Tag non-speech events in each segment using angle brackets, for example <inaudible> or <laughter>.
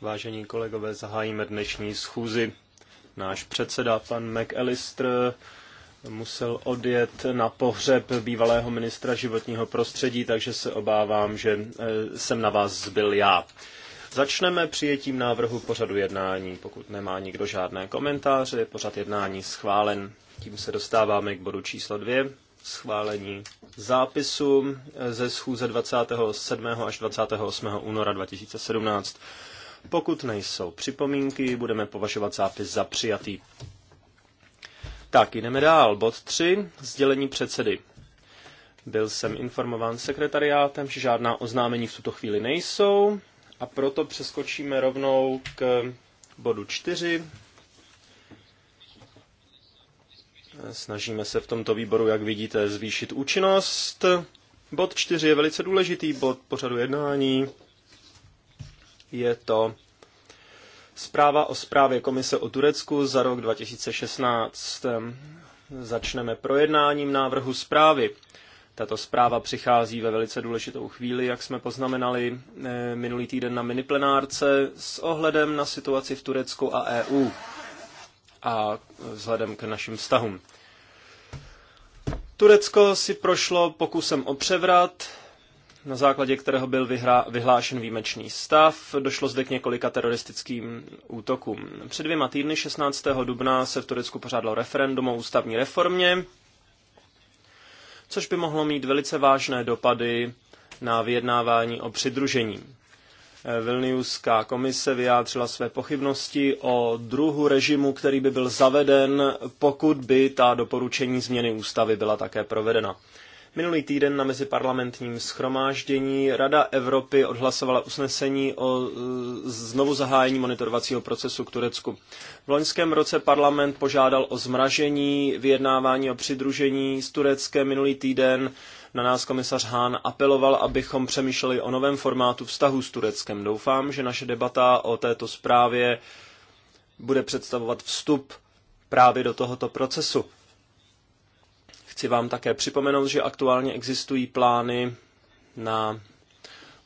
Vážení kolegové, zahájíme dnešní schůzi. Náš předseda, pan McAllister, musel odjet na pohřeb bývalého ministra životního prostředí, takže se obávám, že eh, jsem na vás zbyl já. Začneme přijetím návrhu pořadu jednání. Pokud nemá nikdo žádné komentáře, je pořad jednání schválen. Tím se dostáváme k bodu číslo dvě, schválení zápisu ze schůze 27. až 28. února 2017. Pokud nejsou připomínky, budeme považovat zápis za přijatý. Tak, jdeme dál. Bod 3. Sdělení předsedy. Byl jsem informován sekretariátem, že žádná oznámení v tuto chvíli nejsou a proto přeskočíme rovnou k bodu 4, Snažíme se v tomto výboru, jak vidíte, zvýšit účinnost. Bod 4 je velice důležitý bod pořadu jednání. Je to zpráva o zprávě Komise o Turecku za rok 2016. Začneme projednáním návrhu zprávy. Tato zpráva přichází ve velice důležitou chvíli, jak jsme poznamenali eh, minulý týden na miniplenárce, s ohledem na situaci v Turecku a EU a vzhledem k našim vztahům. Turecko si prošlo pokusem o převrat, na základě kterého byl vyhlášen výjimečný stav. Došlo zde k několika teroristickým útokům. Před dvěma týdny, 16. dubna, se v Turecku pořádalo referendum o ústavní reformě, což by mohlo mít velice vážné dopady na vyjednávání o přidružení. Vilniuská komise vyjádřila své pochybnosti o druhu režimu, který by byl zaveden, pokud by ta doporučení změny ústavy byla také provedena. Minulý týden na meziparlamentním schromáždění Rada Evropy odhlasovala usnesení o e, znovu zahájení monitorovacího procesu k Turecku. V loňském roce parlament požádal o zmražení vyjednávání o přidružení s Tureckem minulý týden na nás komisař Hán apeloval, abychom přemýšleli o novém formátu vztahu s Tureckem. Doufám, že naše debata o této zprávě bude představovat vstup právě do tohoto procesu. Chci vám také připomenout, že aktuálně existují plány na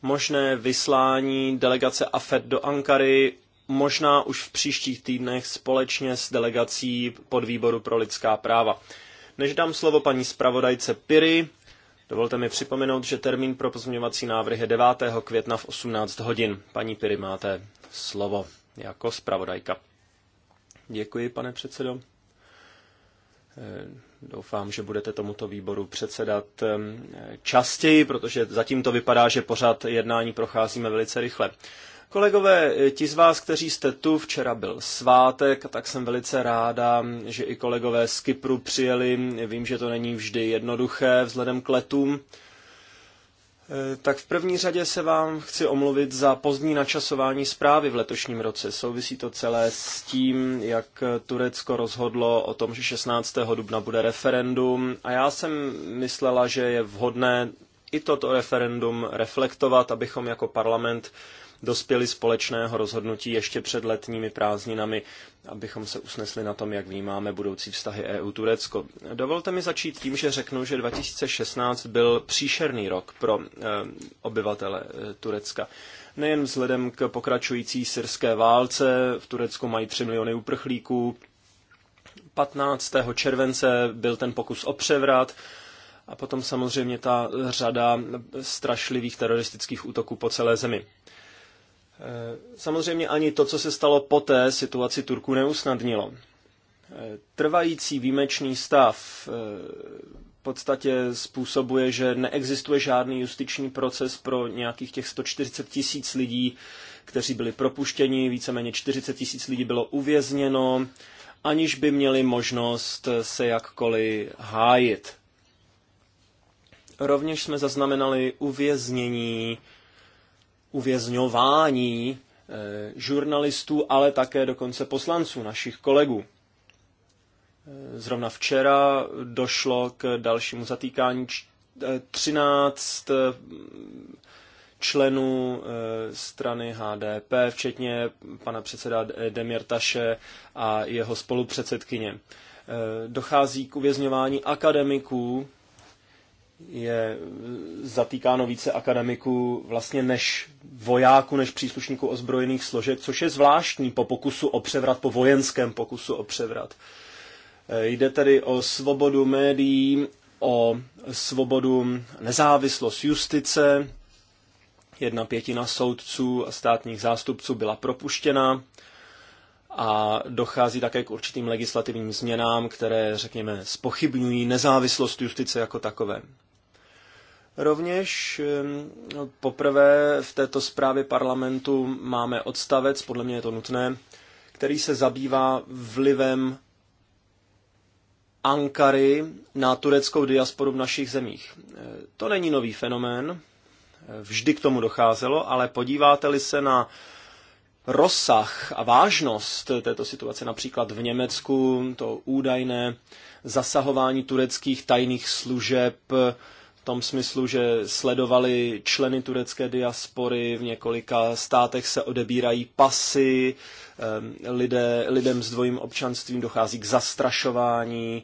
možné vyslání delegace AFED do Ankary, možná už v příštích týdnech společně s delegací podvýboru pro lidská práva. Než dám slovo paní zpravodajce Piri. Dovolte mi připomenout, že termín pro pozměňovací návrh je 9. května v 18 hodin. Paní Piry, máte slovo jako zpravodajka. Děkuji, pane předsedo. Eh, doufám, že budete tomuto výboru předsedat eh, častěji, protože zatím to vypadá, že pořád jednání procházíme velice rychle. Kolegové, eh, ti z vás, kteří jste tu, včera byl svátek, tak jsem velice ráda, že i kolegové z Kypru přijeli. Vím, že to není vždy jednoduché vzhledem k letům. Eh, tak v první řadě se vám chci omluvit za pozdní načasování zprávy v letošním roce. Souvisí to celé s tím, jak Turecko rozhodlo o tom, že 16. dubna bude referendum. A já jsem myslela, že je vhodné i toto referendum reflektovat, abychom jako parlament dospěli společného rozhodnutí ještě před letními prázdninami, abychom se usnesli na tom, jak vnímáme budoucí vztahy EU-Turecko. Dovolte mi začít tím, že řeknu, že 2016 byl příšerný rok pro eh, obyvatele eh, Turecka. Nejen vzhledem k pokračující syrské válce, v Turecku mají 3 miliony uprchlíků, 15. července byl ten pokus o převrat, a potom samozřejmě ta řada strašlivých teroristických útoků po celé zemi. Eh, samozřejmě ani to, co se stalo poté, situaci Turku neusnadnilo. Eh, trvající výjimečný stav eh, v podstatě způsobuje, že neexistuje žádný justiční proces pro nějakých těch 140 tisíc lidí, kteří byli propuštěni, víceméně 40 tisíc lidí bylo uvězněno, aniž by měli možnost se jakkoliv hájit. Rovněž jsme zaznamenali uvěznění uvězňování eh, žurnalistů, ale také dokonce poslanců, našich kolegů. Eh, zrovna včera došlo k dalšímu zatýkání 13 eh, členů strany HDP, včetně pana předseda Demirtaše a jeho spolupředsedkyně. Dochází k uvězňování akademiků, je zatýkáno více akademiků vlastně než vojáků, než příslušníků ozbrojených složek, což je zvláštní po pokusu o převrat, po vojenském pokusu o převrat. Eh, jde tedy o svobodu médií, o svobodu nezávislost justice. Jedna pětina soudců a státních zástupců byla propuštěna a dochází také k určitým legislativním změnám, které, řekněme, spochybňují nezávislost justice jako takové. Rovněž poprvé v této zprávě parlamentu máme odstavec, podle mě je to nutné, který se zabývá vlivem Ankary na tureckou diasporu v našich zemích. E, to není nový fenomén, e, vždy k tomu docházelo, ale podíváte-li se na rozsah a vážnost této situace, například v Německu, to údajné zasahování tureckých tajných služeb v tom smyslu, že sledovali členy turecké diaspory, v několika státech se odebírají pasy, ehm, lidé, lidem s dvojím občanstvím dochází k zastrašování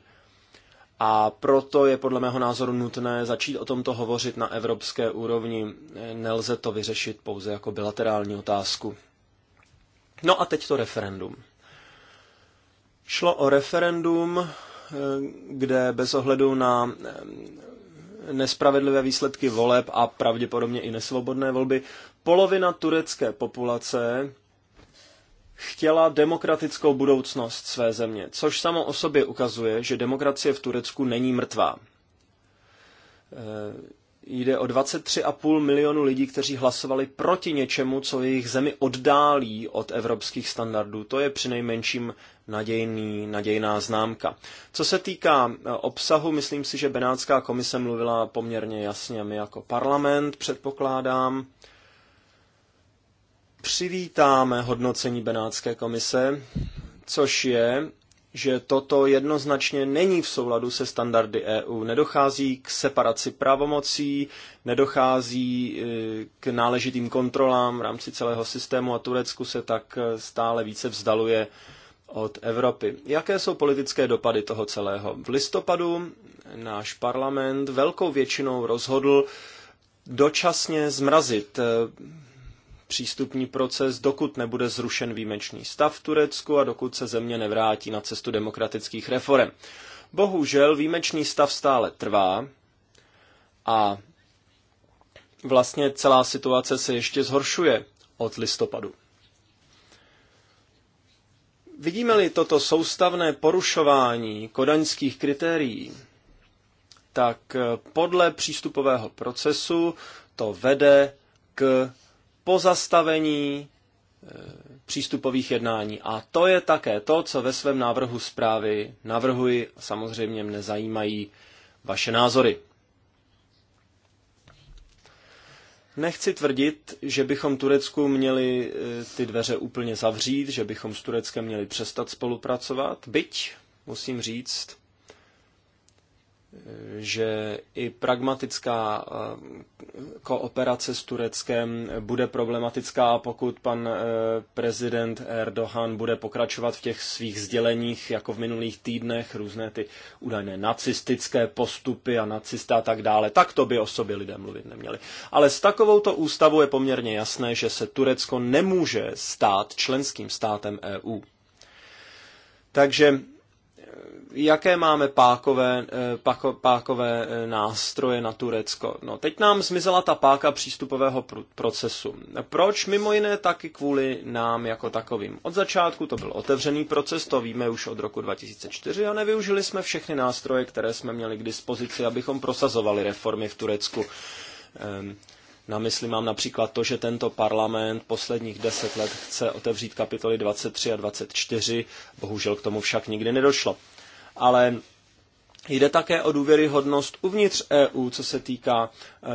a proto je podle mého názoru nutné začít o tomto hovořit na evropské úrovni. Nelze to vyřešit pouze jako bilaterální otázku. No a teď to referendum. Šlo o referendum, eh, kde bez ohledu na nespravedlivé výsledky voleb a pravděpodobně i nesvobodné volby. Polovina turecké populace chtěla demokratickou budoucnost své země, což samo o sobě ukazuje, že demokracie v Turecku není mrtvá. Jde o 23,5 milionu lidí, kteří hlasovali proti něčemu, co jejich zemi oddálí od evropských standardů. To je přinejmenším nadějný, nadějná známka. Co se týká eh, obsahu, myslím si, že Benátská komise mluvila poměrně jasně. My jako parlament, předpokládám, přivítáme hodnocení Benátské komise, což je, že toto jednoznačně není v souladu se standardy EU. Nedochází k separaci pravomocí, nedochází e, k náležitým kontrolám v rámci celého systému a Turecku se tak e, stále více vzdaluje od Evropy. Jaké jsou politické dopady toho celého? V listopadu náš parlament velkou většinou rozhodl dočasně zmrazit e, přístupní proces, dokud nebude zrušen výjimečný stav v Turecku a dokud se země nevrátí na cestu demokratických reform. Bohužel výjimečný stav stále trvá a vlastně celá situace se ještě zhoršuje od listopadu. Vidíme-li toto soustavné porušování kodaňských kritérií, tak podle přístupového procesu to vede k pozastavení e, přístupových jednání. A to je také to, co ve svém návrhu zprávy navrhuji. Samozřejmě mne zajímají vaše názory. Nechci tvrdit, že bychom Turecku měli e, ty dveře úplně zavřít, že bychom s Tureckem měli přestat spolupracovat, byť, musím říct, že i pragmatická eh, kooperace s Tureckem bude problematická, pokud pan eh, prezident Erdogan bude pokračovat v těch svých sděleních, jako v minulých týdnech, různé ty údajné nacistické postupy a nacisté a tak dále. Tak to by o sobě lidé mluvit neměli. Ale s takovouto ústavou je poměrně jasné, že se Turecko nemůže stát členským státem EU. Takže jaké máme pákové, eh, pako, pákové eh, nástroje na Turecko? No, teď nám zmizela ta páka přístupového pr- procesu. Proč? Mimo jiné taky kvůli nám jako takovým. Od začátku to byl otevřený proces, to víme už od roku 2004 a nevyužili jsme všechny nástroje, které jsme měli k dispozici, abychom prosazovali reformy v Turecku. Ehm. Na mysli mám například to, že tento parlament posledních deset let chce otevřít kapitoly 23 a 24, bohužel k tomu však nikdy nedošlo ale Jde také o důvěryhodnost uvnitř EU, co se týká e, e,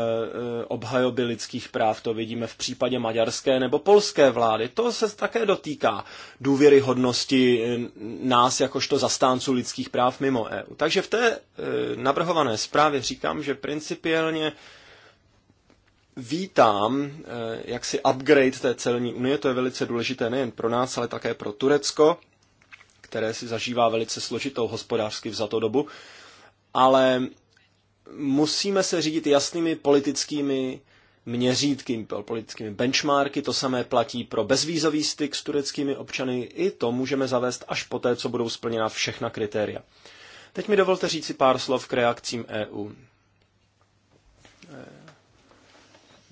obhajoby lidských práv. To vidíme v případě maďarské nebo polské vlády. To se také dotýká důvěryhodnosti e, nás jakožto zastánců lidských práv mimo EU. Takže v té e, navrhované zprávě říkám, že principiálně vítám jak e, jaksi upgrade té celní unie. To je velice důležité nejen pro nás, ale také pro Turecko které si zažívá velice složitou hospodářsky vzato dobu, ale musíme se řídit jasnými politickými měřítky, politickými benchmarky, to samé platí pro bezvízový styk s tureckými občany, i to můžeme zavést až poté, co budou splněna všechna kritéria. Teď mi dovolte říci pár slov k reakcím EU.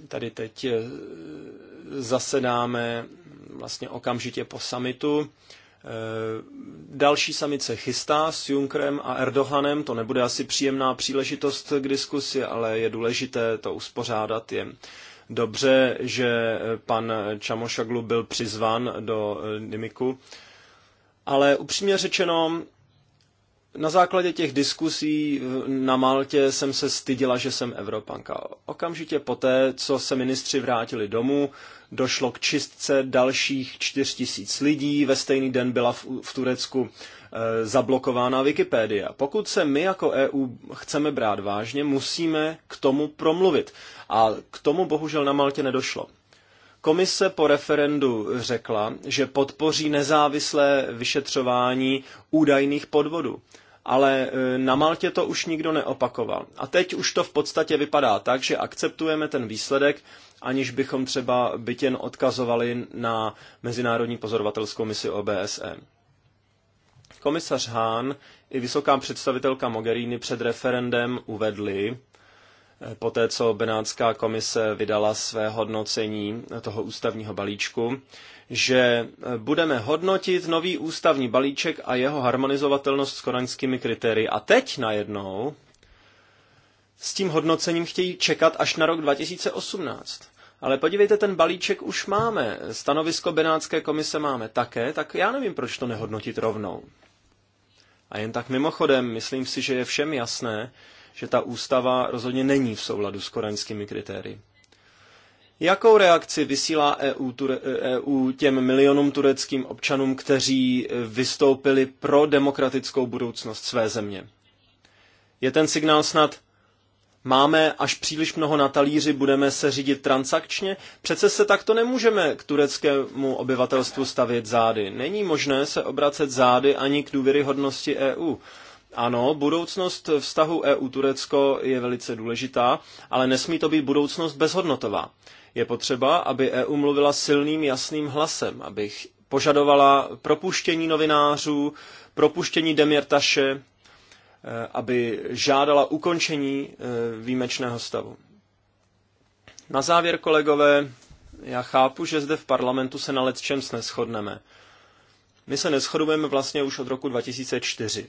E, tady teď e, zasedáme vlastně okamžitě po samitu Eh, další samice chystá s Junkrem a Erdoganem. To nebude asi příjemná příležitost k diskusi, ale je důležité to uspořádat. Je dobře, že pan Čamošaglu byl přizvan do Nimiku. Eh, ale upřímně řečeno, na základě těch diskusí eh, na Maltě jsem se stydila, že jsem Evropanka. Okamžitě poté, co se ministři vrátili domů, došlo k čistce dalších čtyř tisíc lidí, ve stejný den byla v, v Turecku e, zablokována Wikipédia. Pokud se my jako EU chceme brát vážně, musíme k tomu promluvit. A k tomu bohužel na Maltě nedošlo. Komise po referendu řekla, že podpoří nezávislé vyšetřování údajných podvodů ale e, na Maltě to už nikdo neopakoval. A teď už to v podstatě vypadá tak, že akceptujeme ten výsledek, aniž bychom třeba bytěn odkazovali na Mezinárodní pozorovatelskou misi OBSE. Komisař Hahn i vysoká představitelka Mogherini před referendem uvedli, e, poté co Benátská komise vydala své hodnocení toho ústavního balíčku, že e, budeme hodnotit nový ústavní balíček a jeho harmonizovatelnost s koraňskými kritérii. A teď najednou s tím hodnocením chtějí čekat až na rok 2018. Ale podívejte, ten balíček už máme, stanovisko Benátské komise máme také, tak já nevím, proč to nehodnotit rovnou. A jen tak mimochodem, myslím si, že je všem jasné, že ta ústava rozhodně není v souladu s koraňskými kritérii. Jakou reakci vysílá EU, EU e těm milionům tureckým občanům, kteří vystoupili pro demokratickou budoucnost své země? Je ten signál snad Máme až příliš mnoho na talíři, budeme se řídit transakčně? Přece se takto nemůžeme k tureckému obyvatelstvu stavět zády. Není možné se obracet zády ani k důvěryhodnosti EU. Ano, budoucnost vztahu EU-Turecko je velice důležitá, ale nesmí to být budoucnost bezhodnotová. Je potřeba, aby EU mluvila silným, jasným hlasem, aby požadovala propuštění novinářů, propuštění Demirtaše, eh, aby žádala ukončení eh, výjimečného stavu. Na závěr, kolegové, já chápu, že zde v parlamentu se na lecčems neschodneme. My se neschodujeme vlastně už od roku 2004.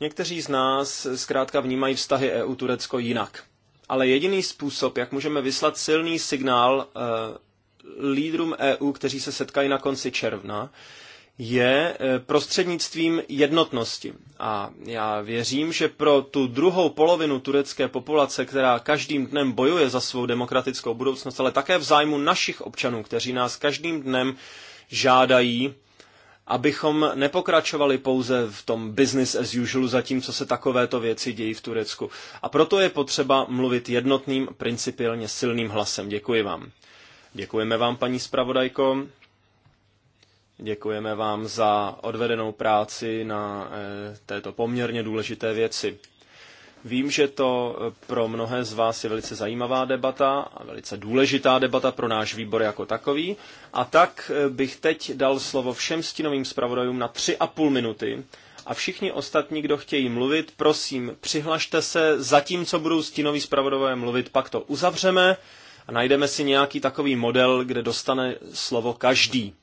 Někteří z nás zkrátka vnímají vztahy EU-Turecko jinak. Ale jediný způsob, jak můžeme vyslat silný signál uh, lídrům EU, kteří se setkají na konci června, je eh, prostřednictvím jednotnosti. A já věřím, že pro tu druhou polovinu turecké populace, která každým dnem bojuje za svou demokratickou budoucnost, ale také v zájmu našich občanů, kteří nás každým dnem žádají abychom nepokračovali pouze v tom business as usual, zatímco se takovéto věci dějí v Turecku. A proto je potřeba mluvit jednotným, principiálně silným hlasem. Děkuji vám. Děkujeme vám, paní zpravodajko. Děkujeme vám za odvedenou práci na eh, této poměrně důležité věci. Vím, že to eh, pro mnohé z vás je velice zajímavá debata a velice důležitá debata pro náš výbor jako takový. A tak eh, bych teď dal slovo všem stínovým zpravodajům na tři a půl minuty. A všichni ostatní, kdo chtějí mluvit, prosím, přihlašte se, zatímco budou stínoví zpravodajové mluvit, pak to uzavřeme a najdeme si nějaký takový model, kde dostane slovo každý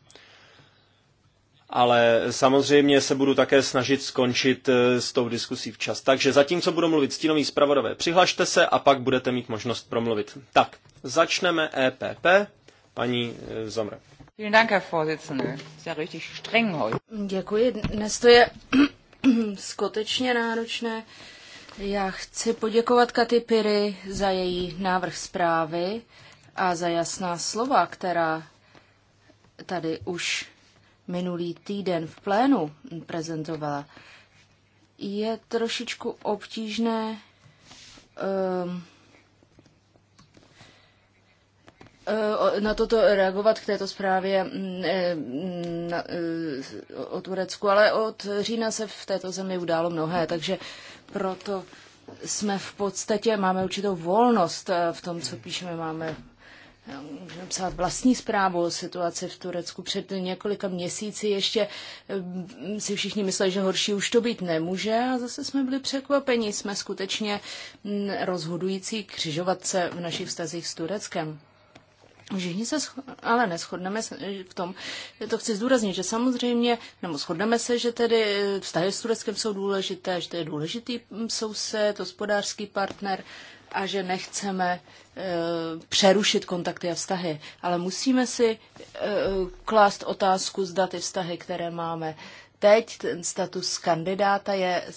ale samozřejmě se budu také snažit skončit eh, s tou diskusí včas. Takže zatímco budu mluvit stínový zpravodové, přihlašte se a pak budete mít možnost promluvit. Tak, začneme EPP, paní eh, Zomre. Děkuji, dnes to je <clears throat> skutečně náročné. Já chci poděkovat Katy Piry za její návrh zprávy a za jasná slova, která tady už minulý týden v plénu prezentovala, je trošičku obtížné um, na toto reagovat k této zprávě mm, eh, eh, o Turecku, ale od října se v této zemi událo mnohé, takže proto jsme v podstatě, máme určitou volnost v tom, co píšeme, máme můžeme psát vlastní zprávu o situaci v Turecku. Před několika měsíci ještě mm, si všichni mysleli, že horší už to být nemůže a zase jsme byli překvapeni. Jsme skutečně mm, rozhodující křižovatce v našich vztazích s Tureckem. Všichni se ale neschodneme v tom, to chci zdůraznit, že samozřejmě, nebo shodneme se, že tedy eh, vztahy s Tureckem jsou důležité, že to je důležitý mm, soused, hospodářský partner, a že nechceme eh, přerušit kontakty a vztahy, ale musíme si eh, klást otázku, zda ty vztahy, které máme teď, ten status kandidáta je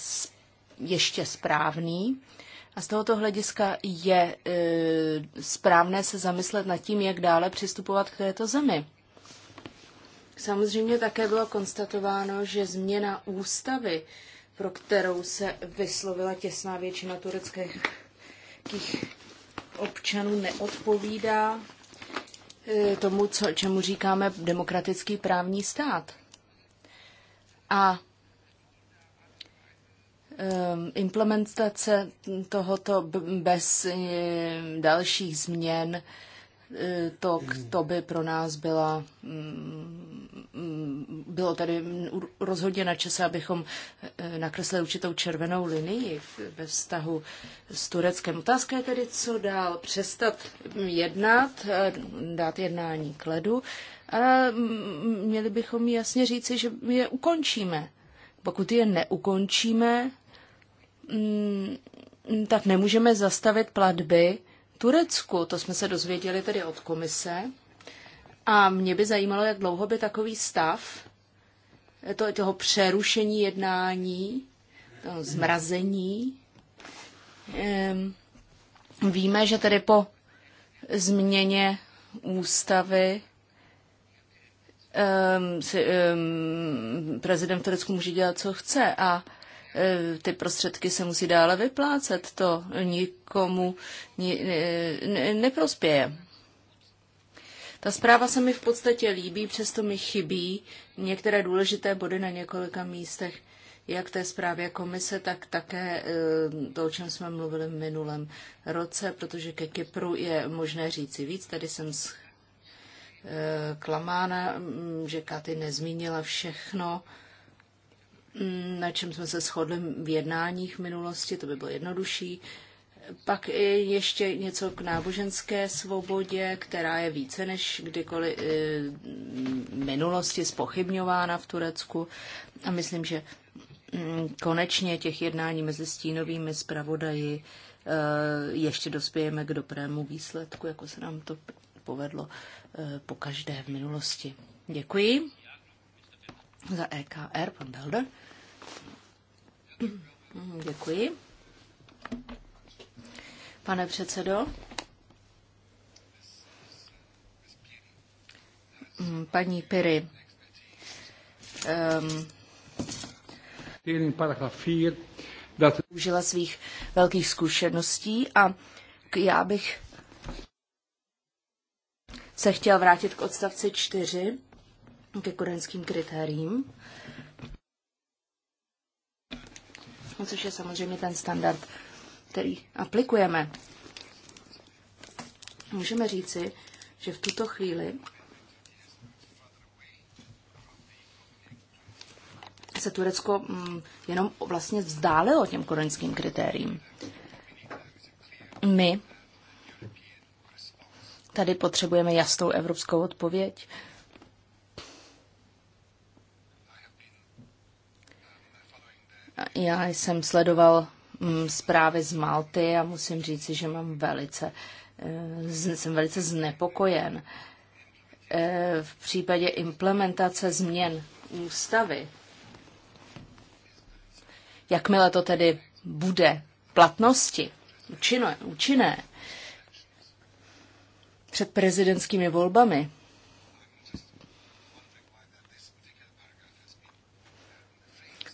ještě správný. A z tohoto hlediska je eh, správné se zamyslet nad tím, jak dále přistupovat k této zemi. Samozřejmě také bylo konstatováno, že změna ústavy, pro kterou se vyslovila těsná většina tureckých českých občanů neodpovídá e, tomu, co, čemu říkáme demokratický právní stát. A implementace tohoto bez e, dalších změn to, to by pro nás byla, mm, bylo tady rozhodně na čase, abychom eh, nakreslili určitou červenou linii ve vztahu s Tureckem. Otázka je tedy, co dál. Přestat jednat, eh, dát jednání k ledu, ale mm, měli bychom jasně říci, že je ukončíme. Pokud je neukončíme, mm, tak nemůžeme zastavit platby Turecku, to jsme se dozvěděli tedy od komise, a mě by zajímalo, jak dlouho by takový stav to, toho přerušení jednání, toho zmrazení. Víme, že tedy po změně ústavy si, prezident v Turecku může dělat, co chce a E, ty prostředky se musí dále vyplácet. To nikomu e, neprospěje. Ta zpráva se mi v podstatě líbí, přesto mi chybí některé důležité body na několika místech, jak té zprávě komise, tak také e, to, o čem jsme mluvili v minulém roce, protože ke Kypru je možné říci víc. Tady jsem klamána, že Katy nezmínila všechno. Mm, na čem jsme se shodli v jednáních v minulosti, to by bylo jednodušší. Pak ještě něco k náboženské svobodě, která je více než kdykoliv eh, v minulosti spochybňována v Turecku. A myslím, že mm, konečně těch jednání mezi stínovými zpravodaji eh, ještě dospějeme k dobrému výsledku, jako se nám to povedlo eh, po každé v minulosti. Děkuji za EKR, pan Belder. Děkuji. Pane předsedo, mm, paní Piry, ehm, užila um, svých velkých zkušeností a já bych se chtěl vrátit k odstavci 4, ke kurenským kritériím. všichni, což je samozřejmě ten standard, který aplikujeme. Můžeme říci, že v tuto chvíli se Turecko mm, jenom vlastně vzdálilo těm koronickým kritériím. My tady potřebujeme jasnou evropskou odpověď. Já jsem sledoval mm, zprávy z Malty a musím říci, že mám velice, eh, jsem velice znepokojen eh, v případě implementace změn ústavy. Jakmile to tedy bude platnosti, účinné, účinné před prezidentskými volbami,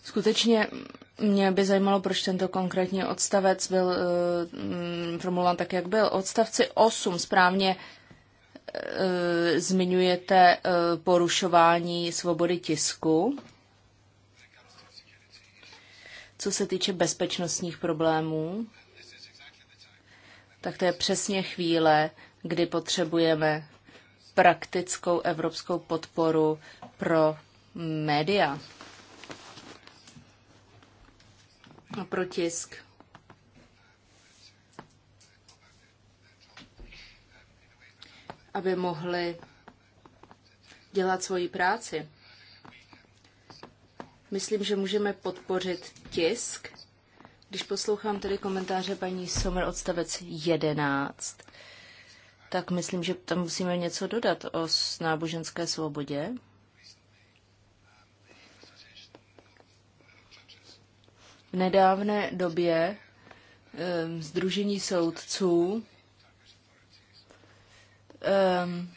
skutečně mě by zajímalo, proč tento konkrétní odstavec byl uh, formulován tak, jak byl. Odstavci 8 správně uh, zmiňujete uh, porušování svobody tisku. Co se týče bezpečnostních problémů, tak to je přesně chvíle, kdy potřebujeme praktickou evropskou podporu pro média. a protisk. aby mohli dělat svoji práci. Myslím, že můžeme podpořit tisk. Když poslouchám tedy komentáře paní Somer odstavec 11, tak myslím, že tam musíme něco dodat o náboženské svobodě. V nedávné době um, Združení soudců um,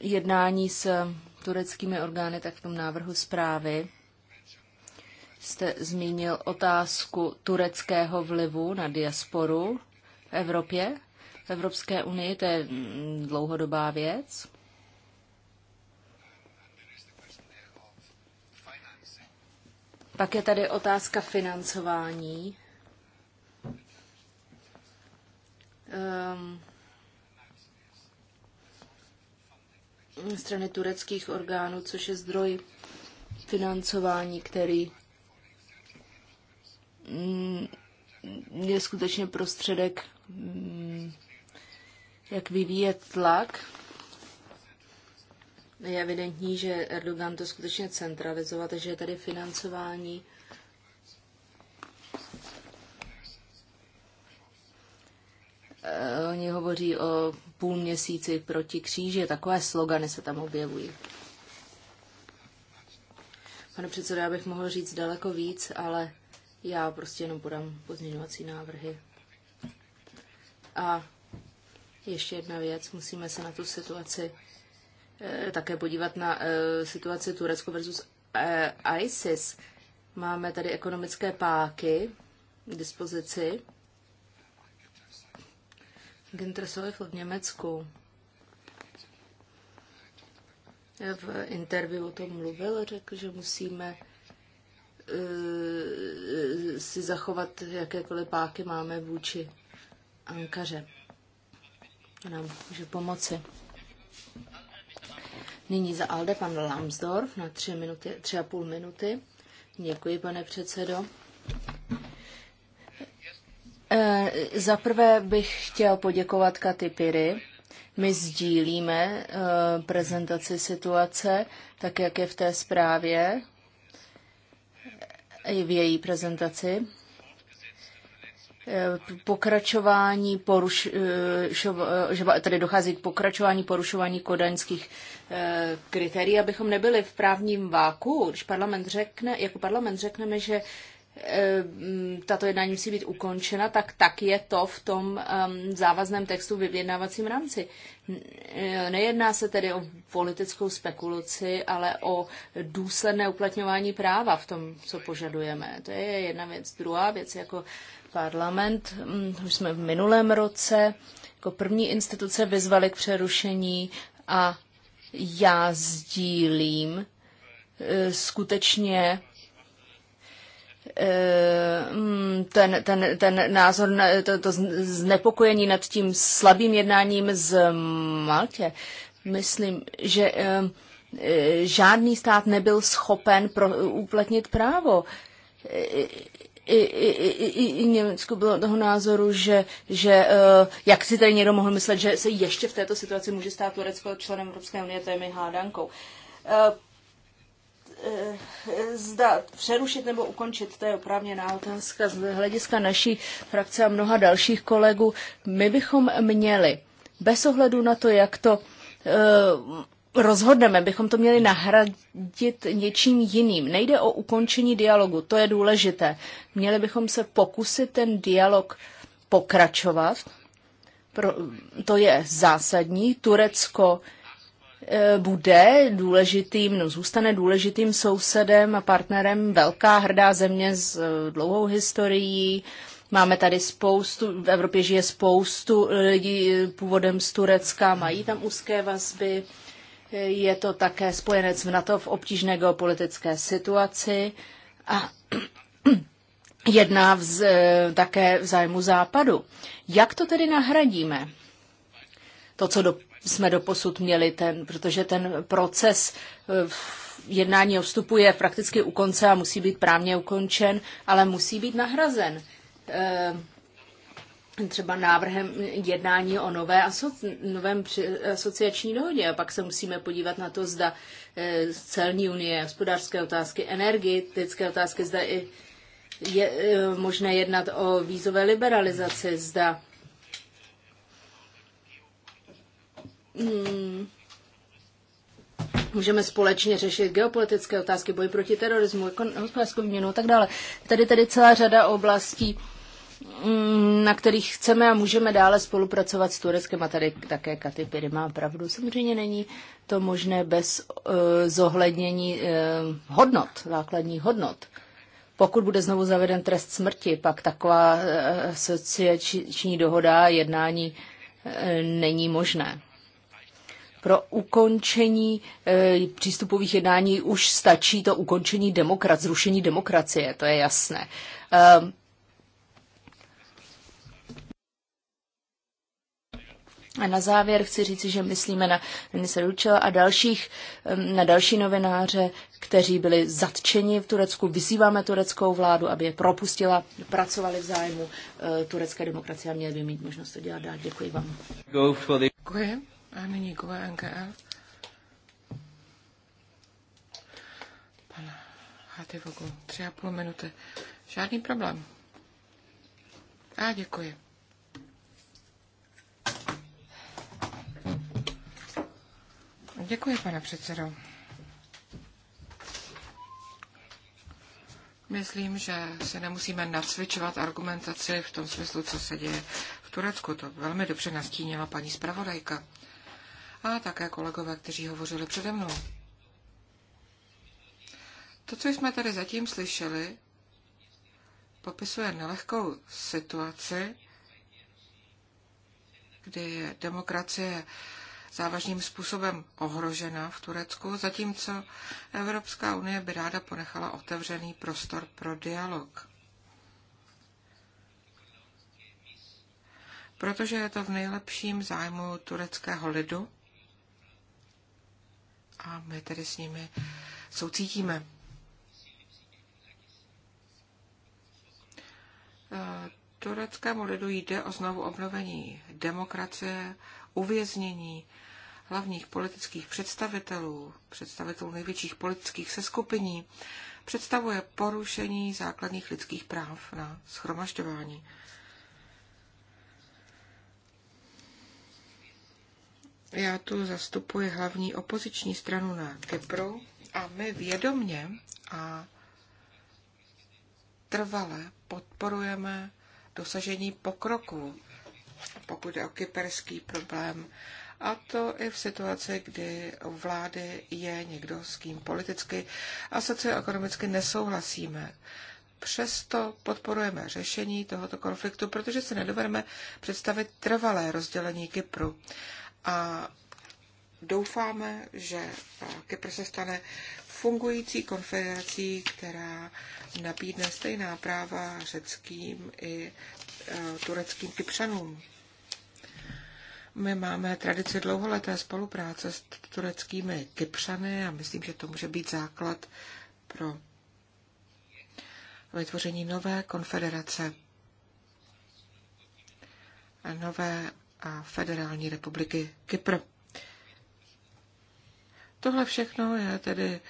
jednání s tureckými orgány, tak v tom návrhu zprávy jste zmínil otázku tureckého vlivu na diasporu v Evropě, v Evropské unii, to je mm, dlouhodobá věc. Pak je tady otázka financování. Um, strany tureckých orgánů, což je zdroj financování, který mm, je skutečně prostředek, mm, jak vyvíjet tlak je evidentní, že Erdogan to skutečně centralizovat, že je tady financování eh, Oni hovoří o půl měsíci proti kříži, takové slogany se tam objevují. Pane předsedo, já bych mohl říct daleko víc, ale já prostě jenom podám pozměňovací návrhy. A ještě jedna věc, musíme se na tu situaci Eh, také podívat na eh, situaci Turecko versus eh, ISIS. Máme tady ekonomické páky k dispozici. Gintersoviv v Německu. V interview o tom mluvil, řekl, že musíme si zachovat jakékoliv páky máme vůči Ankaře. To nám může pomoci. Nyní za Alde pan Lambsdorff na tři, minuty, tři a půl minuty. Děkuji, pane předsedo. E, Za prvé bych chtěl poděkovat Katy Piry. My sdílíme e, prezentaci situace, tak jak je v té zprávě, i v její prezentaci. Eh, pokračování porušování, eh, eh, tedy dochází k pokračování porušování kodaňských kritérií, abychom nebyli v právním váku, když parlament řekne, jako parlament řekneme, že tato jednání musí být ukončena, tak tak je to v tom ehm, závazném textu v vyjednávacím rámci. Nejedná se tedy o politickou spekulaci, ale o důsledné uplatňování práva v tom, co požadujeme. To je jedna věc. Druhá věc, jako Parlament, mm, už jsme v minulém roce jako první instituce vyzvali k přerušení a já sdílím e, skutečně e, mm, ten, ten, ten názor, to, to znepokojení nad tím slabým jednáním z Maltě. Myslím, že e, žádný stát nebyl schopen pro, uplatnit právo i, i, i, i Německo bylo toho názoru, že, že eh, jak si tady někdo mohl myslet, že se ještě v této situaci může stát Turecko členem Evropské unie, to je mi hádankou. Eh, eh, zda přerušit nebo ukončit, to je oprávněná otázka z hlediska naší frakce a mnoha dalších kolegů. My bychom měli, bez ohledu na to, jak to rozhodneme, bychom to měli nahradit něčím jiným. Nejde o ukončení dialogu, to je důležité. Měli bychom se pokusit ten dialog pokračovat. Pro, to je zásadní. Turecko e, bude důležitým, no, zůstane důležitým sousedem a partnerem velká hrdá země s e, dlouhou historií. Máme tady spoustu, v Evropě žije spoustu e, lidí původem z Turecka, mají tam úzké vazby je to také spojenec v NATO v obtížné geopolitické situaci a <clears throat> jedná vz, eh, také v zájmu západu. Jak to tedy nahradíme? To, co do, jsme doposud měli, ten, protože ten proces eh, jednání o vstupu je prakticky u konce a musí být právně ukončen, ale musí být nahrazen. E třeba návrhem jednání o nové aso- novém asociační dohodě. A pak se musíme podívat na to, zda e, celní unie, hospodářské otázky, energetické otázky, zda i je e, možné jednat o vízové liberalizaci, zda hmm, můžeme společně řešit geopolitické otázky, boj proti terorismu, hospodářskou výměnu a tak dále. Tady tedy celá řada oblastí, Mm, na kterých chceme a můžeme dále spolupracovat s Tureckem. A tady také Katy Piry má pravdu. Samozřejmě není to možné bez uh, zohlednění uh, hodnot, základních hodnot. Pokud bude znovu zaveden trest smrti, pak taková uh, asociační dohoda a jednání uh, není možné. Pro ukončení uh, přístupových jednání už stačí to ukončení demokrat, zrušení demokracie, to je jasné. uh, A na závěr chci říci, že myslíme na Denise Ručela a dalších, na další novináře, kteří byli zatčeni v Turecku. Vyzýváme tureckou vládu, aby je propustila, pracovali v zájmu eh, turecké demokracie a měli by mít možnost to dělat dál. Děkuji vám. Děkuji. A nyní Goe NKL. Pana Hativogu, tři a půl minuty. Žádný problém. A děkuji. Děkuji, pane předsedo. Myslím, že se nemusíme nacvičovat argumentaci v tom smyslu, co se děje v Turecku. To velmi dobře nastínila paní zpravodajka a také kolegové, kteří hovořili přede mnou. To, co jsme tady zatím slyšeli, popisuje nelehkou situaci, kdy je demokracie závažným způsobem ohrožena v Turecku, zatímco Evropská unie by ráda ponechala otevřený prostor pro dialog. Protože je to v nejlepším zájmu tureckého lidu a my tedy s nimi soucítíme. E, tureckému lidu jde o znovu obnovení demokracie, uvěznění hlavních politických představitelů, představitelů největších politických seskupiní, představuje porušení základních lidských práv na schromažďování. Já tu zastupuji hlavní opoziční stranu na Kypru a my vědomně a trvale podporujeme dosažení pokroku pokud je o kyperský problém, a to i v situaci, kdy vlády je někdo, s kým politicky a socioekonomicky nesouhlasíme. Přesto podporujeme řešení tohoto konfliktu, protože se nedovedeme představit trvalé rozdělení Kypru. A doufáme, že Kypr se stane fungující konfederací, která nabídne stejná práva řeckým i Eh, tureckým Kypřanům. My máme tradici dlouholeté spolupráce s tureckými Kypřany a myslím, že to může být základ pro vytvoření nové konfederace a nové a federální republiky Kypr. Tohle všechno je tedy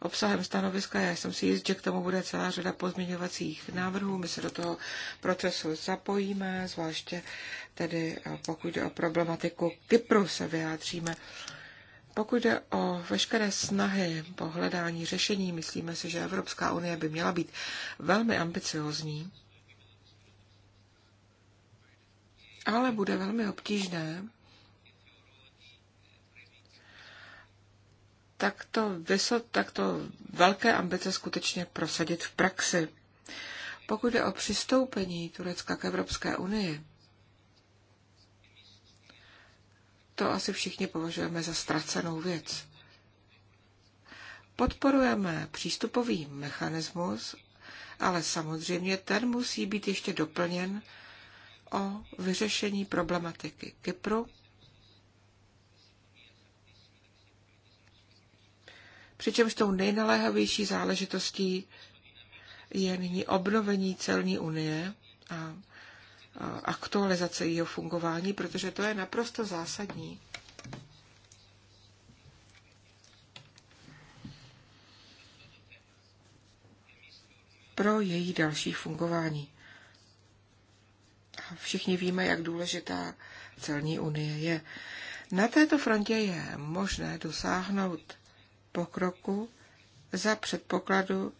obsahem stanoviska. Já jsem si jist, že k tomu bude celá řada pozměňovacích návrhů. My se do toho procesu zapojíme, zvláště tedy eh, pokud jde o problematiku Kypru se vyjádříme. Pokud jde o veškeré snahy po hledání řešení, myslíme si, že Evropská unie by měla být velmi ambiciozní, ale bude velmi obtížné takto, vysok, takto velké ambice skutečně prosadit v praxi. Pokud jde o přistoupení Turecka k Evropské unii, to asi všichni považujeme za ztracenou věc. Podporujeme přístupový mechanismus, ale samozřejmě ten musí být ještě doplněn o vyřešení problematiky Kypru přičemž tou nejnaléhavější záležitostí je nyní obnovení celní unie a aktualizace jeho fungování, protože to je naprosto zásadní. pro její další fungování. A všichni víme, jak důležitá celní unie je. Na této frontě je možné dosáhnout pokroku za předpokladu,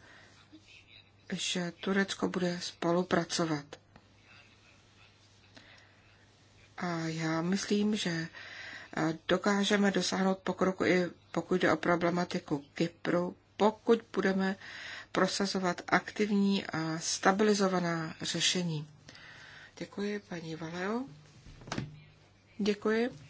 že Turecko bude spolupracovat. A já myslím, že eh, dokážeme dosáhnout pokroku i pokud jde o problematiku Kypru, pokud budeme prosazovat aktivní a stabilizovaná řešení. Děkuji, paní Valeo. Děkuji.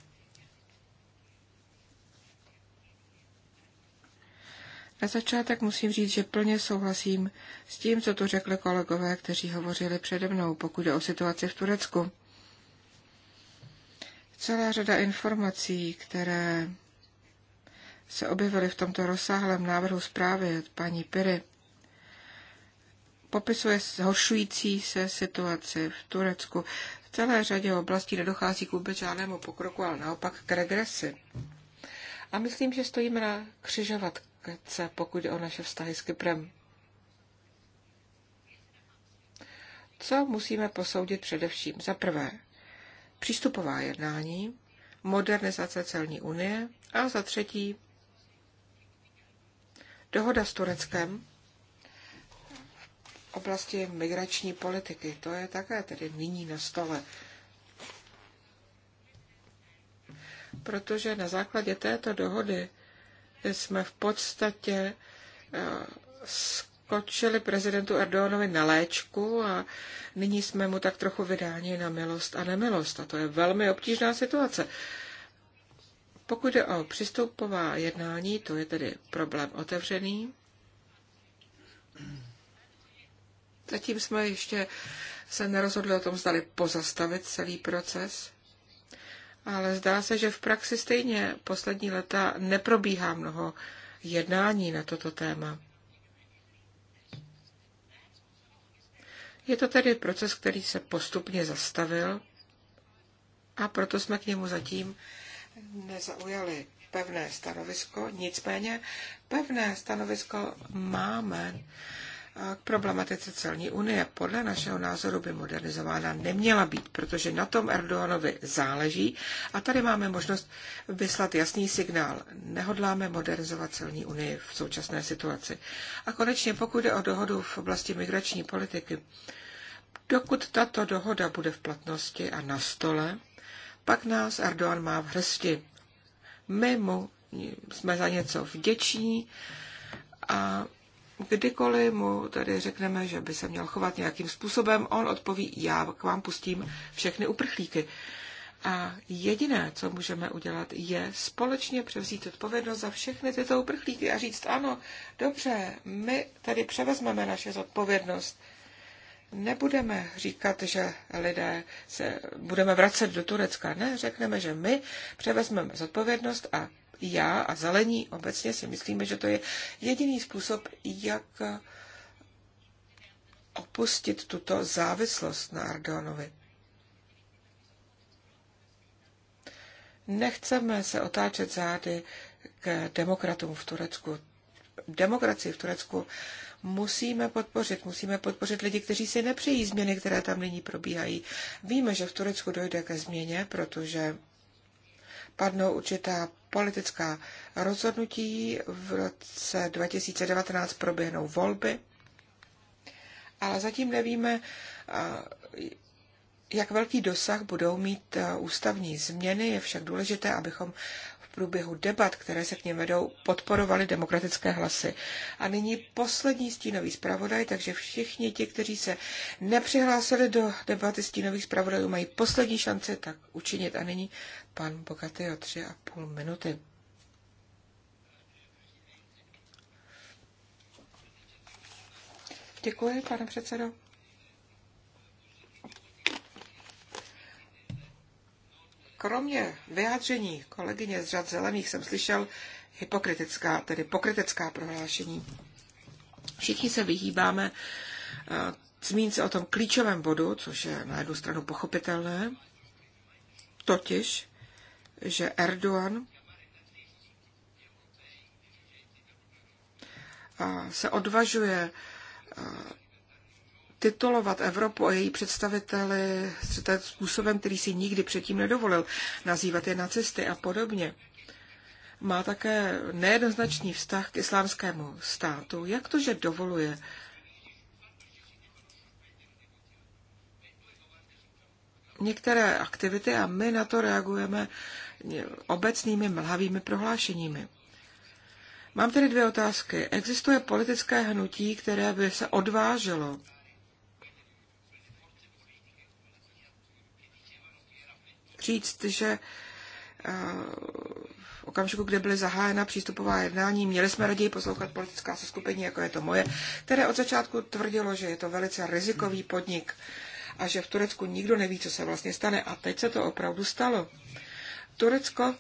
Na začátek musím říct, že plně souhlasím s tím, co tu řekli kolegové, kteří hovořili přede mnou, pokud jde o situaci v Turecku. Celá řada informací, které se objevily v tomto rozsáhlém návrhu zprávy od paní Piry, popisuje zhoršující se situaci v Turecku. V celé řadě oblastí nedochází k vůbec žádnému pokroku, ale naopak k regresi. A myslím, že stojíme na křižovatce komunikace, pokud jde o naše vztahy s Kyprem. Co musíme posoudit především? Za prvé, přístupová jednání, modernizace celní unie a za třetí, dohoda s Tureckem v oblasti migrační politiky. To je také tedy nyní na stole. Protože na základě této dohody jsme v podstatě eh, skočili prezidentu Erdoganovi na léčku a nyní jsme mu tak trochu vydáni na milost a nemilost. A to je velmi obtížná situace. Pokud jde o přistoupová jednání, to je tedy problém otevřený. Zatím jsme ještě se nerozhodli o tom, zdali pozastavit celý proces ale zdá se, že v praxi stejně poslední leta neprobíhá mnoho jednání na toto téma. Je to tedy proces, který se postupně zastavil a proto jsme k němu zatím nezaujali pevné stanovisko. Nicméně pevné stanovisko máme k problematice celní unie. Podle našeho názoru by modernizována neměla být, protože na tom Erdoganovi záleží a tady máme možnost vyslat jasný signál. Nehodláme modernizovat celní unii v současné situaci. A konečně pokud jde o dohodu v oblasti migrační politiky, dokud tato dohoda bude v platnosti a na stole, pak nás Erdogan má v hrsti. My mu jsme za něco vděční a kdykoliv mu tady řekneme, že by se měl chovat nějakým způsobem, on odpoví, já k vám pustím všechny uprchlíky. A jediné, co můžeme udělat, je společně převzít odpovědnost za všechny tyto uprchlíky a říct, ano, dobře, my tady převezmeme naše zodpovědnost. Nebudeme říkat, že lidé se budeme vracet do Turecka. Ne, řekneme, že my převezmeme zodpovědnost a já a zelení obecně si myslíme, že to je jediný způsob, jak opustit tuto závislost na Ardonovi. Nechceme se otáčet zády k demokratům v Turecku. Demokracii v Turecku musíme podpořit. Musíme podpořit lidi, kteří si nepřejí změny, které tam nyní probíhají. Víme, že v Turecku dojde ke změně, protože padnou určitá politická rozhodnutí. V roce 2019 proběhnou volby, ale zatím nevíme, jak velký dosah budou mít ústavní změny. Je však důležité, abychom průběhu debat, které se k něm vedou, podporovali demokratické hlasy. A nyní poslední stínový zpravodaj, takže všichni ti, kteří se nepřihlásili do debaty stínových zpravodajů, mají poslední šanci tak učinit. A nyní pan Bogatý o tři a půl minuty. Děkuji, pane předsedo. kromě vyjádření kolegyně z řad zelených jsem slyšel hypokritická, tedy pokritická prohlášení. Všichni se vyhýbáme eh, zmínce o tom klíčovém bodu, což je na jednu stranu pochopitelné, totiž, že Erdogan eh, se odvažuje eh, titulovat Evropu a její představiteli způsobem, který si nikdy předtím nedovolil, nazývat je nacisty a podobně, má také nejednoznačný vztah k islámskému státu. Jak to, že dovoluje některé aktivity a my na to reagujeme obecnými mlhavými prohlášeními. Mám tedy dvě otázky. Existuje politické hnutí, které by se odvážilo říct, že eh, v okamžiku, kdy byly zahájena přístupová jednání, měli jsme raději poslouchat politická seskupení, jako je to moje, které od začátku tvrdilo, že je to velice rizikový podnik a že v Turecku nikdo neví, co se vlastně stane. A teď se to opravdu stalo. Turecko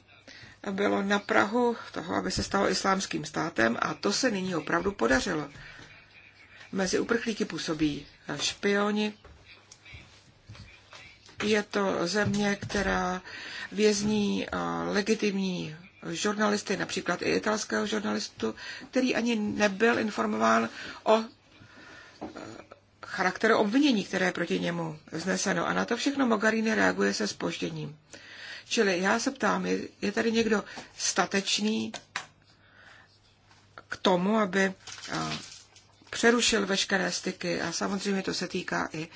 bylo na Prahu toho, aby se stalo islámským státem a to se nyní opravdu podařilo. Mezi uprchlíky působí špioni, je to země, která vězní eh, legitimní žurnalisty, například i italského žurnalistu, který ani nebyl informován o eh, charakteru obvinění, které je proti němu vzneseno. A na to všechno Mogarini reaguje se spožděním. Čili já se ptám, je, je tady někdo statečný k tomu, aby eh, přerušil veškeré styky a samozřejmě to se týká i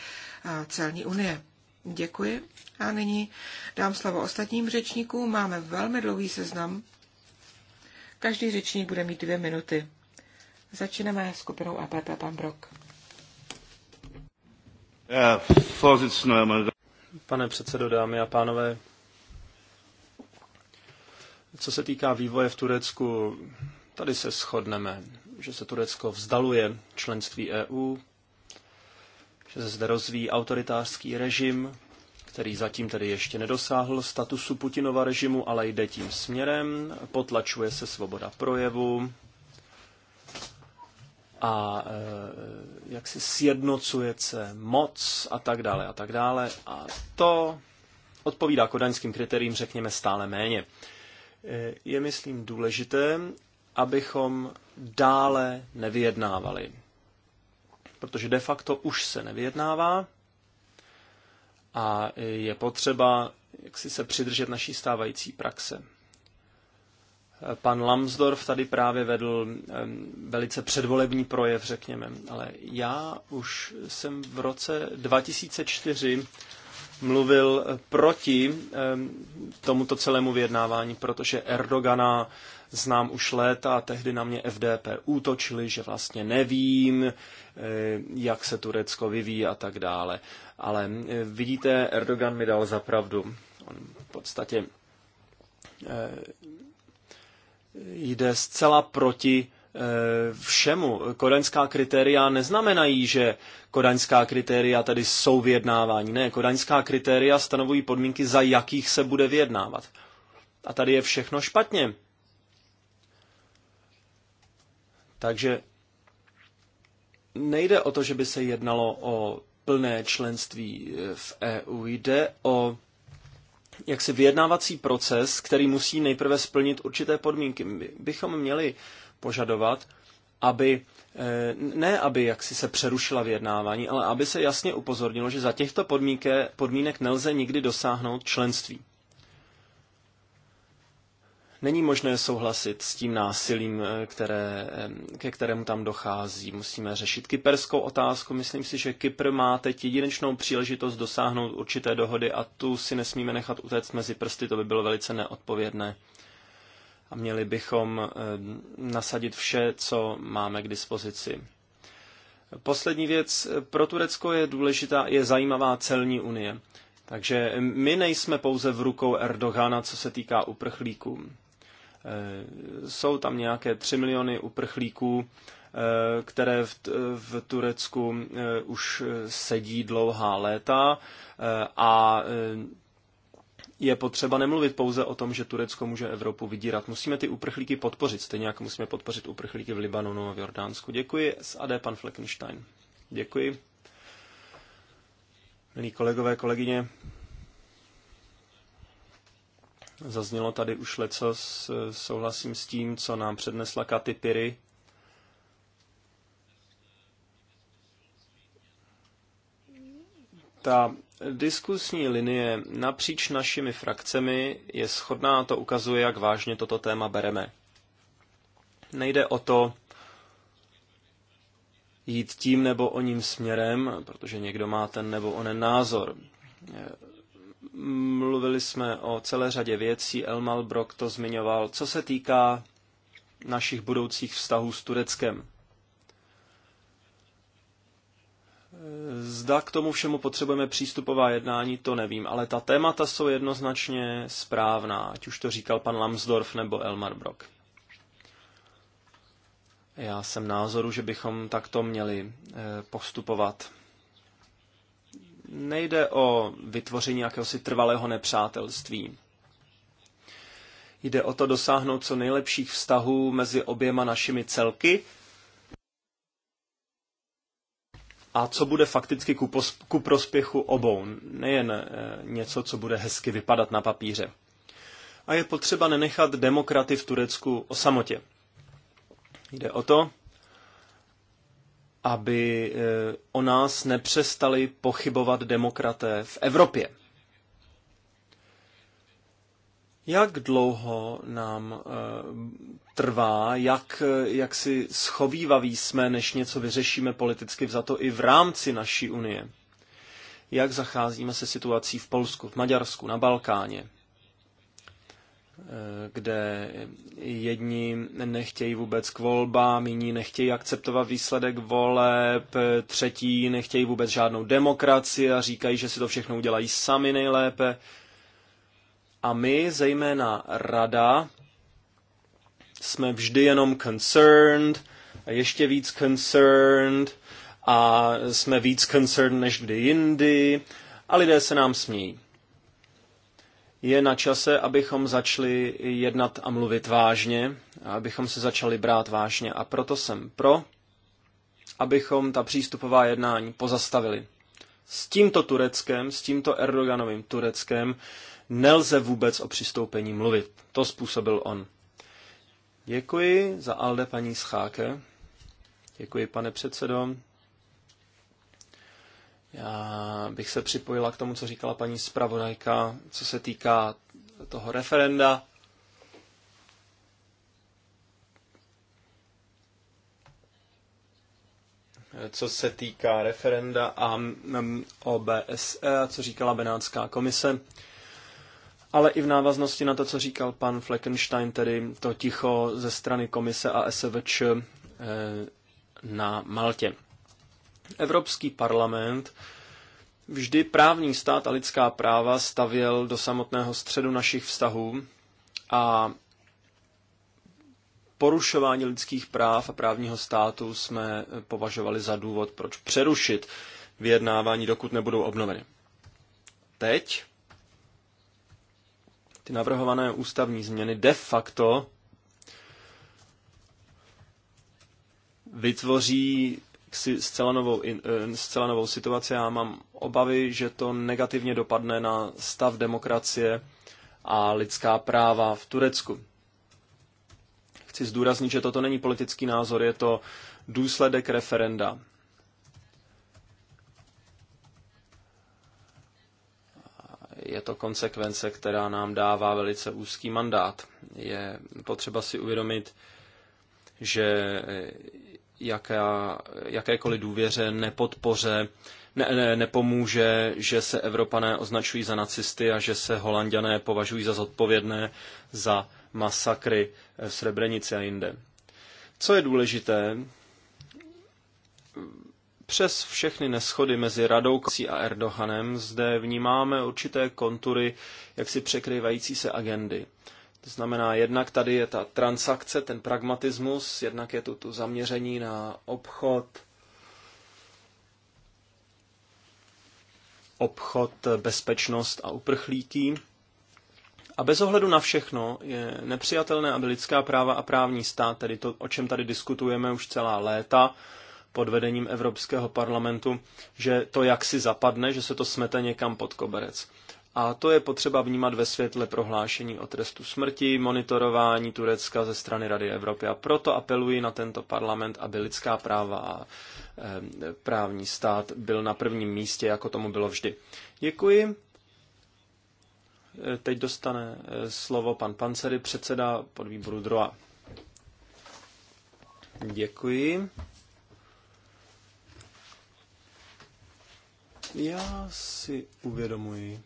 celní unie. Děkuji. A nyní dám slovo ostatním řečníkům. Máme velmi dlouhý seznam. Každý řečník bude mít dvě minuty. Začínáme skupinou APP Pan Brok. Pane předsedo, dámy a pánové, co se týká vývoje v Turecku, tady se shodneme, že se Turecko vzdaluje členství EU, že se zde rozvíjí autoritářský režim, který zatím tedy ještě nedosáhl statusu Putinova režimu, ale jde tím směrem, potlačuje se svoboda projevu a e, jak si sjednocuje se moc a tak dále a tak dále. A to odpovídá kodaňským kritériím, řekněme, stále méně. E, je, myslím, důležité, abychom dále nevyjednávali protože de facto už se nevyjednává a je potřeba jak si se přidržet naší stávající praxe. Pan Lambsdorff tady právě vedl velice předvolební projev, řekněme, ale já už jsem v roce 2004 mluvil proti tomuto celému vyjednávání, protože Erdogana znám už léta a tehdy na mě FDP útočili, že vlastně nevím, eh, jak se Turecko vyvíjí a tak dále. Ale eh, vidíte, Erdogan mi dal zapravdu. On v podstatě eh, jde zcela proti všemu. Kodaňská kritéria neznamenají, že kodaňská kritéria tady jsou vyjednávání. Ne, kodaňská kritéria stanovují podmínky, za jakých se bude vyjednávat. A tady je všechno špatně. Takže nejde o to, že by se jednalo o plné členství v EU, jde o jaksi vyjednávací proces, který musí nejprve splnit určité podmínky. My bychom měli požadovat, aby eh, ne aby jaksi se přerušila vyjednávání, ale aby se jasně upozornilo, že za těchto podmínek nelze nikdy dosáhnout členství. Není možné souhlasit s tím násilím, eh, které, ke kterému tam dochází. Musíme řešit kyperskou otázku. Myslím si, že Kypr má teď jedinečnou příležitost dosáhnout určité dohody a tu si nesmíme nechat utéct mezi prsty, to by bylo velice neodpovědné. A měli bychom nasadit vše, co máme k dispozici. Poslední věc. Pro Turecko je důležitá, je zajímavá celní unie. Takže my nejsme pouze v rukou Erdogana, co se týká uprchlíků. Eh, jsou tam nějaké 3 miliony uprchlíků, eh, které v, v Turecku eh, už sedí dlouhá léta a je potřeba nemluvit pouze o tom, že Turecko může Evropu vydírat. Musíme ty uprchlíky podpořit, stejně jako musíme podpořit uprchlíky v Libanonu a v Jordánsku. Děkuji. AD pan Fleckenstein. Děkuji. Milí kolegové, kolegyně, Zaznělo tady už leco, souhlasím s tím, co nám přednesla Katy Piry. Ta diskusní linie napříč našimi frakcemi je schodná a to ukazuje, jak vážně toto téma bereme. Nejde o to jít tím nebo o ním směrem, protože někdo má ten nebo onen názor Mluvili jsme o celé řadě věcí, Elmal Brok to zmiňoval. Co se týká našich budoucích vztahů s Tureckem. Zda k tomu všemu potřebujeme přístupová jednání, to nevím, ale ta témata jsou jednoznačně správná, ať už to říkal pan Lambsdorff nebo Elmar Brok. Já jsem názoru, že bychom takto měli eh, postupovat. Nejde o vytvoření si trvalého nepřátelství. Jde o to dosáhnout co nejlepších vztahů mezi oběma našimi celky, a co bude fakticky ku, pos- ku prospěchu obou, nejen e, něco, co bude hezky vypadat na papíře. A je potřeba nenechat demokraty v Turecku o samotě. Jde o to, aby eh, o nás nepřestali pochybovat demokraté v Evropě. Jak dlouho nám eh, trvá, jak, jak si schovývaví jsme, než něco vyřešíme politicky vzato i v rámci naší unie? Jak zacházíme se situací v Polsku, v Maďarsku, na Balkáně? Eh, kde jedni nechtějí vůbec k volbám, jiní nechtějí akceptovat výsledek voleb, třetí nechtějí vůbec žádnou demokracii a říkají, že si to všechno udělají sami nejlépe. A my, zejména rada, jsme vždy jenom concerned, a ještě víc concerned, a jsme víc concerned než kdy jindy, a lidé se nám smějí je na čase, abychom začali jednat a mluvit vážně, abychom se začali brát vážně. A proto jsem pro, abychom ta přístupová jednání pozastavili. S tímto Tureckem, s tímto Erdoganovým Tureckem nelze vůbec o přistoupení mluvit. To způsobil on. Děkuji za Alde paní Scháke. Děkuji, pane předsedo. Já bych se připojila k tomu, co říkala paní zpravodajka, co se týká toho referenda. Co se týká referenda a mm, OBSE, co říkala Benátská komise, ale i v návaznosti na to, co říkal pan Fleckenstein, tedy to ticho ze strany komise a SVČ eh, na Maltě. Evropský parlament vždy právní stát a lidská práva stavěl do samotného středu našich vztahů a porušování lidských práv a právního státu jsme považovali za důvod, proč přerušit vyjednávání, dokud nebudou obnoveny. Teď ty navrhované ústavní změny de facto vytvoří si zcela novou, eh, zcela novou situaci. Já mám obavy, že to negativně dopadne na stav demokracie a lidská práva v Turecku. Chci zdůraznit, že toto není politický názor, je to důsledek referenda. Je to konsekvence, která nám dává velice úzký mandát. Je potřeba si uvědomit, že jaká, jakékoliv důvěře, nepodpoře, ne, ne, nepomůže, že se Evropané označují za nacisty a že se Holandiané považují za zodpovědné za masakry v Srebrenici a jinde. Co je důležité, přes všechny neschody mezi Radou Komisí a Erdoganem zde vnímáme určité kontury jaksi překrývající se agendy. To znamená, jednak tady je ta transakce, ten pragmatismus, jednak je tu tu zaměření na obchod, obchod, bezpečnost a uprchlíky. A bez ohledu na všechno je nepřijatelné, aby lidská práva a právní stát, tedy to, o čem tady diskutujeme už celá léta pod vedením Evropského parlamentu, že to jaksi zapadne, že se to smete někam pod koberec. A to je potřeba vnímat ve světle prohlášení o trestu smrti, monitorování Turecka ze strany Rady Evropy. A proto apeluji na tento parlament, aby lidská práva a eh, právní stát byl na prvním místě, jako tomu bylo vždy. Děkuji. Eh, teď dostane eh, slovo pan Pancery, předseda podvýboru DROA. Děkuji. Já si uvědomuji,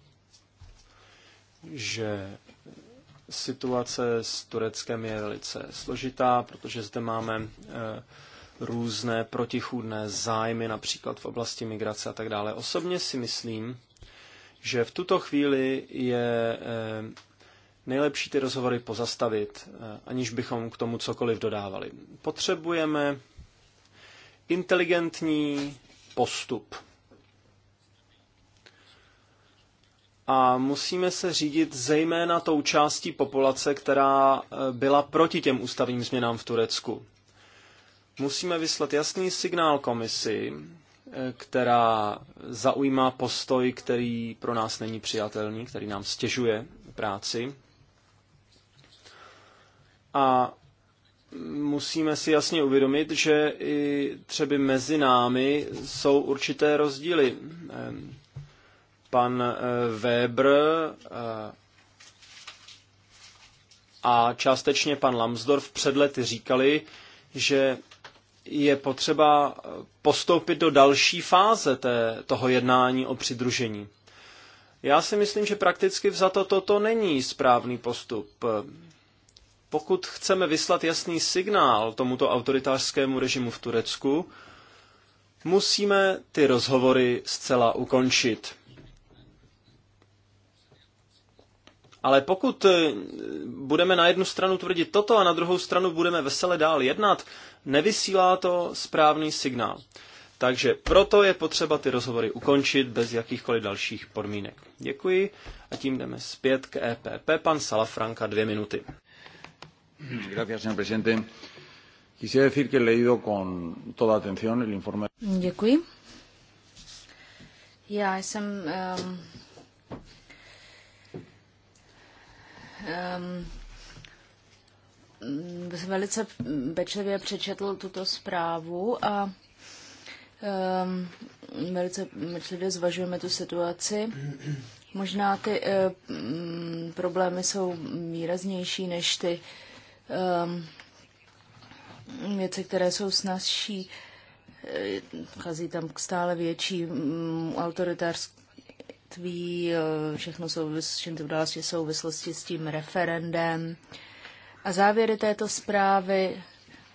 že situace s Tureckem je velice složitá, protože zde máme eh, různé protichůdné zájmy, například v oblasti migrace a tak dále. Osobně si myslím, že v tuto chvíli je eh, nejlepší ty rozhovory pozastavit, eh, aniž bychom k tomu cokoliv dodávali. Potřebujeme inteligentní postup a musíme se řídit zejména tou částí populace, která eh, byla proti těm ústavním změnám v Turecku. Musíme vyslat jasný signál komisi, eh, která zaujímá postoj, který pro nás není přijatelný, který nám stěžuje práci. A musíme si jasně uvědomit, že i třeba mezi námi jsou určité rozdíly. Ehm, pan eh, Weber eh, a částečně pan Lambsdorff před lety říkali, že je potřeba eh, postoupit do další fáze té, toho jednání o přidružení. Já si myslím, že prakticky vzato toto není správný postup. Pokud chceme vyslat jasný signál tomuto autoritářskému režimu v Turecku, musíme ty rozhovory zcela ukončit. Ale pokud eh, budeme na jednu stranu tvrdit toto a na druhou stranu budeme vesele dál jednat, nevysílá to správný signál. Takže proto je potřeba ty rozhovory ukončit bez jakýchkoliv dalších podmínek. Děkuji a tím jdeme zpět k EPP. Pan Salafranka, dvě minuty. Děkuji. Já jsem um, um, velice pečlivě přečetl tuto zprávu a um, velice pečlivě zvažujeme tu situaci. Možná ty um, problémy jsou výraznější než ty um, věci, které jsou snazší. E, chází tam k stále větší autoritářské školství, eh, všechno souvis, všechny události v souvislosti s tím referendem. A závěry této zprávy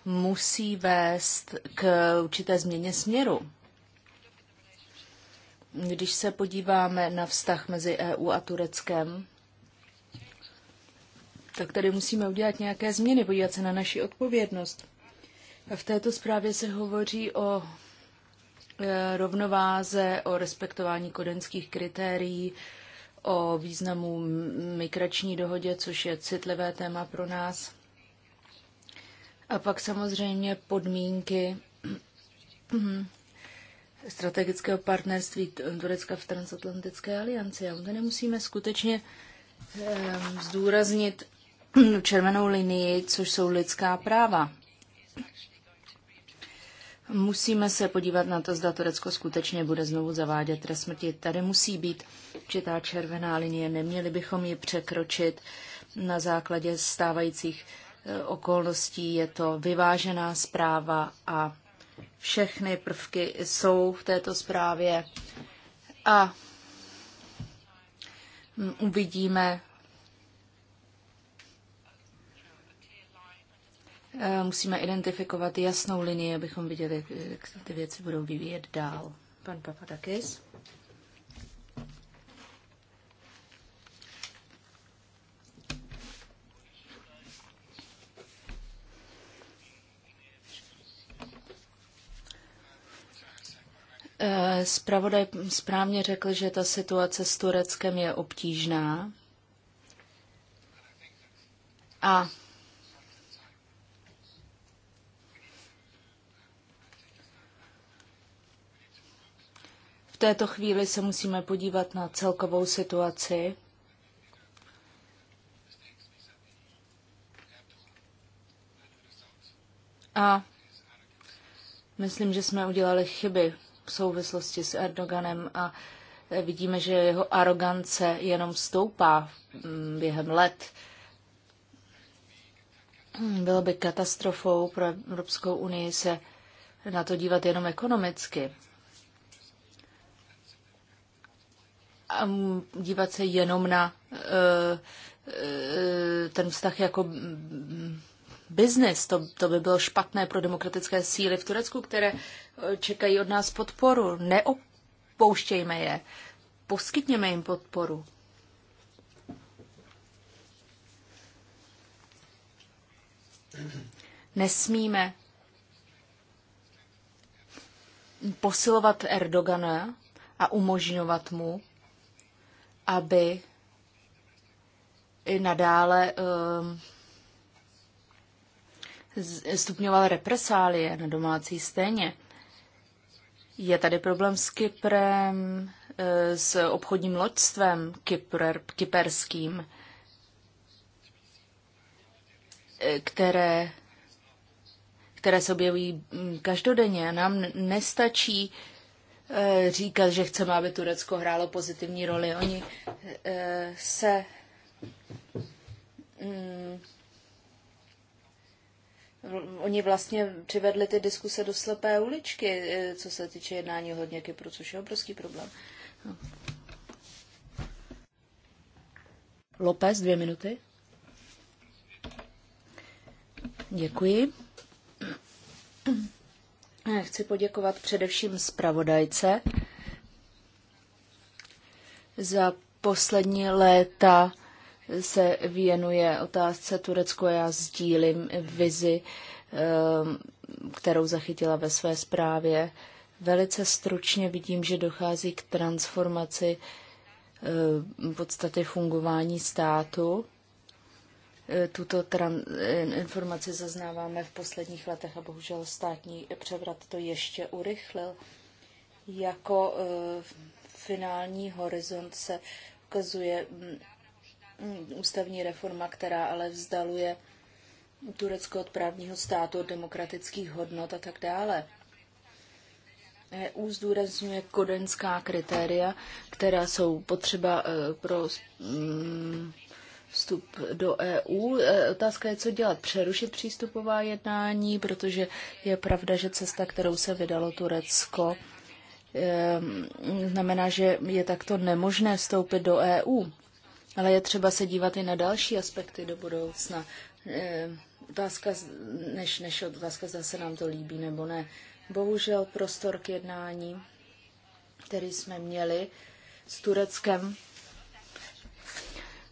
musí vést k určité změně směru. Když se podíváme na vztah mezi EU a Tureckem, tak tady musíme udělat nějaké změny, podívat se na naši odpovědnost. A v této zprávě se hovoří o Eh, rovnováze, o respektování kodenských kritérií, o významu migrační dohodě, což je citlivé téma pro nás. A pak samozřejmě podmínky <clears throat> strategického partnerství Turecka v transatlantické alianci. A kde nemusíme skutečně eh, zdůraznit <clears throat> červenou linii, což jsou lidská práva. Musíme se podívat na to, zda Turecko skutečně bude znovu zavádět trest smrti. Tady musí být určitá červená linie, neměli bychom ji překročit na základě stávajících eh, okolností. Je to vyvážená zpráva a všechny prvky jsou v této zprávě. A mm, uvidíme, Eh, musíme identifikovat jasnou linii, abychom viděli, eh, jak se ty věci budou vyvíjet dál. Pan Papadakis. Spravodaj eh, správně řekl, že ta situace s Tureckem je obtížná. A této chvíli se musíme podívat na celkovou situaci. A myslím, že jsme udělali chyby v souvislosti s Erdoganem a vidíme, že jeho arogance jenom stoupá během let. Bylo by katastrofou pro Evropskou unii se na to dívat jenom ekonomicky. a dívat se jenom na eh, eh, ten vztah jako business, To, to by bylo špatné pro demokratické síly v Turecku, které eh, čekají od nás podporu. Neopouštějme je. Poskytněme jim podporu. Nesmíme posilovat Erdogana a umožňovat mu aby i nadále um, stupňoval represálie na domácí stejně. Je tady problém s Kyprem, eh, s obchodním loďstvem kypr, kyperským, eh, které, které se objevují mm, každodenně. Nám nestačí uh, Eh, říkat, že chceme, aby Turecko hrálo pozitivní roli. Oni eh, se mm, Oni vlastně přivedli ty diskuse do slepé uličky, eh, co se týče jednání hodně Kypru, což je obrovský problém. No. López, dvě minuty. Děkuji. Chci poděkovat především zpravodajce za poslední léta se věnuje otázce turecko a já sdílím vizi, ehm, kterou zachytila ve své zprávě. Velice stručně vidím, že dochází k transformaci ehm, podstaty fungování státu tuto eh, informaci zaznáváme v posledních letech a bohužel státní převrat to ještě urychlil. Jako eh, finální horizont se ukazuje mm, mm, ústavní reforma, která ale vzdaluje Turecko od právního státu, od demokratických hodnot a tak dále. EU zdůrazňuje kodenská kritéria, která jsou potřeba eh, pro mm, vstup do EU. E, otázka je, co dělat. Přerušit přístupová jednání, protože je pravda, že cesta, kterou se vydalo Turecko, znamená, že je takto nemožné vstoupit do EU. Ale je třeba se dívat i na další aspekty do budoucna. Otázka, než, než otázka, zase nám to líbí nebo ne. Bohužel prostor k jednání, který jsme měli s Tureckem,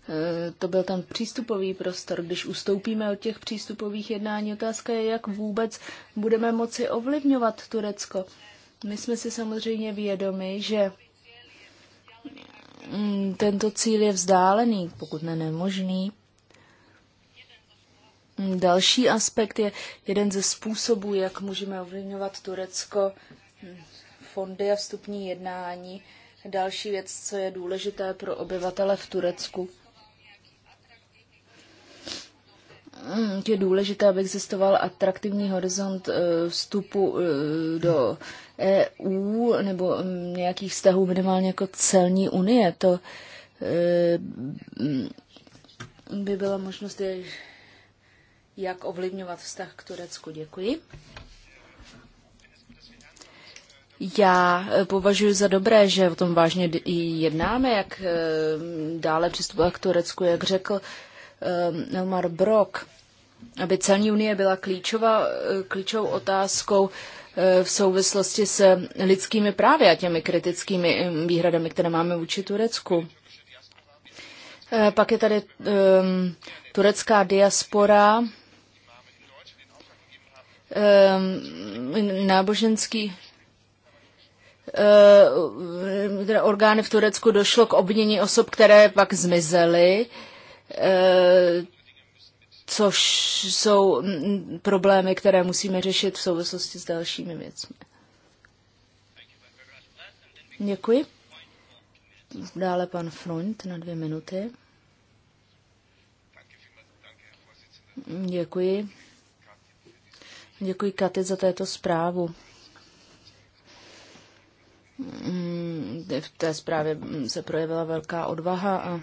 Eh, to byl ten přístupový prostor. Když ustoupíme od těch přístupových jednání, otázka je, jak vůbec budeme moci ovlivňovat Turecko. My jsme si samozřejmě vědomi, že mm, tento cíl je vzdálený, pokud ne nemožný. Mm, další aspekt je jeden ze způsobů, jak můžeme ovlivňovat Turecko, mm, fondy a vstupní jednání. Další věc, co je důležité pro obyvatele v Turecku, Mm, je důležité, aby existoval atraktivní horizont eh, vstupu eh, do EU nebo mm, nějakých vztahů minimálně jako celní unie. To eh, by byla možnost, jak ovlivňovat vztah k Turecku. Děkuji. Já považuji za dobré, že o tom vážně jednáme, jak dále přistupovat k Turecku, jak řekl Elmar Brok aby celní unie byla klíčová, eh, klíčovou otázkou eh, v souvislosti s lidskými právy a těmi kritickými eh, výhradami, které máme vůči Turecku. Pak je tady um, turecká diaspora, um, náboženský uh, orgány v Turecku došlo k obměně osob, které pak zmizely což jsou problémy, které musíme řešit v souvislosti s dalšími věcmi. Děkuji. Dále pan Front na dvě minuty. Děkuji. Děkuji Katy za této zprávu. V té zprávě se projevila velká odvaha a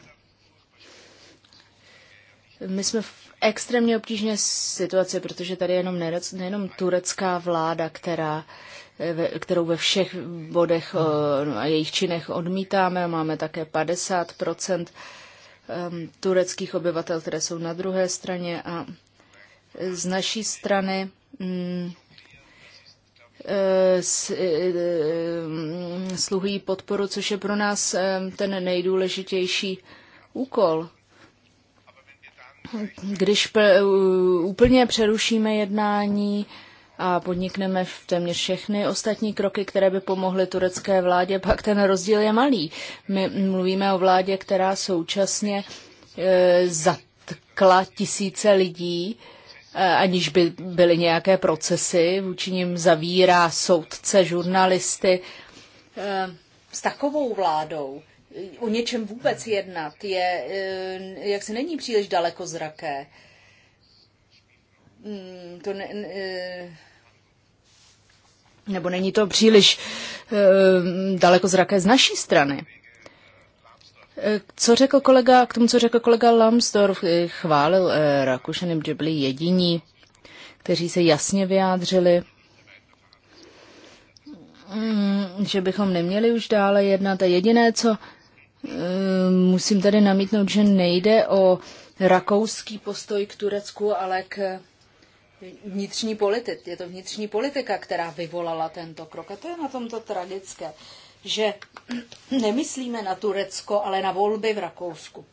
my jsme v extrémně obtížné situace, protože tady je jenom, nerec, nejenom turecká vláda, která, eh, kterou ve všech bodech eh, no, a jejich činech odmítáme. Máme také 50 ehm, tureckých obyvatel, které jsou na druhé straně a z naší strany mm, eh, mm, sluhují podporu, což je pro nás ehm, ten nejdůležitější úkol když úplně přerušíme jednání a podnikneme v téměř všechny ostatní kroky, které by pomohly turecké vládě, pak ten rozdíl je malý. My mluvíme o vládě, která současně e, zatkla tisíce lidí, e, aniž by byly nějaké procesy, vůči nim zavírá soudce, žurnalisty. E, s takovou vládou o něčem vůbec jednat, je, eh, jak se není příliš daleko zraké. Hmm, to ne, eh, nebo není to příliš eh, daleko zraké z naší strany. Co řekl kolega, k tomu, co řekl kolega Lambsdorff, chválil Rakušany, že byli jediní, kteří se jasně vyjádřili, mm, že bychom neměli už dále jednat. A jediné, co Eh, musím tady namítnout, že nejde o rakouský postoj k Turecku, ale k vnitřní politik. Je to vnitřní politika, která vyvolala tento krok. A to je na tomto tragické, že <clears throat> nemyslíme na Turecko, ale na volby v Rakousku.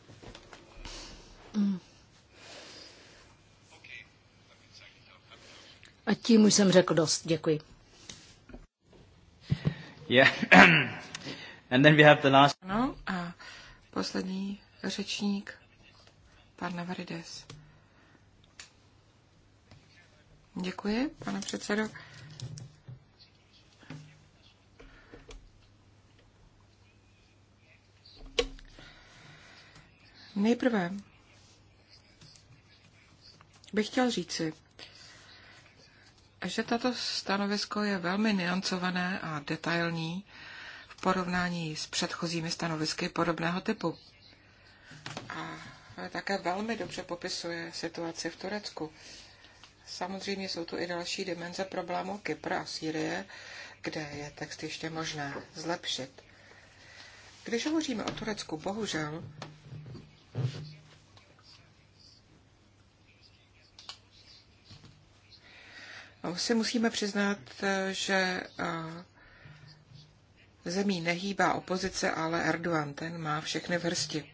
A tím už jsem řekl dost. Děkuji. Yeah. <clears throat> And then we have the last... No, a poslední řečník, pan Navarides. Děkuji, pane předsedo. Nejprve bych chtěl říci, že tato stanovisko je velmi niancované a detailní porovnání s předchozími stanovisky podobného typu. A také velmi dobře popisuje situaci v Turecku. Samozřejmě jsou tu i další dimenze problému Kypra a Sýrie, kde je text ještě možné zlepšit. Když hovoříme o Turecku, bohužel si musíme přiznat, že zemí nehýbá opozice, ale Erdogan, ten má všechny v hrsti.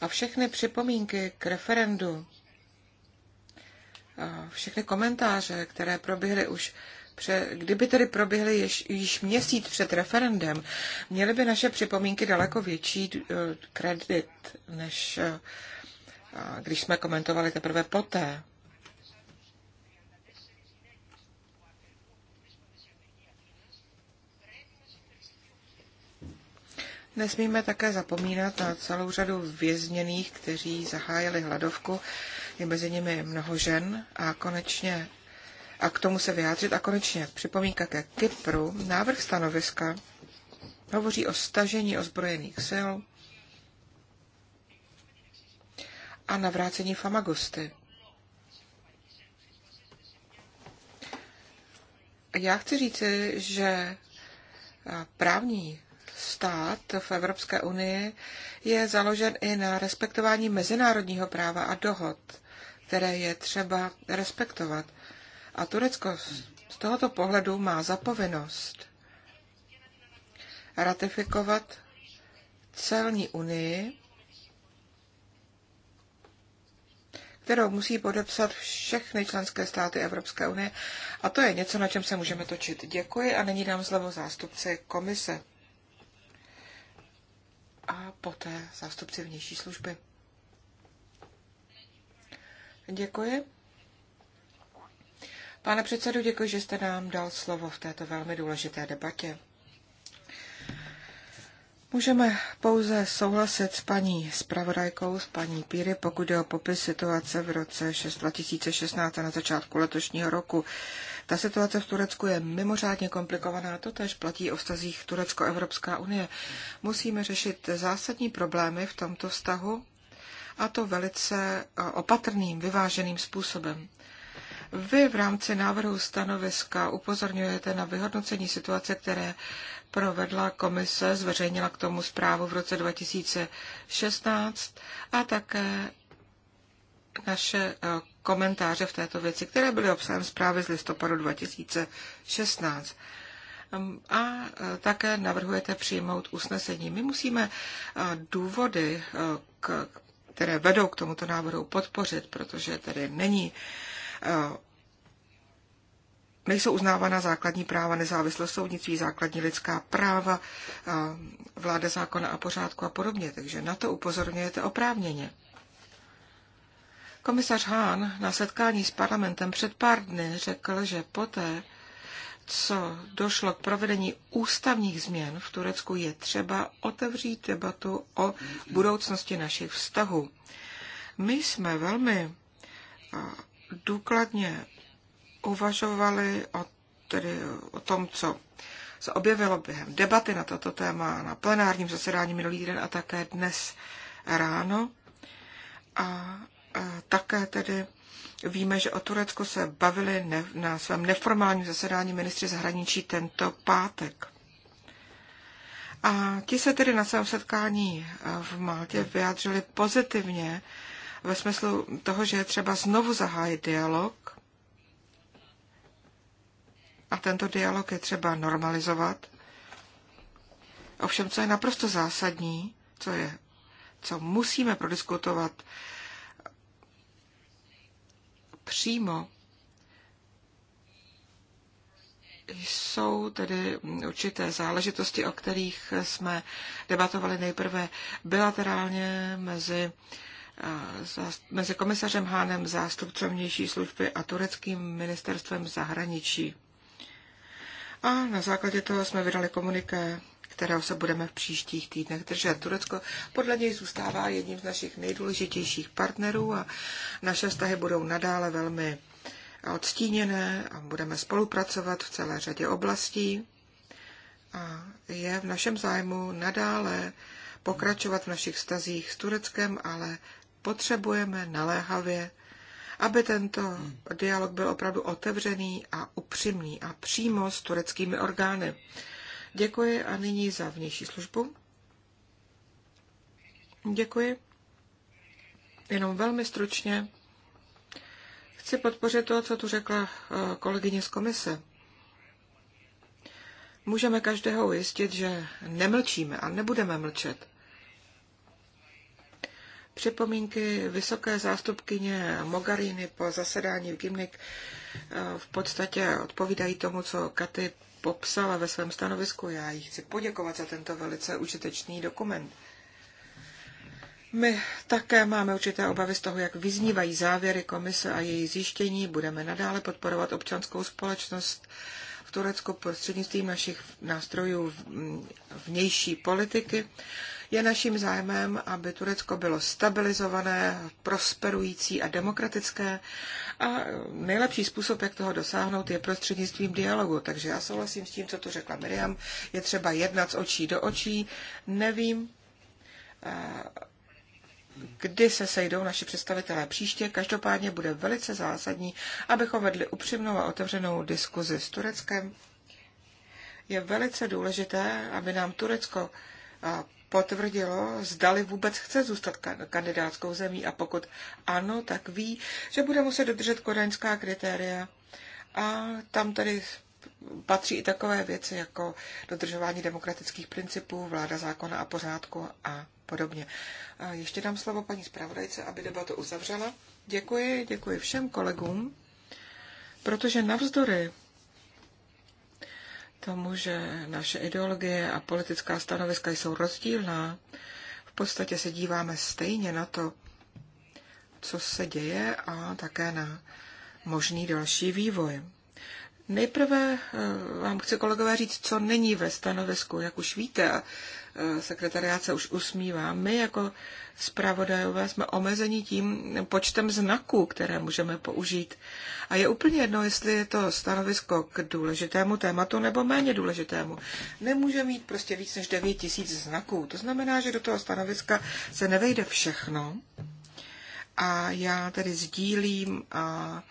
A všechny připomínky k referendu, všechny komentáře, které proběhly už pře, kdyby tedy proběhly již, již měsíc před referendem, měly by naše připomínky daleko větší eh, kredit, než eh, když jsme komentovali teprve poté. Nesmíme také zapomínat na celou řadu vězněných, kteří zahájili hladovku. Je mezi nimi mnoho žen a konečně a k tomu se vyjádřit. A konečně připomínka ke Kypru. Návrh stanoviska hovoří o stažení ozbrojených sil a navrácení Famagusty. Já chci říci, že právní stát v Evropské unii je založen i na respektování mezinárodního práva a dohod, které je třeba respektovat. A Turecko z tohoto pohledu má zapovinnost ratifikovat celní unii, kterou musí podepsat všechny členské státy Evropské unie. A to je něco, na čem se můžeme točit. Děkuji a nyní dám slovo zástupci komise a poté zástupci vnější služby. Děkuji. Pane předsedu, děkuji, že jste nám dal slovo v této velmi důležité debatě. Můžeme pouze souhlasit s paní zpravodajkou, s paní Píry, pokud je o popis situace v roce 2016 a na začátku letošního roku. Ta situace v Turecku je mimořádně komplikovaná, to tež platí o vztazích Turecko-Evropská unie. Musíme řešit zásadní problémy v tomto vztahu a to velice opatrným, vyváženým způsobem. Vy v rámci návrhu stanoviska upozorňujete na vyhodnocení situace, které provedla komise, zveřejnila k tomu zprávu v roce 2016 a také naše komentáře v této věci, které byly obsahem zprávy z listopadu 2016. A e, také navrhujete přijmout usnesení. My musíme e, důvody, e, které vedou k tomuto návrhu, podpořit, protože tedy není nejsou uznávána základní práva, nezávislost soudnictví, základní lidská práva, vláda zákona a pořádku a podobně. Takže na to upozorňujete oprávněně. Komisař Hahn na setkání s parlamentem před pár dny řekl, že poté, co došlo k provedení ústavních změn v Turecku, je třeba otevřít debatu o budoucnosti našich vztahů. My jsme velmi důkladně uvažovali o, tedy, o tom, co se objevilo během debaty na toto téma na plenárním zasedání minulý den a také dnes ráno. A také tedy víme, že o Turecku se bavili ne, na svém neformálním zasedání ministři zahraničí tento pátek. A ti se tedy na svém setkání eh, v Maltě vyjádřili pozitivně ve smyslu toho, že je třeba znovu zahájit dialog a tento dialog je třeba normalizovat. Ovšem, co je naprosto zásadní, co je, co musíme prodiskutovat přímo, jsou tedy určité záležitosti, o kterých jsme debatovali nejprve bilaterálně mezi, eh, mezi komisařem Hánem, zástupcem vnější služby a tureckým ministerstvem zahraničí. A na základě toho jsme vydali komuniké kterého se budeme v příštích týdnech držet. Turecko podle něj zůstává jedním z našich nejdůležitějších partnerů a naše vztahy budou nadále velmi odstíněné a budeme spolupracovat v celé řadě oblastí. A je v našem zájmu nadále pokračovat v našich vztazích s Tureckem, ale potřebujeme naléhavě, aby tento dialog byl opravdu otevřený a upřímný a přímo s tureckými orgány. Děkuji a nyní za vnější službu. Děkuji. Jenom velmi stručně chci podpořit to, co tu řekla eh, kolegyně z komise. Můžeme každého ujistit, že nemlčíme a nebudeme mlčet. Připomínky vysoké zástupkyně Mogariny po zasedání v Gimnik eh, v podstatě odpovídají tomu, co Katy popsala ve svém stanovisku. Já jí chci poděkovat za tento velice užitečný dokument. My také máme určité obavy z toho, jak vyznívají závěry komise a její zjištění. Budeme nadále podporovat občanskou společnost v Turecku prostřednictvím našich nástrojů vnější politiky. Je naším zájmem, aby Turecko bylo stabilizované, prosperující a demokratické a nejlepší způsob, jak toho dosáhnout, je prostřednictvím dialogu. Takže já souhlasím s tím, co tu řekla Miriam. Je třeba jednat z očí do očí. Nevím, kdy se sejdou naši představitelé příště. Každopádně bude velice zásadní, abychom vedli upřímnou a otevřenou diskuzi s Tureckem. Je velice důležité, aby nám Turecko potvrdilo, zdali vůbec chce zůstat kandidátskou zemí a pokud ano, tak ví, že bude muset dodržet kodaňská kritéria a tam tedy patří i takové věci jako dodržování demokratických principů, vláda zákona a pořádku a podobně. A ještě dám slovo paní zpravodajce, aby debatu uzavřela. Děkuji, děkuji všem kolegům, protože navzdory tomu, že naše ideologie a politická stanoviska jsou rozdílná, v podstatě se díváme stejně na to, co se děje a také na možný další vývoj. Nejprve eh, vám chci kolegové říct, co není ve stanovisku. Jak už víte, sekretariát se už usmívá. My jako zpravodajové jsme omezeni tím počtem znaků, které můžeme použít. A je úplně jedno, jestli je to stanovisko k důležitému tématu nebo méně důležitému. Nemůže mít prostě víc než 9 tisíc znaků. To znamená, že do toho stanoviska se nevejde všechno. A já tedy sdílím a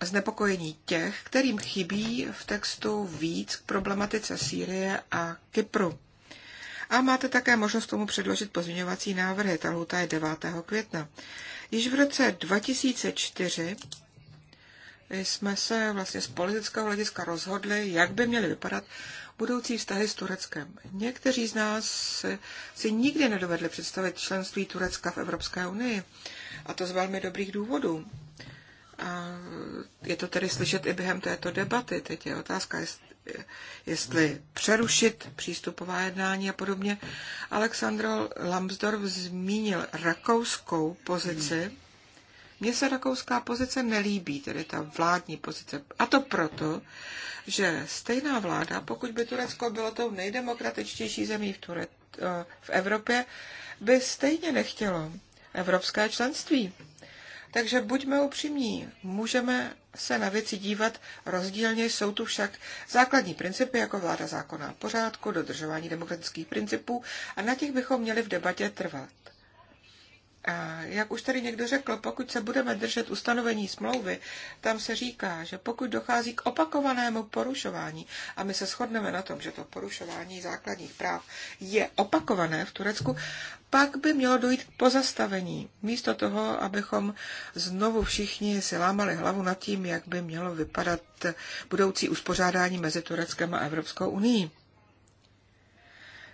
znepokojení těch, kterým chybí v textu víc k problematice Sýrie a Kypru. A máte také možnost tomu předložit pozměňovací návrhy. Ta lhuta je 9. května. Již v roce 2004 jsme se vlastně z politického hlediska rozhodli, jak by měly vypadat budoucí vztahy s Tureckem. Někteří z nás si nikdy nedovedli představit členství Turecka v Evropské unii, a to z velmi dobrých důvodů. A je to tedy slyšet i během této debaty. Teď je otázka, jestli přerušit přístupová jednání a podobně. Aleksandr Lambsdorff zmínil rakouskou pozici. Mně se rakouská pozice nelíbí, tedy ta vládní pozice. A to proto, že stejná vláda, pokud by Turecko bylo tou nejdemokratičtější zemí v, Ture- eh, v Evropě, by stejně nechtělo evropské členství. Takže buďme upřímní, můžeme se na věci dívat rozdílně, jsou tu však základní principy jako vláda zákona pořádku, dodržování demokratických principů a na těch bychom měli v debatě trvat jak už tady někdo řekl, pokud se budeme držet ustanovení smlouvy, tam se říká, že pokud dochází k opakovanému porušování, a my se shodneme na tom, že to porušování základních práv je opakované v Turecku, pak by mělo dojít k pozastavení, místo toho, abychom znovu všichni si lámali hlavu nad tím, jak by mělo vypadat budoucí uspořádání mezi Tureckem a Evropskou unii.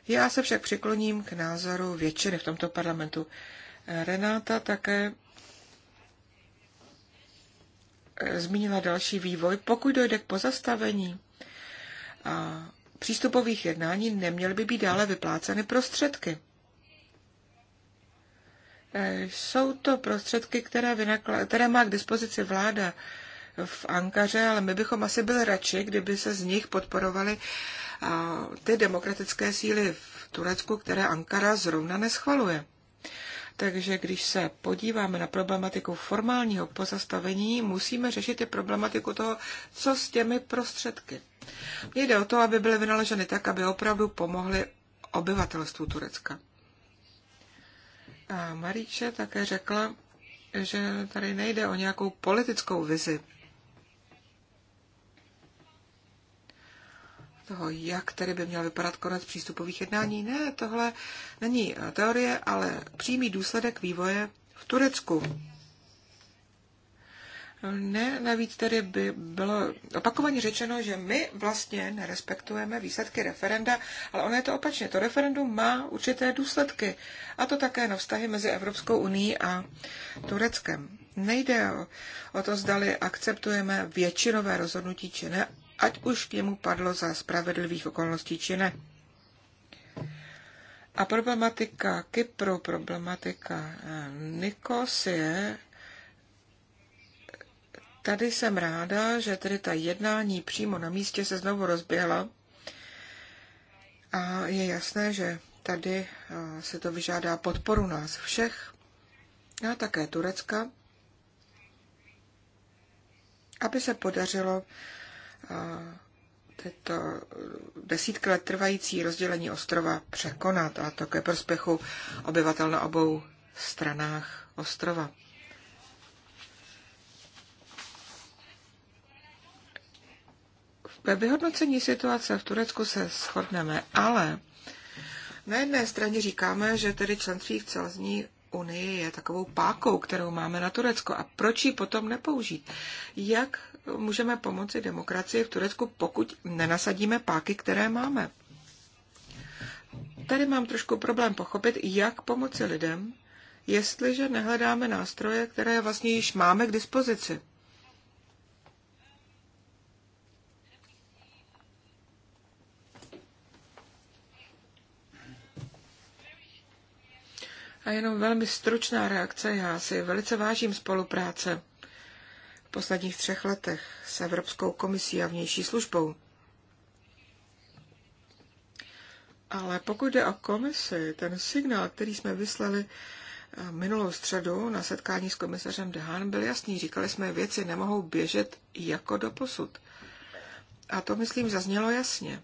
Já se však přikloním k názoru většiny v tomto parlamentu, Renáta také eh, zmínila další vývoj. Pokud dojde k pozastavení přístupových jednání, neměly by být dále vypláceny prostředky. Eh, jsou to prostředky, které, vynakla- které má k dispozici vláda v Ankaře, ale my bychom asi byli radši, kdyby se z nich podporovaly ty demokratické síly v Turecku, které Ankara zrovna neschvaluje. Takže když se podíváme na problematiku formálního pozastavení, musíme řešit i problematiku toho, co s těmi prostředky. Mně jde o to, aby byly vynaloženy tak, aby opravdu pomohly obyvatelstvu Turecka. A Maríče také řekla, že tady nejde o nějakou politickou vizi toho, jak tedy by měl vypadat konec přístupových jednání. Ne, tohle není teorie, ale přímý důsledek vývoje v Turecku. Ne, navíc tedy by bylo opakovaně řečeno, že my vlastně nerespektujeme výsledky referenda, ale ono je to opačně. To referendum má určité důsledky, a to také na vztahy mezi Evropskou unii a Tureckem. Nejde o, o to, zdali akceptujeme většinové rozhodnutí či ne, ať už k němu padlo za spravedlivých okolností či ne. A problematika Kypru, problematika eh, Nikosie, tady jsem ráda, že tedy ta jednání přímo na místě se znovu rozběhla a je jasné, že tady eh, se to vyžádá podporu nás všech a také Turecka, aby se podařilo tyto desítky let trvající rozdělení ostrova překonat a to ke prospěchu obyvatel na obou stranách ostrova. Ve vyhodnocení situace v Turecku se shodneme, ale na jedné straně říkáme, že tedy členství v celzní unii je takovou pákou, kterou máme na Turecko a proč ji potom nepoužít? Jak můžeme pomoci demokracii v Turecku, pokud nenasadíme páky, které máme? Tady mám trošku problém pochopit, jak pomoci lidem, jestliže nehledáme nástroje, které vlastně již máme k dispozici. A jenom velmi stručná reakce. Já si velice vážím spolupráce v posledních třech letech s Evropskou komisí a vnější službou. Ale pokud jde o komisi, ten signál, který jsme vyslali eh, minulou středu na setkání s komisařem Dehan, byl jasný. Říkali jsme, věci nemohou běžet jako do posud. A to, myslím, zaznělo jasně.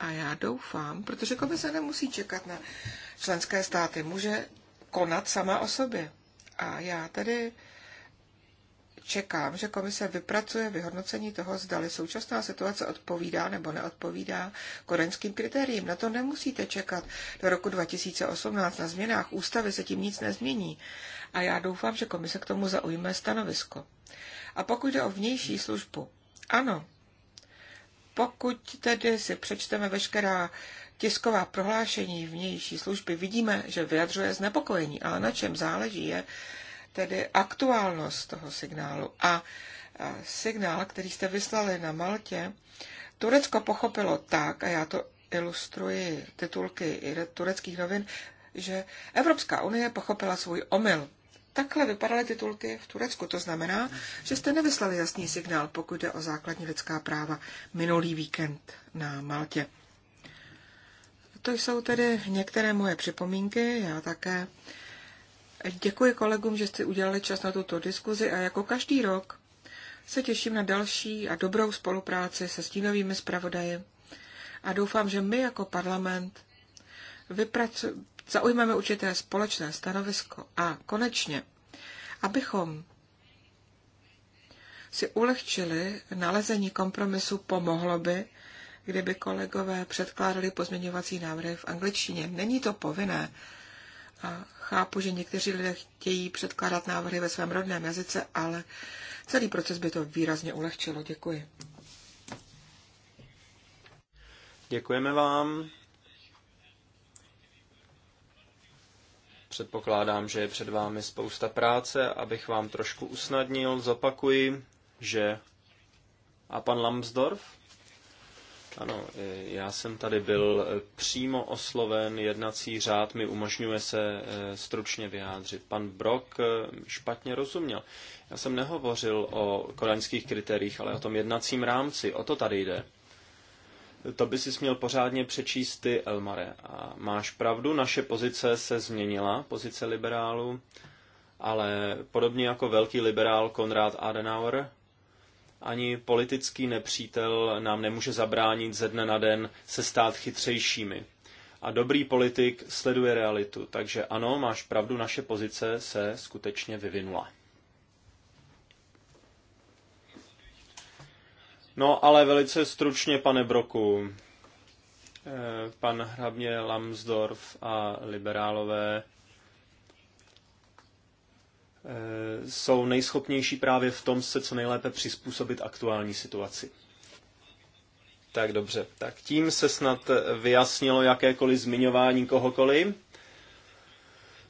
A já doufám, protože komise nemusí čekat na členské státy, může konat sama o sobě. A já tedy čekám, že komise vypracuje vyhodnocení toho, zdali současná situace odpovídá nebo neodpovídá korenským kritériím. Na to nemusíte čekat do roku 2018 na změnách. Ústavy se tím nic nezmění. A já doufám, že komise k tomu zaujme stanovisko. A pokud jde o vnější službu, ano, pokud tedy si přečteme veškerá tisková prohlášení vnější služby vidíme, že vyjadřuje znepokojení, ale na čem záleží je tedy aktuálnost toho signálu. A signál, který jste vyslali na Maltě, Turecko pochopilo tak, a já to ilustruji titulky tureckých novin, že Evropská unie pochopila svůj omyl. Takhle vypadaly titulky v Turecku. To znamená, že jste nevyslali jasný signál, pokud jde o základní lidská práva minulý víkend na Maltě. To jsou tedy některé moje připomínky. Já také děkuji kolegům, že jste udělali čas na tuto diskuzi a jako každý rok se těším na další a dobrou spolupráci se stínovými zpravodaji a doufám, že my jako parlament vypracu- zaujmeme určité společné stanovisko a konečně, abychom si ulehčili nalezení kompromisu, pomohlo by, kdyby kolegové předkládali pozměňovací návrhy v angličtině. Není to povinné. A chápu, že někteří lidé chtějí předkládat návrhy ve svém rodném jazyce, ale celý proces by to výrazně ulehčilo. Děkuji. Děkujeme vám. Předpokládám, že je před vámi spousta práce, abych vám trošku usnadnil. Zopakuji, že... A pan Lambsdorff? Ano, e, já jsem tady byl e, přímo osloven, jednací řád mi umožňuje se e, stručně vyjádřit. Pan Brok špatně rozuměl. Já jsem nehovořil o kodaňských kritériích, ale o tom jednacím rámci. O to tady jde. To by si měl pořádně přečíst ty, Elmare. A máš pravdu, naše pozice se změnila, pozice liberálu, ale podobně jako velký liberál Konrad Adenauer, ani politický nepřítel nám nemůže zabránit ze dne na den se stát chytřejšími. A dobrý politik sleduje realitu, takže ano, máš pravdu, naše pozice se skutečně vyvinula. No ale velice stručně, pane Broku, eh, pan Hrabně Lambsdorff a liberálové Eh, jsou nejschopnější právě v tom se co nejlépe přizpůsobit aktuální situaci. Tak dobře, tak tím se snad vyjasnilo jakékoliv zmiňování kohokoliv.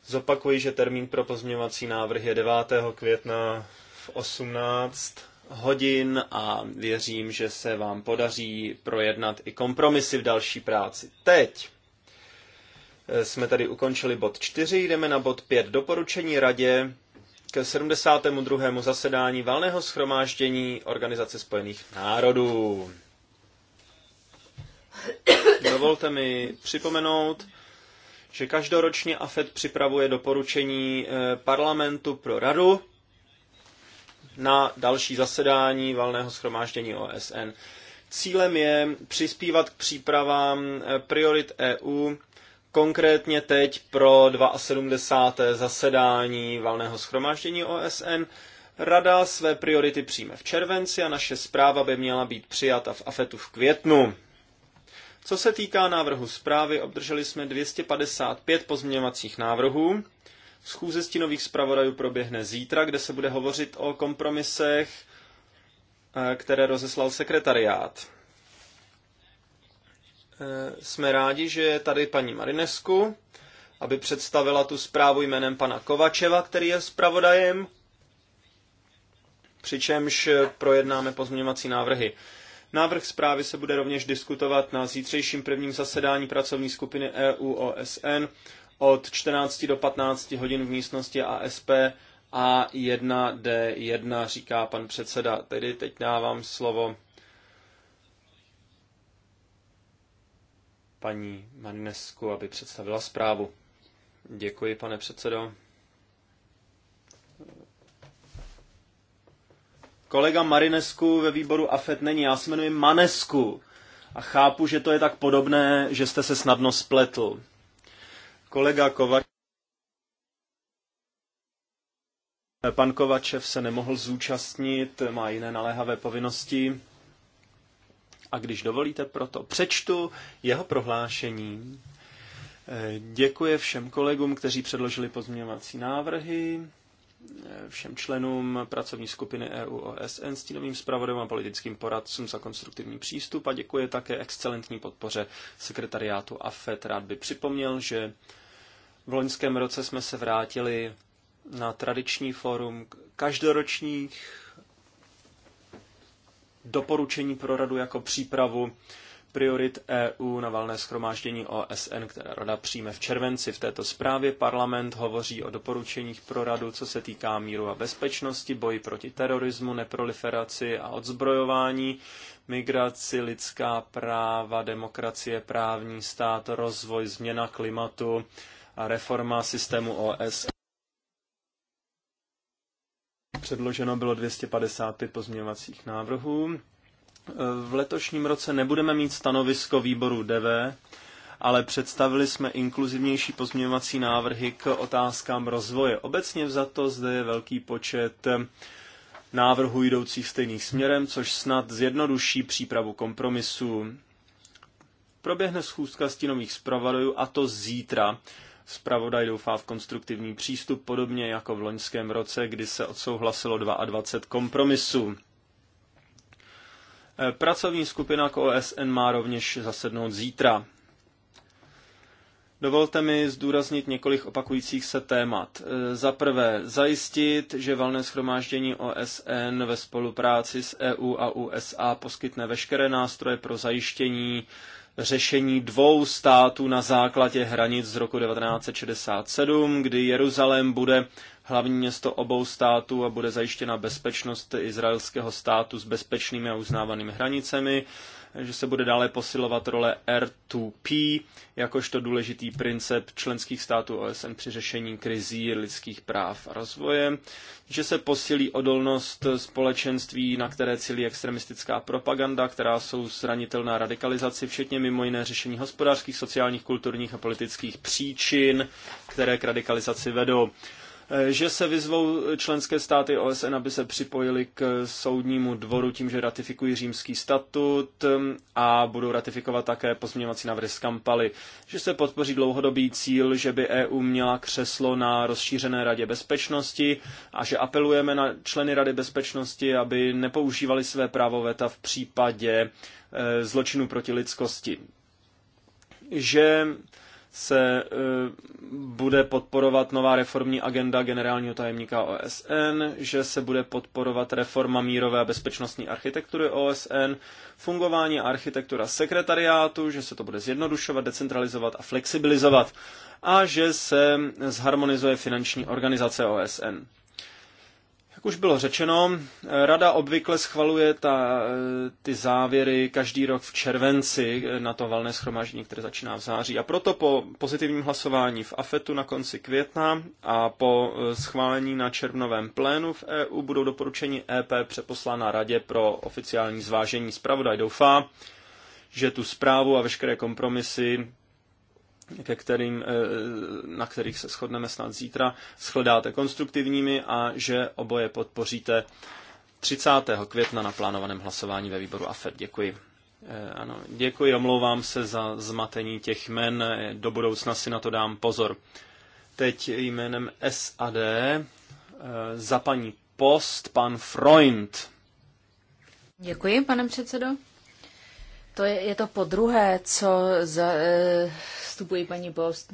Zopakuji, že termín pro pozměňovací návrh je 9. května v 18 hodin a věřím, že se vám podaří projednat i kompromisy v další práci. Teď eh, jsme tady ukončili bod 4, jdeme na bod 5. Doporučení radě k 72. zasedání valného schromáždění Organizace spojených národů. Dovolte mi připomenout, že každoročně AFED připravuje doporučení eh, parlamentu pro radu na další zasedání valného schromáždění OSN. Cílem je přispívat k přípravám eh, priorit EU konkrétně teď pro 72. zasedání valného schromáždění OSN. Rada své priority přijme v červenci a naše zpráva by měla být přijata v AFETu v květnu. Co se týká návrhu zprávy, obdrželi jsme 255 pozměňovacích návrhů. Schůze stínových zpravodajů proběhne zítra, kde se bude hovořit o kompromisech, eh, které rozeslal sekretariát. Eh, jsme rádi, že je tady paní Marinesku, aby představila tu zprávu jménem pana Kovačeva, který je zpravodajem, přičemž eh, projednáme pozměňovací návrhy. Návrh zprávy se bude rovněž diskutovat na zítřejším prvním zasedání pracovní skupiny EU OSN od 14 do 15 hodin v místnosti ASP A1D1, říká pan předseda. Tedy teď dávám slovo paní Marinesku, aby představila zprávu. Děkuji, pane předsedo. Kolega Marinesku ve výboru AFET není, já se jmenuji Manesku a chápu, že to je tak podobné, že jste se snadno spletl. Kolega Kovač. Pan Kovačev se nemohl zúčastnit, má jiné naléhavé povinnosti. A když dovolíte, proto přečtu jeho prohlášení. Eh, děkuje všem kolegům, kteří předložili pozměňovací návrhy, eh, všem členům pracovní skupiny EU OSN, stínovým zpravodem a politickým poradcům za konstruktivní přístup a děkuje také excelentní podpoře sekretariátu AFET. Rád by připomněl, že v loňském roce jsme se vrátili na tradiční fórum každoročních doporučení pro radu jako přípravu priorit EU na valné schromáždění OSN, které rada přijme v červenci. V této zprávě parlament hovoří o doporučeních pro radu, co se týká míru a bezpečnosti, boji proti terorismu, neproliferaci a odzbrojování, migraci, lidská práva, demokracie, právní stát, rozvoj, změna klimatu a reforma systému OSN. Předloženo bylo 255 pozměňovacích návrhů. V letošním roce nebudeme mít stanovisko výboru DV, ale představili jsme inkluzivnější pozměňovací návrhy k otázkám rozvoje. Obecně vzato zde je velký počet návrhů jdoucích stejným směrem, což snad zjednoduší přípravu kompromisu. Proběhne schůzka stínových zpravodajů a to zítra Spravodaj doufá v konstruktivní přístup, podobně jako v loňském roce, kdy se odsouhlasilo 22 kompromisů. Eh, pracovní skupina k OSN má rovněž zasednout zítra. Dovolte mi zdůraznit několik opakujících se témat. Eh, za prvé, zajistit, že valné schromáždění OSN ve spolupráci s EU a USA poskytne veškeré nástroje pro zajištění řešení dvou států na základě hranic z roku 1967, kdy Jeruzalém bude hlavní město obou států a bude zajištěna bezpečnost izraelského státu s bezpečnými a uznávanými hranicemi že se bude dále posilovat role R2P jakožto důležitý princip členských států OSN při řešení krizí lidských práv a rozvoje, že se posilí odolnost společenství, na které cílí extremistická propaganda, která jsou zranitelná radikalizaci, včetně mimo jiné řešení hospodářských, sociálních, kulturních a politických příčin, které k radikalizaci vedou že se vyzvou členské státy OSN, aby se připojili k soudnímu dvoru tím, že ratifikují římský statut um, a budou ratifikovat také pozměňovací návrhy z Kampaly, že se podpoří dlouhodobý cíl, že by EU měla křeslo na rozšířené radě bezpečnosti a že apelujeme na členy rady bezpečnosti, aby nepoužívali své právo veta v případě eh, zločinu proti lidskosti. Že se e, bude podporovat nová reformní agenda generálního tajemníka OSN, že se bude podporovat reforma mírové a bezpečnostní architektury OSN, fungování a architektura sekretariátu, že se to bude zjednodušovat, decentralizovat a flexibilizovat a že se zharmonizuje finanční organizace OSN už bylo řečeno, rada obvykle schvaluje ta, eh, ty závěry každý rok v červenci eh, na to valné schromáždění, které začíná v září. A proto po pozitivním hlasování v AFETu na konci května a po eh, schválení na červnovém plénu v EU budou doporučení EP přeposlána radě pro oficiální zvážení. Spravodaj doufá, že tu zprávu a veškeré kompromisy ke kterým, eh, na kterých se shodneme snad zítra, shledáte konstruktivními a že oboje podpoříte 30. května na plánovaném hlasování ve výboru AFED. Děkuji. Eh, ano, děkuji, omlouvám se za zmatení těch jmen, eh, do budoucna si na to dám pozor. Teď jménem SAD za paní Post, pan Freund. Děkuji, pane předsedo. To je, je to po druhé, co za, e, vstupuji paní Post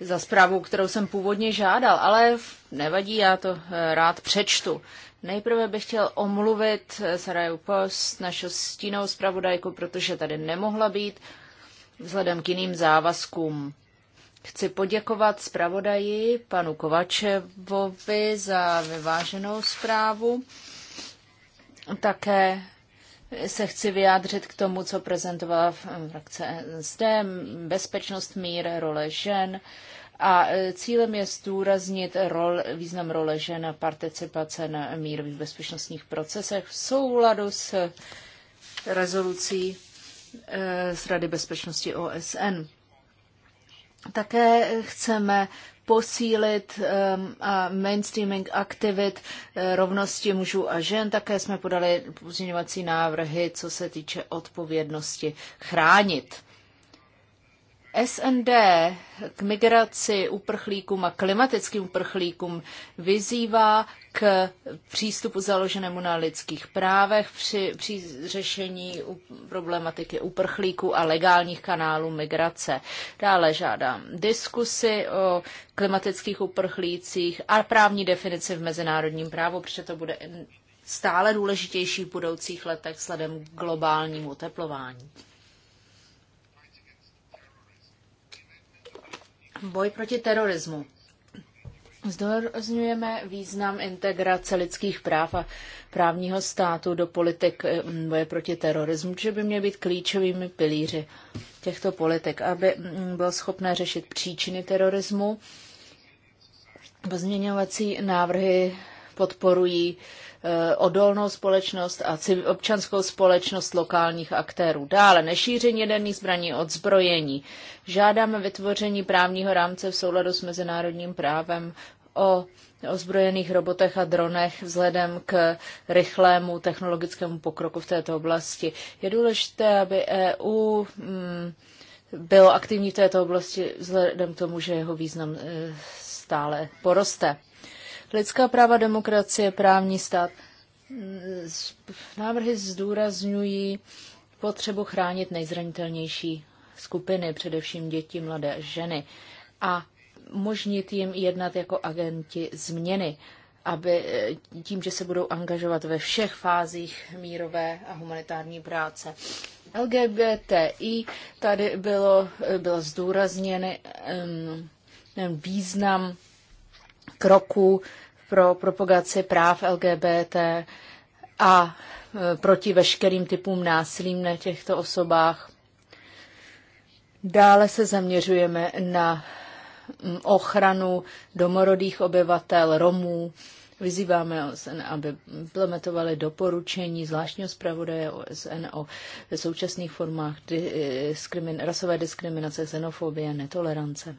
za zprávu, kterou jsem původně žádal, ale nevadí, já to eh, rád přečtu. Nejprve bych chtěl omluvit eh, Sarajevo Post, našu stínou zpravodajku, protože tady nemohla být vzhledem k jiným závazkům. Chci poděkovat zpravodaji panu Kovačevovi za vyváženou zprávu. Také se chci vyjádřit k tomu, co prezentovala frakce NSD, bezpečnost, mír, role žen. A e, cílem je zdůraznit rol, význam role žen a participace na mírových bezpečnostních procesech v souladu s rezolucí e, z Rady bezpečnosti OSN. Také chceme posílit um, a mainstreaming aktivit eh, rovnosti mužů a žen. Také jsme podali pozměňovací návrhy, co se týče odpovědnosti chránit. SND k migraci uprchlíkům a klimatickým uprchlíkům vyzývá k přístupu založenému na lidských právech při, při řešení problematiky uprchlíků a legálních kanálů migrace. Dále žádám diskusy o klimatických uprchlících a právní definici v mezinárodním právu, protože to bude stále důležitější v budoucích letech sledem globálnímu oteplování. Boj proti terorismu. Zdorozňujeme význam integrace lidských práv a právního státu do politik eh, boje proti terorismu, že by měly být klíčovými pilíři těchto politik, aby mm, bylo schopné řešit příčiny terorismu. Pozměňovací návrhy podporují Eh, odolnou společnost a občanskou společnost lokálních aktérů. Dále nešíření jaderných zbraní od zbrojení. Žádáme vytvoření právního rámce v souladu s mezinárodním právem o ozbrojených robotech a dronech vzhledem k rychlému technologickému pokroku v této oblasti. Je důležité, aby EU mm, bylo aktivní v této oblasti vzhledem k tomu, že jeho význam eh, stále poroste lidská práva, demokracie, právní stát. Návrhy zdůrazňují potřebu chránit nejzranitelnější skupiny, především děti, mladé ženy, a možnit jim jednat jako agenti změny, aby eh, tím, že se budou angažovat ve všech fázích mírové a humanitární práce. LGBTI tady bylo, eh, bylo zdůrazněn um, význam kroků pro propagaci práv LGBT a e, proti veškerým typům násilím na těchto osobách. Dále se zaměřujeme na ochranu domorodých obyvatel, Romů. Vyzýváme OSN, aby implementovali doporučení zvláštního zpravodaje OSN o současných formách e, diskrimin- rasové diskriminace, xenofobie netolerance.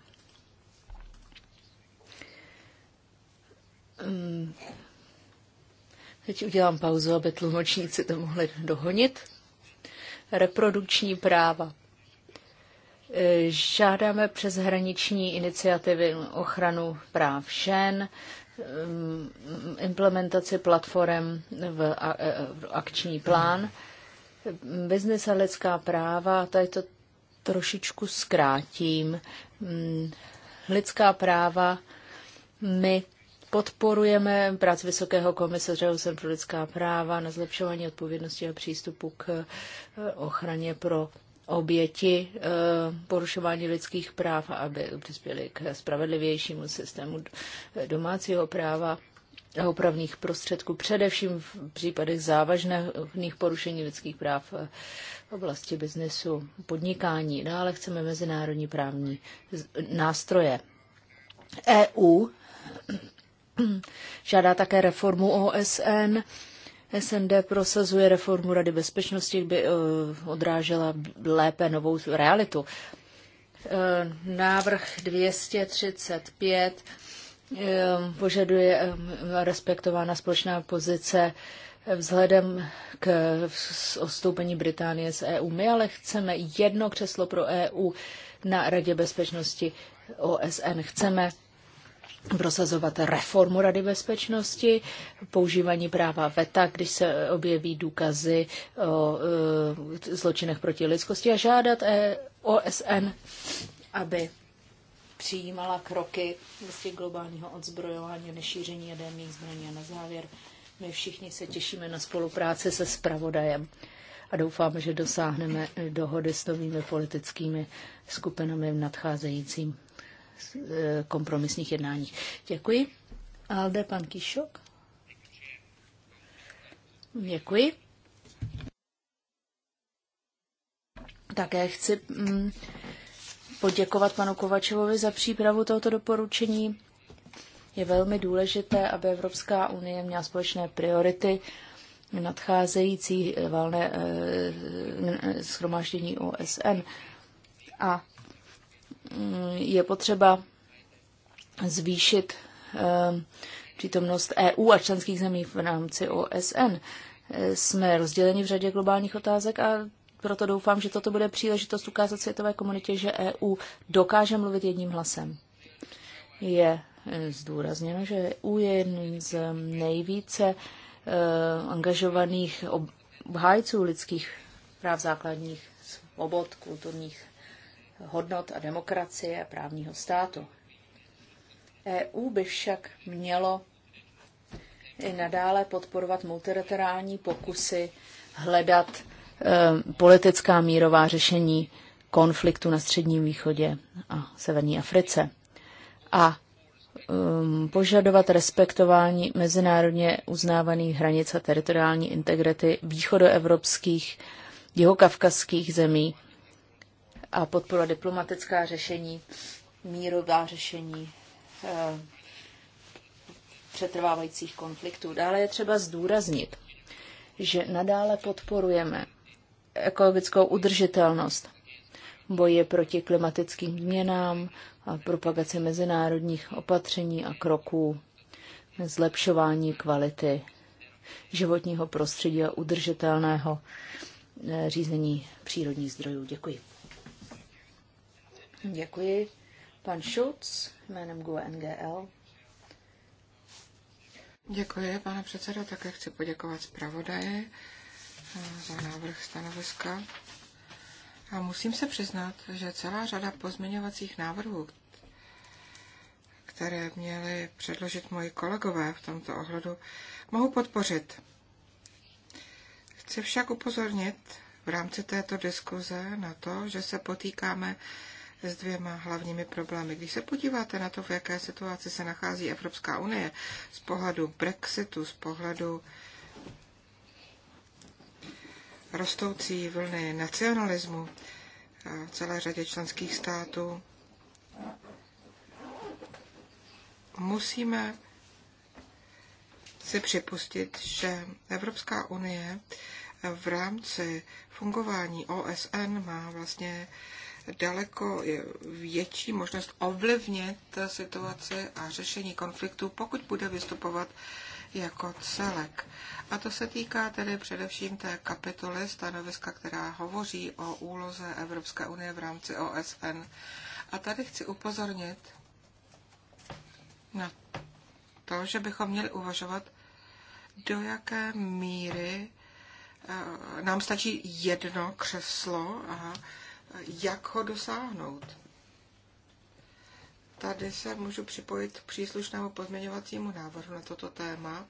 Um, teď udělám pauzu, aby tlumočníci to mohli dohonit. Reprodukční práva. Žádáme přes hraniční iniciativy ochranu práv žen, hm, implementaci platform v e, akční plán. Biznis a lidská práva, tady to trošičku zkrátím. Hm, lidská práva my Podporujeme práci Vysokého komisaře OSN pro lidská práva na zlepšování odpovědnosti a přístupu k eh, ochraně pro oběti eh, porušování lidských práv, aby přispěli k spravedlivějšímu systému domácího práva a opravných prostředků, především v případech závažných porušení lidských práv eh, v oblasti biznesu, podnikání. Dále chceme mezinárodní právní nástroje. EU <clears throat> Žádá také reformu OSN. SND prosazuje reformu Rady bezpečnosti, by eh, odrážela lépe novou realitu. Eh, návrh 235 eh, požaduje respektována společná pozice vzhledem k odstoupení Británie z EU. My ale chceme jedno křeslo pro EU na Radě bezpečnosti OSN. Chceme prosazovat reformu Rady bezpečnosti, používání práva VETA, když se objeví důkazy o e, zločinech proti lidskosti a žádat e, OSN, aby přijímala kroky vlastně globálního odzbrojování, nešíření jaderných zbraní. A na závěr, my všichni se těšíme na spolupráci se spravodajem a doufáme, že dosáhneme dohody s novými politickými skupinami v nadcházejícím Eh, kompromisních jednáních. Děkuji. Alde, pan Kišok. Děkuji. Také chci mm, poděkovat panu Kovačovovi za přípravu tohoto doporučení. Je velmi důležité, aby Evropská unie měla společné priority nadcházející valné eh, schromáždění OSN. A je potřeba zvýšit eh, přítomnost EU a členských zemí v rámci OSN. Eh, jsme rozděleni v řadě globálních otázek a proto doufám, že toto bude příležitost ukázat světové komunitě, že EU dokáže mluvit jedním hlasem. Je eh, zdůrazněno, že EU je jedním z nejvíce angažovaných obhájců lidských práv základních svobod, kulturních hodnot a demokracie a právního státu. EU by však mělo i nadále podporovat multilaterální pokusy hledat e, politická mírová řešení konfliktu na Středním východě a Severní Africe a e, požadovat respektování mezinárodně uznávaných hranic a teritoriální integrity východoevropských, jihokavkazských zemí a podpora diplomatická řešení, mírová řešení eh, přetrvávajících konfliktů. Dále je třeba zdůraznit, že nadále podporujeme ekologickou udržitelnost, boje proti klimatickým změnám a propagaci mezinárodních opatření a kroků, zlepšování kvality životního prostředí a udržitelného eh, řízení přírodních zdrojů. Děkuji. Děkuji. Pan Schulz jménem GUE NGL. Děkuji, pane předsedo. Také chci poděkovat zpravodaji eh, za návrh stanoviska. A musím se přiznat, že celá řada pozměňovacích návrhů, které měly předložit moji kolegové v tomto ohledu, mohu podpořit. Chci však upozornit v rámci této diskuze na to, že se potýkáme s dvěma hlavními problémy. Když se podíváte na to, v jaké situaci se nachází Evropská unie z pohledu Brexitu, z pohledu rostoucí vlny nacionalismu v celé řadě členských států, musíme si připustit, že Evropská unie v rámci fungování OSN má vlastně daleko větší možnost ovlivnit situaci a řešení konfliktu, pokud bude vystupovat jako celek. A to se týká tedy především té kapitoly stanoviska, která hovoří o úloze Evropské unie v rámci OSN. A tady chci upozornit na to, že bychom měli uvažovat, do jaké míry eh, nám stačí jedno křeslo a jak ho dosáhnout. Tady se můžu připojit k příslušnému pozměňovacímu návrhu na toto téma.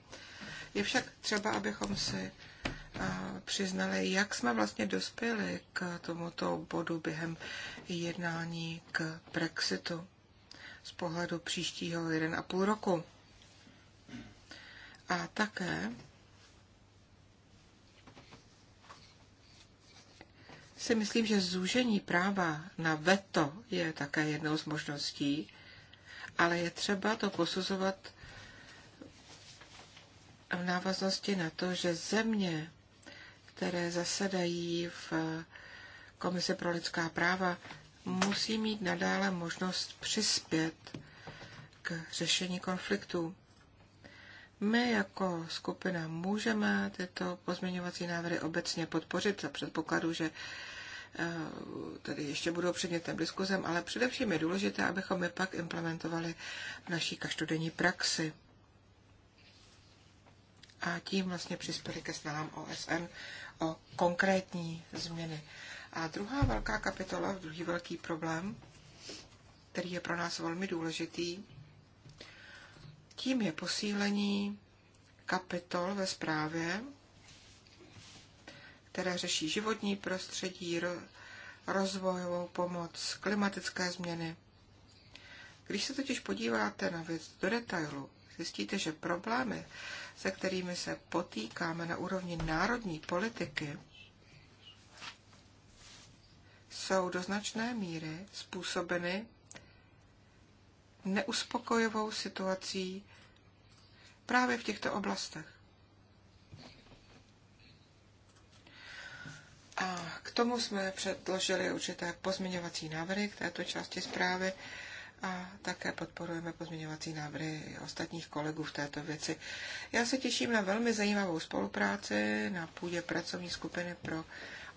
Je však třeba, abychom si eh, přiznali, jak jsme vlastně dospěli k tomuto bodu během jednání k Brexitu z pohledu příštího 1,5 roku. A také si myslím, že zúžení práva na veto je také jednou z možností, ale je třeba to posuzovat v návaznosti na to, že země, které zasedají v Komise pro lidská práva, musí mít nadále možnost přispět k řešení konfliktů. My jako skupina můžeme tyto pozměňovací návrhy obecně podpořit za předpokladu, že Eh, tedy ještě budou předmětem diskuzem, ale především je důležité, abychom je pak implementovali v naší každodenní praxi. A tím vlastně přispěli ke snahám OSN o konkrétní změny. A druhá velká kapitola, druhý velký problém, který je pro nás velmi důležitý, tím je posílení kapitol ve zprávě, které řeší životní prostředí, rozvojovou pomoc, klimatické změny. Když se totiž podíváte na věc do detailu, zjistíte, že problémy, se kterými se potýkáme na úrovni národní politiky, jsou do značné míry způsobeny neuspokojivou situací právě v těchto oblastech. A k tomu jsme předložili určité pozměňovací návrhy k této části zprávy a také podporujeme pozměňovací návrhy ostatních kolegů v této věci. Já se těším na velmi zajímavou spolupráci na půdě pracovní skupiny pro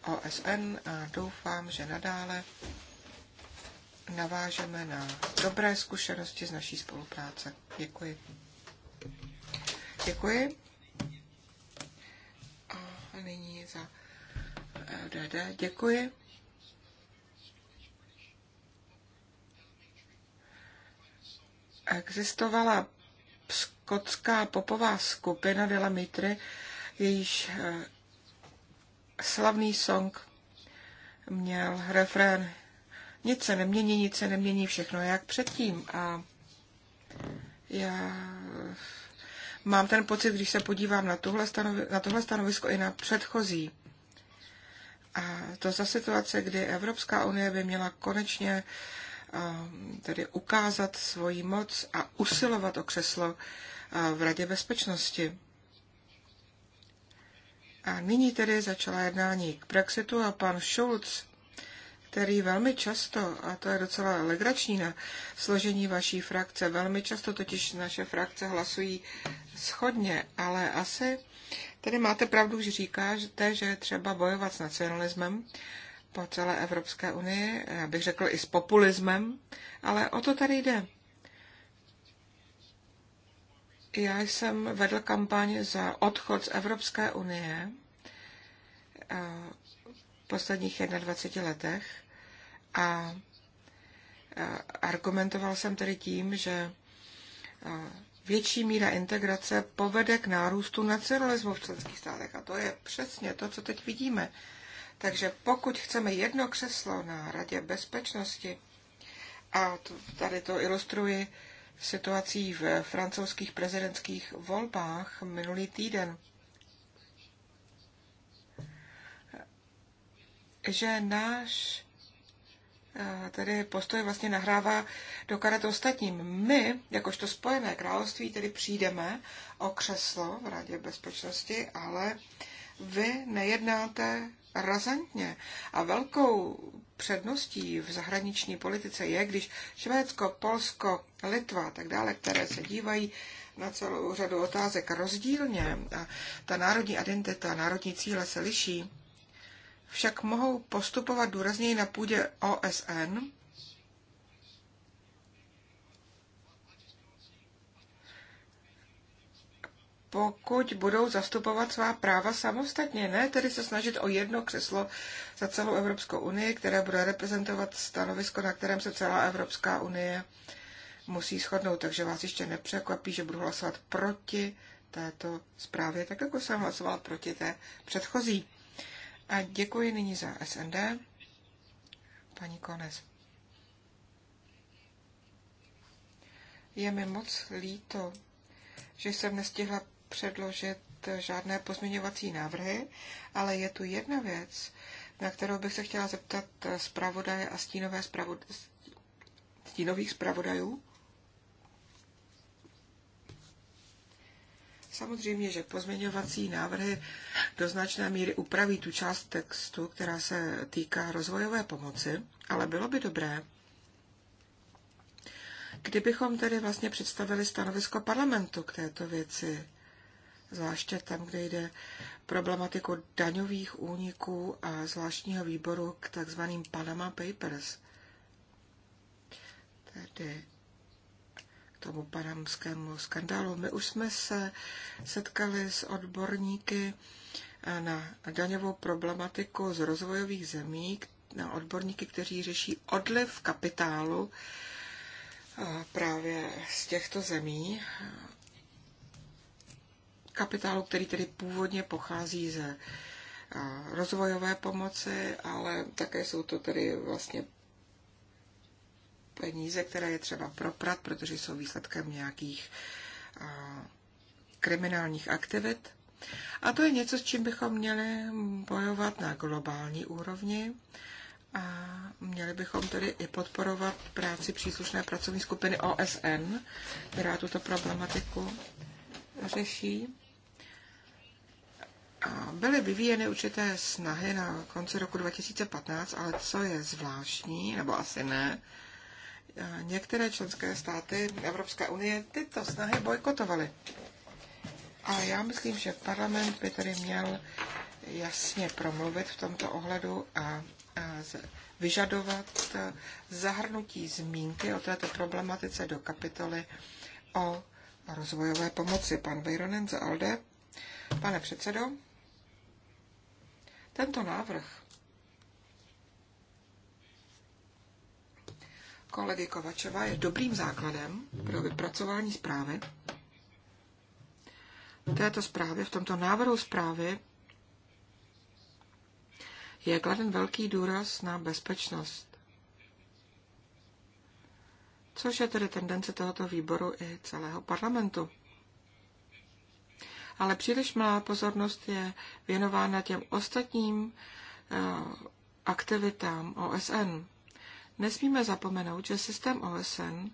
OSN a doufám, že nadále navážeme na dobré zkušenosti z naší spolupráce. Děkuji. Děkuji. A nyní za FDD. Děkuji. Existovala skotská popová skupina Vila Mitry, jejíž eh, slavný song měl refrén Nic se nemění, nic se nemění, všechno jak předtím. A já mám ten pocit, když se podívám na, stanovi- na tohle stanovisko i na předchozí, a to za situace, kdy Evropská unie by měla konečně um, tedy ukázat svoji moc a usilovat o křeslo uh, v Radě bezpečnosti. A nyní tedy začala jednání k Brexitu a pan Schulz, který velmi často, a to je docela legrační na složení vaší frakce, velmi často totiž naše frakce hlasují schodně, ale asi Tady máte pravdu, že říkáte, že je třeba bojovat s nacionalismem po celé Evropské unii, já bych řekl i s populismem, ale o to tady jde. Já jsem vedl kampaň za odchod z Evropské unie eh, v posledních 21 letech a eh, argumentoval jsem tedy tím, že eh, větší míra integrace povede k nárůstu nacionalismu v členských státech. A to je přesně to, co teď vidíme. Takže pokud chceme jedno křeslo na Radě bezpečnosti, a to, tady to ilustruji situací v francouzských prezidentských volbách minulý týden, že náš tedy postoj vlastně nahrává do karet ostatním. My, jakožto Spojené království, tedy přijdeme o křeslo v Radě bezpečnosti, ale vy nejednáte razantně. A velkou předností v zahraniční politice je, když Švédsko, Polsko, Litva a tak dále, které se dívají na celou řadu otázek rozdílně a ta národní identita, národní cíle se liší, však mohou postupovat důrazněji na půdě OSN, pokud budou zastupovat svá práva samostatně, ne tedy se snažit o jedno křeslo za celou Evropskou unii, které bude reprezentovat stanovisko, na kterém se celá Evropská unie musí shodnout. Takže vás ještě nepřekvapí, že budu hlasovat proti této zprávě, tak jako jsem hlasoval proti té předchozí. A děkuji nyní za SND, paní Konec. Je mi moc líto, že jsem nestihla předložit žádné pozměňovací návrhy, ale je tu jedna věc, na kterou bych se chtěla zeptat zpravodaje a stínové zpravod... stínových zpravodajů. Samozřejmě, že pozměňovací návrhy do značné míry upraví tu část textu, která se týká rozvojové pomoci, ale bylo by dobré, kdybychom tedy vlastně představili stanovisko parlamentu k této věci, zvláště tam, kde jde problematiku daňových úniků a zvláštního výboru k takzvaným Panama Papers. Tedy tomu panamskému skandálu. My už jsme se setkali s odborníky eh, na daňovou problematiku z rozvojových zemí, na odborníky, kteří řeší odliv kapitálu eh, právě z těchto zemí. Kapitálu, který tedy původně pochází ze eh, rozvojové pomoci, ale také jsou to tedy vlastně peníze, které je třeba proprat, protože jsou výsledkem nějakých kriminálních aktivit. A to je něco, s čím bychom měli bojovat na globální úrovni a měli bychom tedy i podporovat práci příslušné pracovní skupiny OSN, která tuto problematiku řeší. A byly vyvíjeny určité snahy na konci roku 2015, ale co je zvláštní, nebo asi ne, některé členské státy Evropské unie tyto snahy bojkotovaly. A já myslím, že parlament by tedy měl jasně promluvit v tomto ohledu a vyžadovat zahrnutí zmínky o této problematice do kapitoly o rozvojové pomoci. Pan Vejronen za Alde. Pane předsedo, tento návrh kolegy Kovačova je dobrým základem pro vypracování zprávy. V této zprávě, v tomto návrhu zprávy je kladen velký důraz na bezpečnost, což je tedy tendence tohoto výboru i celého parlamentu. Ale příliš malá pozornost je věnována těm ostatním eh, aktivitám OSN, Nesmíme zapomenout, že systém OSN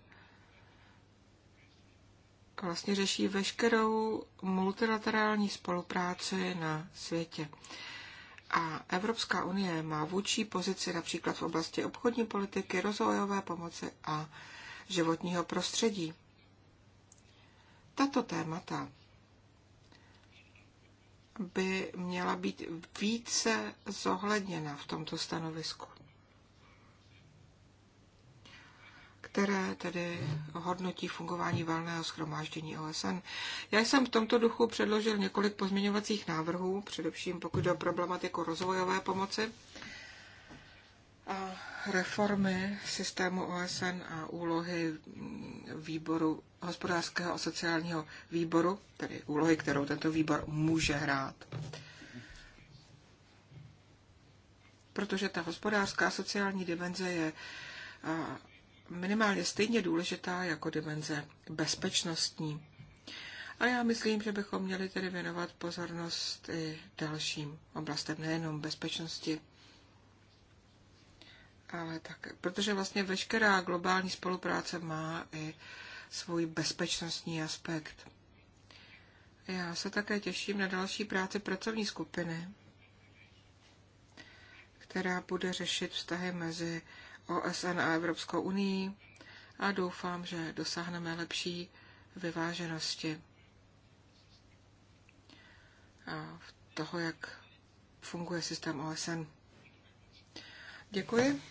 vlastně řeší veškerou multilaterální spolupráci na světě. A Evropská unie má vůči pozici například v oblasti obchodní politiky, rozvojové pomoci a životního prostředí. Tato témata by měla být více zohledněna v tomto stanovisku. které tedy hodnotí fungování valného schromáždění OSN. Já jsem v tomto duchu předložil několik pozměňovacích návrhů, především pokud jde o problematiku rozvojové pomoci a reformy systému OSN a úlohy výboru hospodářského a sociálního výboru, tedy úlohy, kterou tento výbor může hrát protože ta hospodářská sociální dimenze je minimálně stejně důležitá jako dimenze bezpečnostní. A já myslím, že bychom měli tedy věnovat pozornost i dalším oblastem, nejenom bezpečnosti, ale také, protože vlastně veškerá globální spolupráce má i svůj bezpečnostní aspekt. Já se také těším na další práci pracovní skupiny, která bude řešit vztahy mezi OSN a Evropskou unii a doufám, že dosáhneme lepší vyváženosti a toho, jak funguje systém OSN. Děkuji.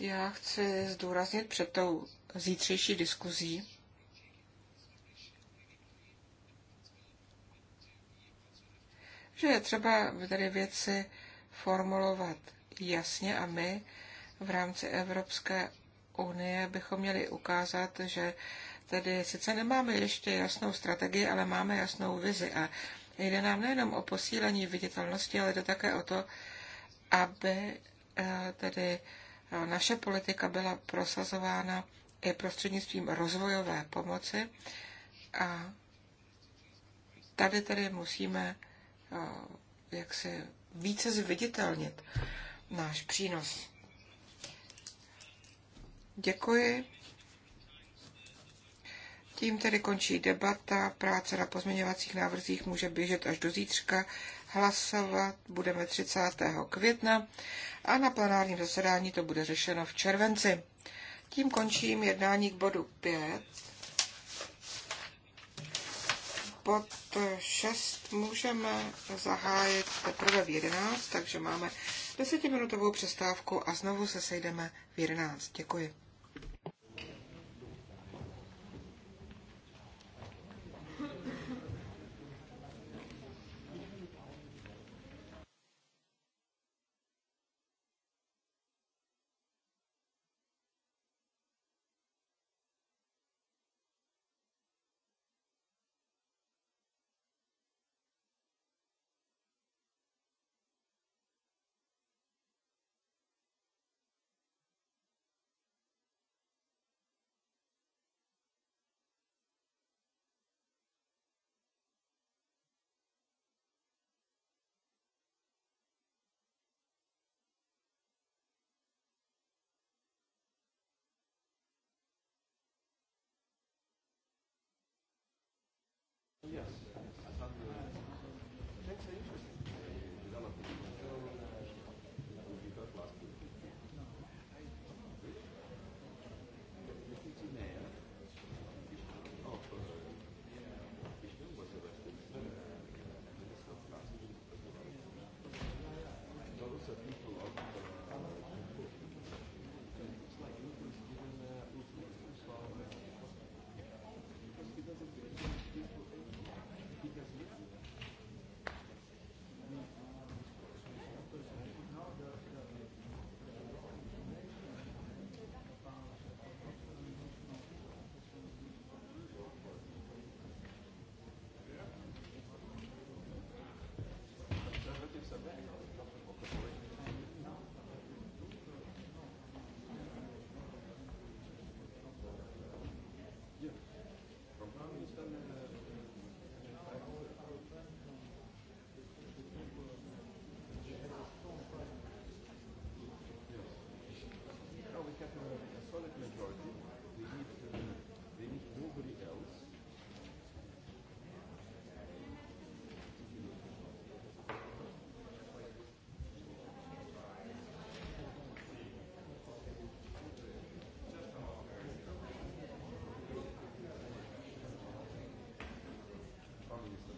Já chci zdůraznit před tou zítřejší diskuzí, že je třeba tady věci formulovat jasně a my v rámci Evropské unie bychom měli ukázat, že tedy sice nemáme ještě jasnou strategii, ale máme jasnou vizi a jde nám nejenom o posílení viditelnosti, ale jde také o to, aby eh, tedy eh, naše politika byla prosazována i prostřednictvím rozvojové pomoci a tady tedy musíme eh, jak více zviditelnit náš přínos. Děkuji. Tím tedy končí debata. Práce na pozměňovacích návrzích může běžet až do zítřka. Hlasovat budeme 30. května a na plenárním zasedání to bude řešeno v červenci. Tím končím jednání k bodu 5. Bod 6 můžeme zahájit teprve v 11, takže máme desetiminutovou přestávku a znovu se sejdeme v 11. Děkuji. ministr.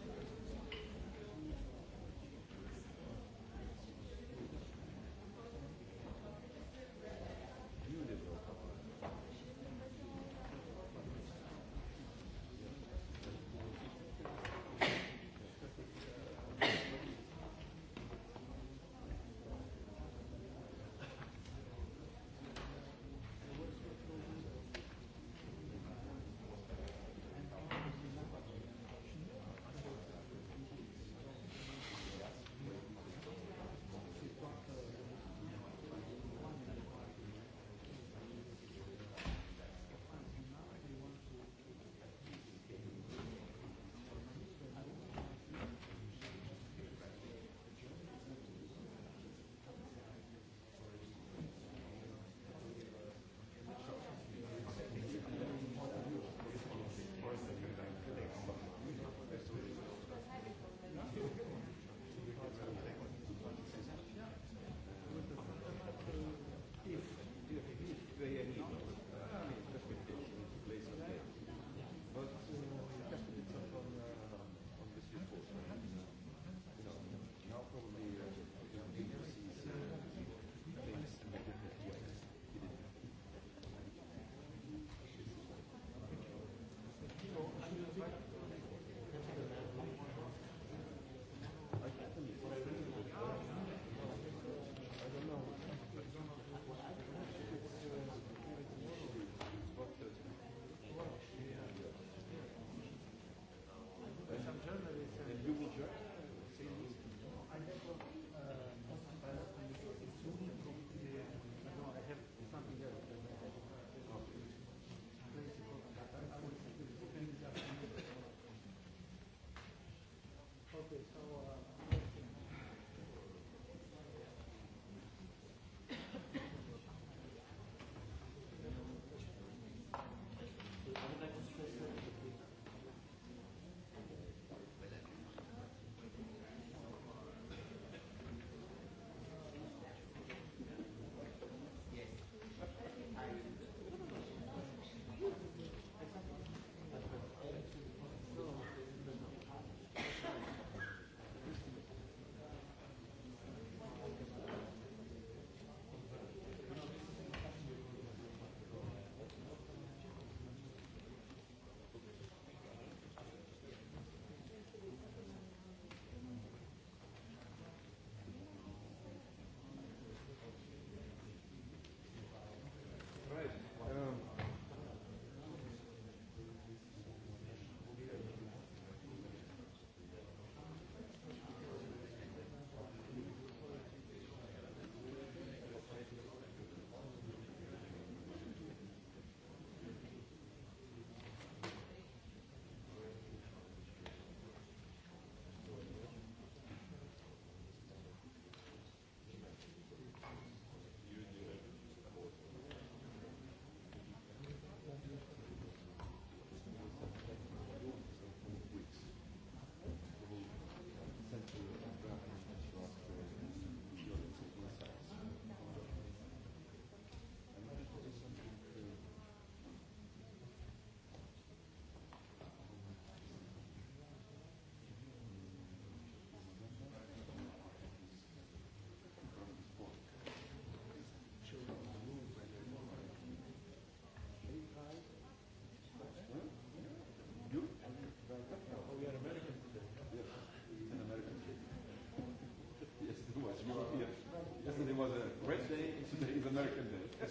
was a great day, and today is American day.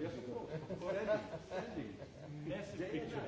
yes, of course. massive picture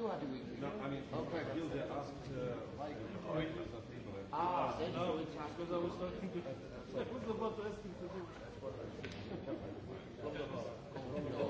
you are doing it? No, I mean, okay. Hilde asked uh, like, uh, Ah, then no, because I was talking to I <laughs> was about to ask him to do <laughs>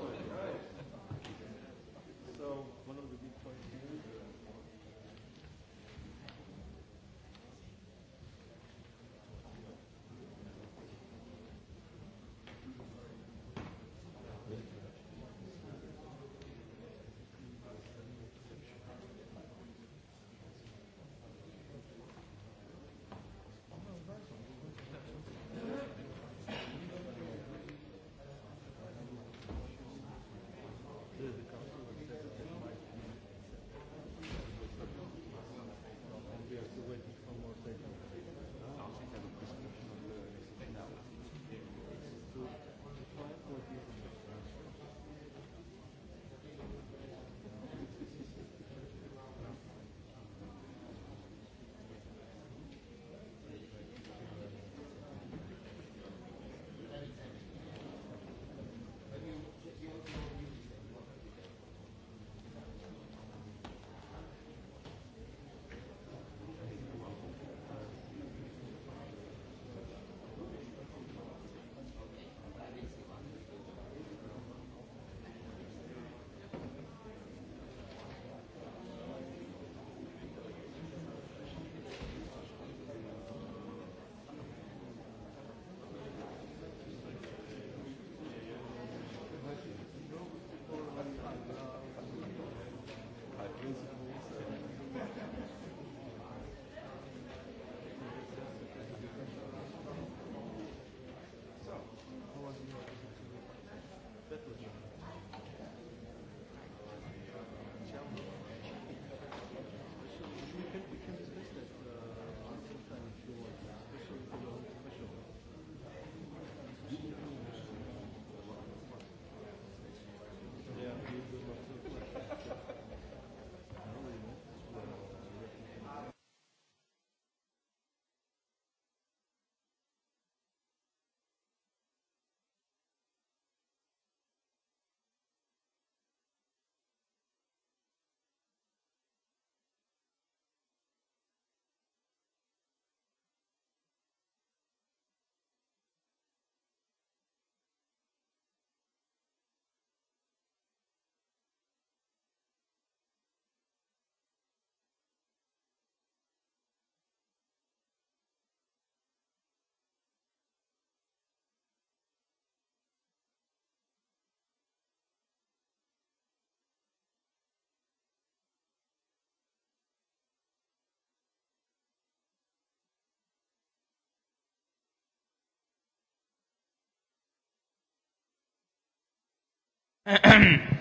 <clears throat>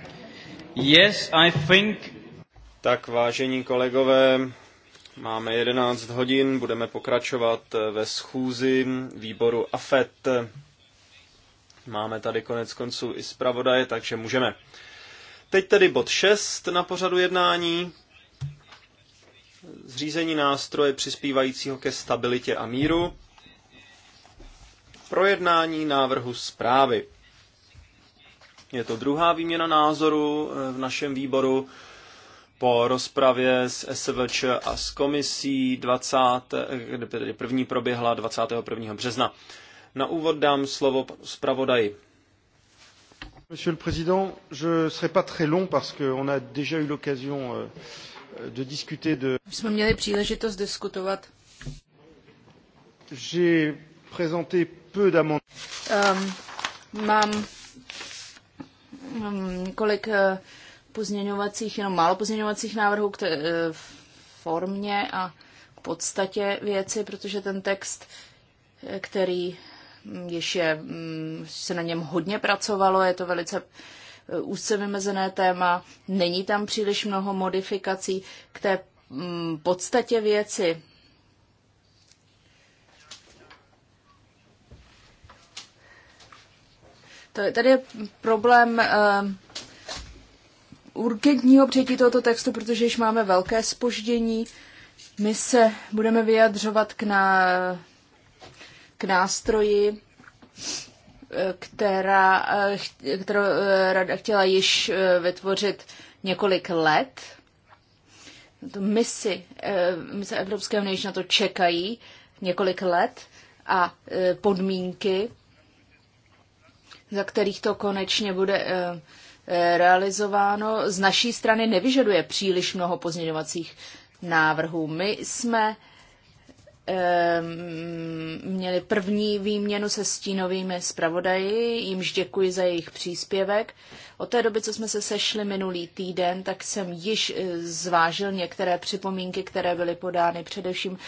Tak vážení kolegové, máme 11 hodin, budeme pokračovat eh, ve schůzi výboru AFET. Máme tady konec konců i zpravodaje, takže můžeme. Teď tedy bod 6 na pořadu jednání. Zřízení nástroje přispívajícího ke stabilitě a míru. Projednání návrhu zprávy. Je to druhá výměna názoru eh, v našem výboru po rozpravě s SVČ a s komisí 20, eh, tedy první proběhla 21. března. Na úvod dám slovo zpravodaji. Monsieur le Président, je ne serai pas très long parce on a déjà eu l'occasion euh, de discuter de... Jsme měli příležitost diskutovat. J'ai présenté peu d'amendements. Um, mám několik mm, eh, pozměňovacích, jenom málo pozměňovacích návrhů k té eh, formě a k podstatě věci, protože ten text, eh, který mm, ještě je, mm, se na něm hodně pracovalo, je to velice úzce vymezené téma, není tam příliš mnoho modifikací k té podstatě věci, Tady je problém eh, urgentního přijetí tohoto textu, protože již máme velké spoždění. My se budeme vyjadřovat k, na, k nástroji, eh, která, eh, kterou rada chtěla již vytvořit několik let. To misi, mise Evropské unie již na to čekají několik let a podmínky za kterých to konečně bude eh, eh, realizováno, z naší strany nevyžaduje příliš mnoho pozměňovacích návrhů. My jsme ehm, měli první výměnu se stínovými zpravodaji, jimž děkuji za jejich příspěvek od té doby, co jsme se sešli minulý týden, tak jsem již eh, zvážil některé připomínky, které byly podány především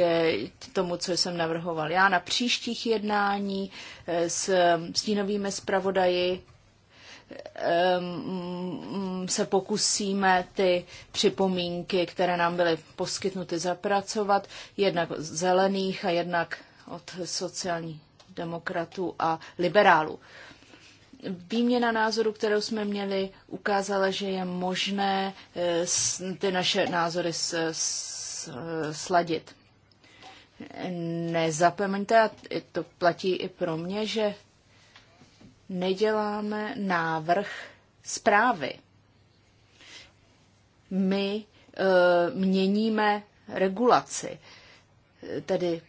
eh, k tomu, co jsem navrhoval já na příštích jednání eh, s stínovými zpravodaji ehm, mm, se pokusíme ty připomínky, které nám byly poskytnuty, zapracovat, jednak od zelených a jednak od sociálních demokratů a liberálů. Výměna názoru, kterou jsme měli, ukázala, že je možné eh, ty naše názory sladit. Nezapomeňte, a to platí i pro mě, že neděláme návrh zprávy. My e, měníme regulaci, tedy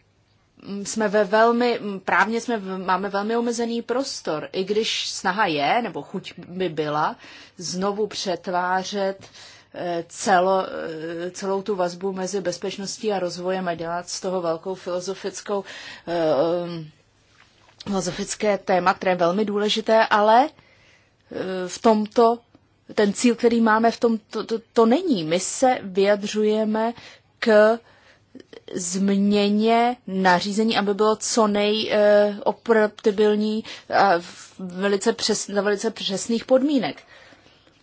jsme ve velmi, právně jsme, máme velmi omezený prostor. I když snaha je, nebo chuť by byla, znovu přetvářet eh, celo, eh, celou tu vazbu mezi bezpečností a rozvojem a dělat z toho velkou filozofickou eh, um, filozofické téma, které je velmi důležité, ale v tomto ten cíl, který máme v tom, to, to, to není. My se vyjadřujeme k změně nařízení, aby bylo co nejoperabilní eh, velice přes, za velice přesných podmínek.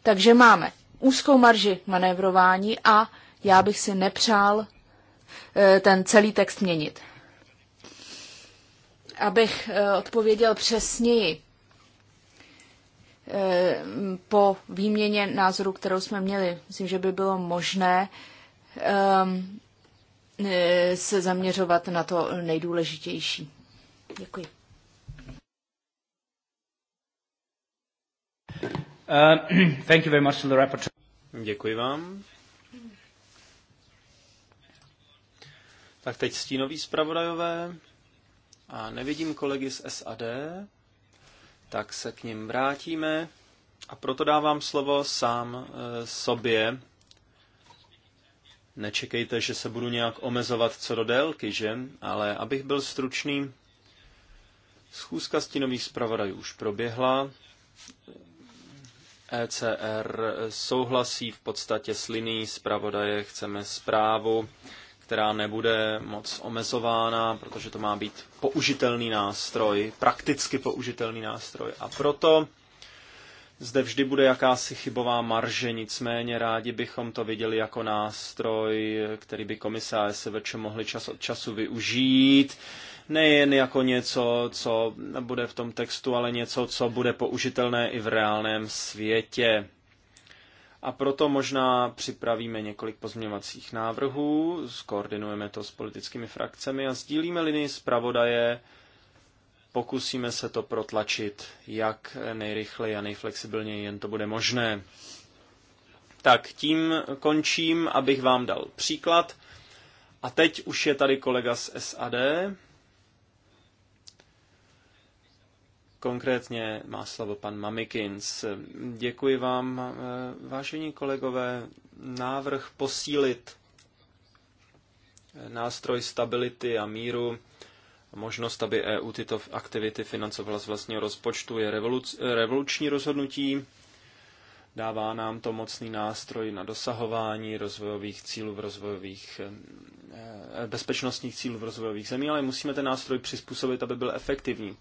Takže máme úzkou marži manévrování a já bych si nepřál eh, ten celý text měnit. Abych eh, odpověděl přesněji po výměně názoru, kterou jsme měli, myslím, že by bylo možné ehm, Eh, se zaměřovat na to nejdůležitější. Děkuji. Uh, <clears throat> thank you very much the rapporteur. Děkuji vám. Tak teď stínoví zpravodajové. A nevidím kolegy z SAD, tak se k ním vrátíme. A proto dávám slovo sám e, sobě Nečekejte, že se budu nějak omezovat co do délky, že? Ale abych byl stručný, schůzka stínových zpravodajů už proběhla. ECR souhlasí v podstatě s liní zpravodaje, chceme zprávu, která nebude moc omezována, protože to má být použitelný nástroj, prakticky použitelný nástroj. A proto zde vždy bude jakási chybová marže, nicméně rádi bychom to viděli jako nástroj, který by komise a SVČ mohli čas od času využít. Nejen jako něco, co bude v tom textu, ale něco, co bude použitelné i v reálném světě. A proto možná připravíme několik pozměňovacích návrhů, skoordinujeme to s politickými frakcemi a sdílíme linii zpravodaje, Pokusíme se to protlačit, jak nejrychleji a nejflexibilněji jen to bude možné. Tak tím končím, abych vám dal příklad. A teď už je tady kolega z SAD. Konkrétně má slovo pan Mamikins. Děkuji vám, vážení kolegové, návrh posílit nástroj stability a míru Možnost, aby EU tyto aktivity financovala z vlastního rozpočtu, je revoluc- revoluční rozhodnutí. Dává nám to mocný nástroj na dosahování rozvojových cílů v rozvojových eh, eh, bezpečnostních cílů v rozvojových zemí, ale musíme ten nástroj přizpůsobit, aby byl efektivní.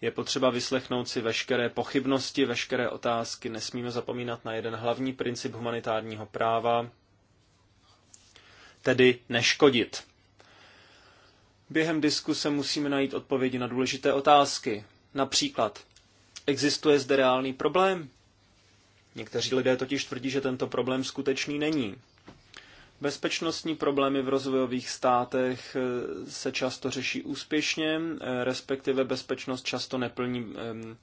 Je potřeba vyslechnout si veškeré pochybnosti, veškeré otázky. Nesmíme zapomínat na jeden hlavní princip humanitárního práva, tedy neškodit. Během diskuse musíme najít odpovědi na důležité otázky. Například, existuje zde reálný problém? Někteří lidé totiž tvrdí, že tento problém skutečný není. Bezpečnostní problémy v rozvojových státech eh, se často řeší úspěšně, eh, respektive bezpečnost často neplní ehm,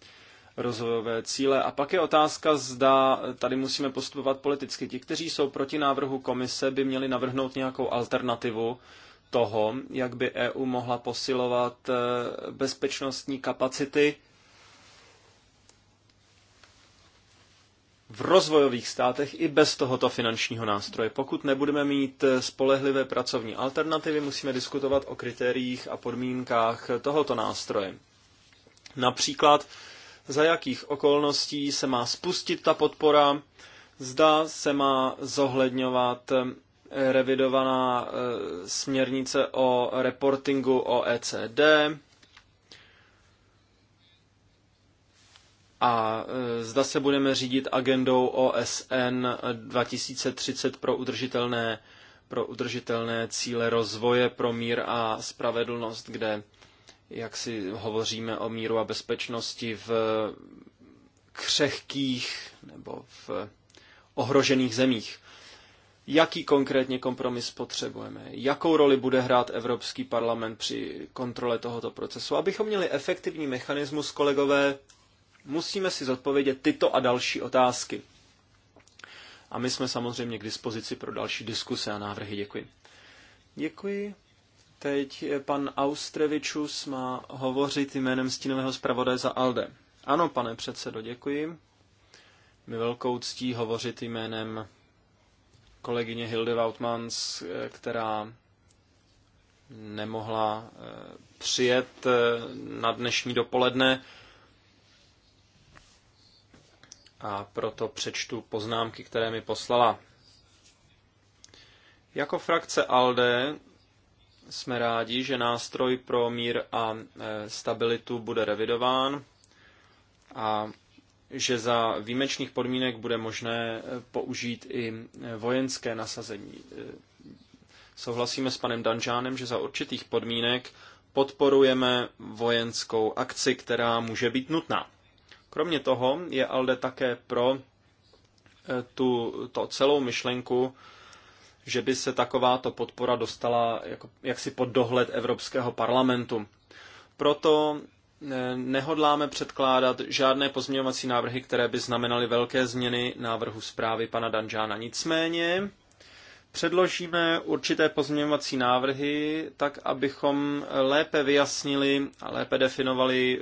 rozvojové cíle. A pak je otázka, zda eh, tady musíme postupovat politicky. Ti, kteří jsou proti návrhu komise, by měli navrhnout nějakou alternativu, toho, jak by EU mohla posilovat eh, bezpečnostní kapacity v rozvojových státech i bez tohoto finančního nástroje. Pokud nebudeme mít eh, spolehlivé pracovní alternativy, musíme diskutovat o kritériích a podmínkách tohoto nástroje. Například, za jakých okolností se má spustit ta podpora, zda se má zohledňovat eh, revidovaná eh, směrnice o reportingu OECD a eh, zda se budeme řídit agendou OSN 2030 pro udržitelné, pro udržitelné cíle rozvoje, pro mír a spravedlnost, kde jak si hovoříme o míru a bezpečnosti v křehkých nebo v ohrožených zemích jaký konkrétně kompromis potřebujeme, jakou roli bude hrát Evropský parlament při kontrole tohoto procesu. Abychom měli efektivní mechanismus, kolegové, musíme si zodpovědět tyto a další otázky. A my jsme samozřejmě k dispozici pro další diskuse a návrhy. Děkuji. Děkuji. Teď pan Austrevičus má hovořit jménem stínového zpravodaje za ALDE. Ano, pane předsedo, děkuji. Mi velkou ctí hovořit jménem kolegyně Hilde Wautmans, eh, která nemohla eh, přijet eh, na dnešní dopoledne. A proto přečtu poznámky, které mi poslala. Jako frakce ALDE jsme rádi, že nástroj pro mír a stabilitu bude revidován a že za výjimečných podmínek bude možné eh, použít i eh, vojenské nasazení. Eh, souhlasíme s panem Danžánem, že za určitých podmínek podporujeme vojenskou akci, která může být nutná. Kromě toho je ALDE také pro tu to celou myšlenku, že by se takováto podpora dostala jako, jaksi pod dohled Evropského parlamentu. Proto nehodláme předkládat žádné pozměňovací návrhy, které by znamenaly velké změny návrhu zprávy pana Danžána. Nicméně předložíme určité pozměňovací návrhy, tak abychom lépe vyjasnili a lépe definovali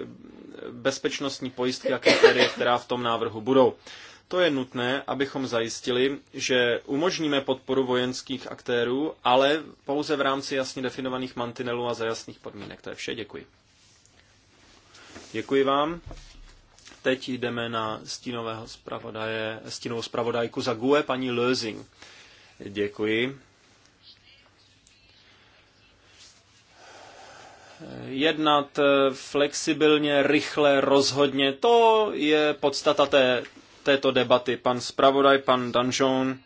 bezpečnostní pojistky a kritéria, která v tom návrhu budou. To je nutné, abychom zajistili, že umožníme podporu vojenských aktérů, ale pouze v rámci jasně definovaných mantinelů a za jasných podmínek. To je vše, děkuji. Děkuji vám. Teď jdeme na stínového zpravodaje, stínovou zpravodajku za GUE, paní Lözing. Děkuji. Jednat flexibilně, rychle, rozhodně, to je podstata té, této debaty. Pan zpravodaj, pan Danjon,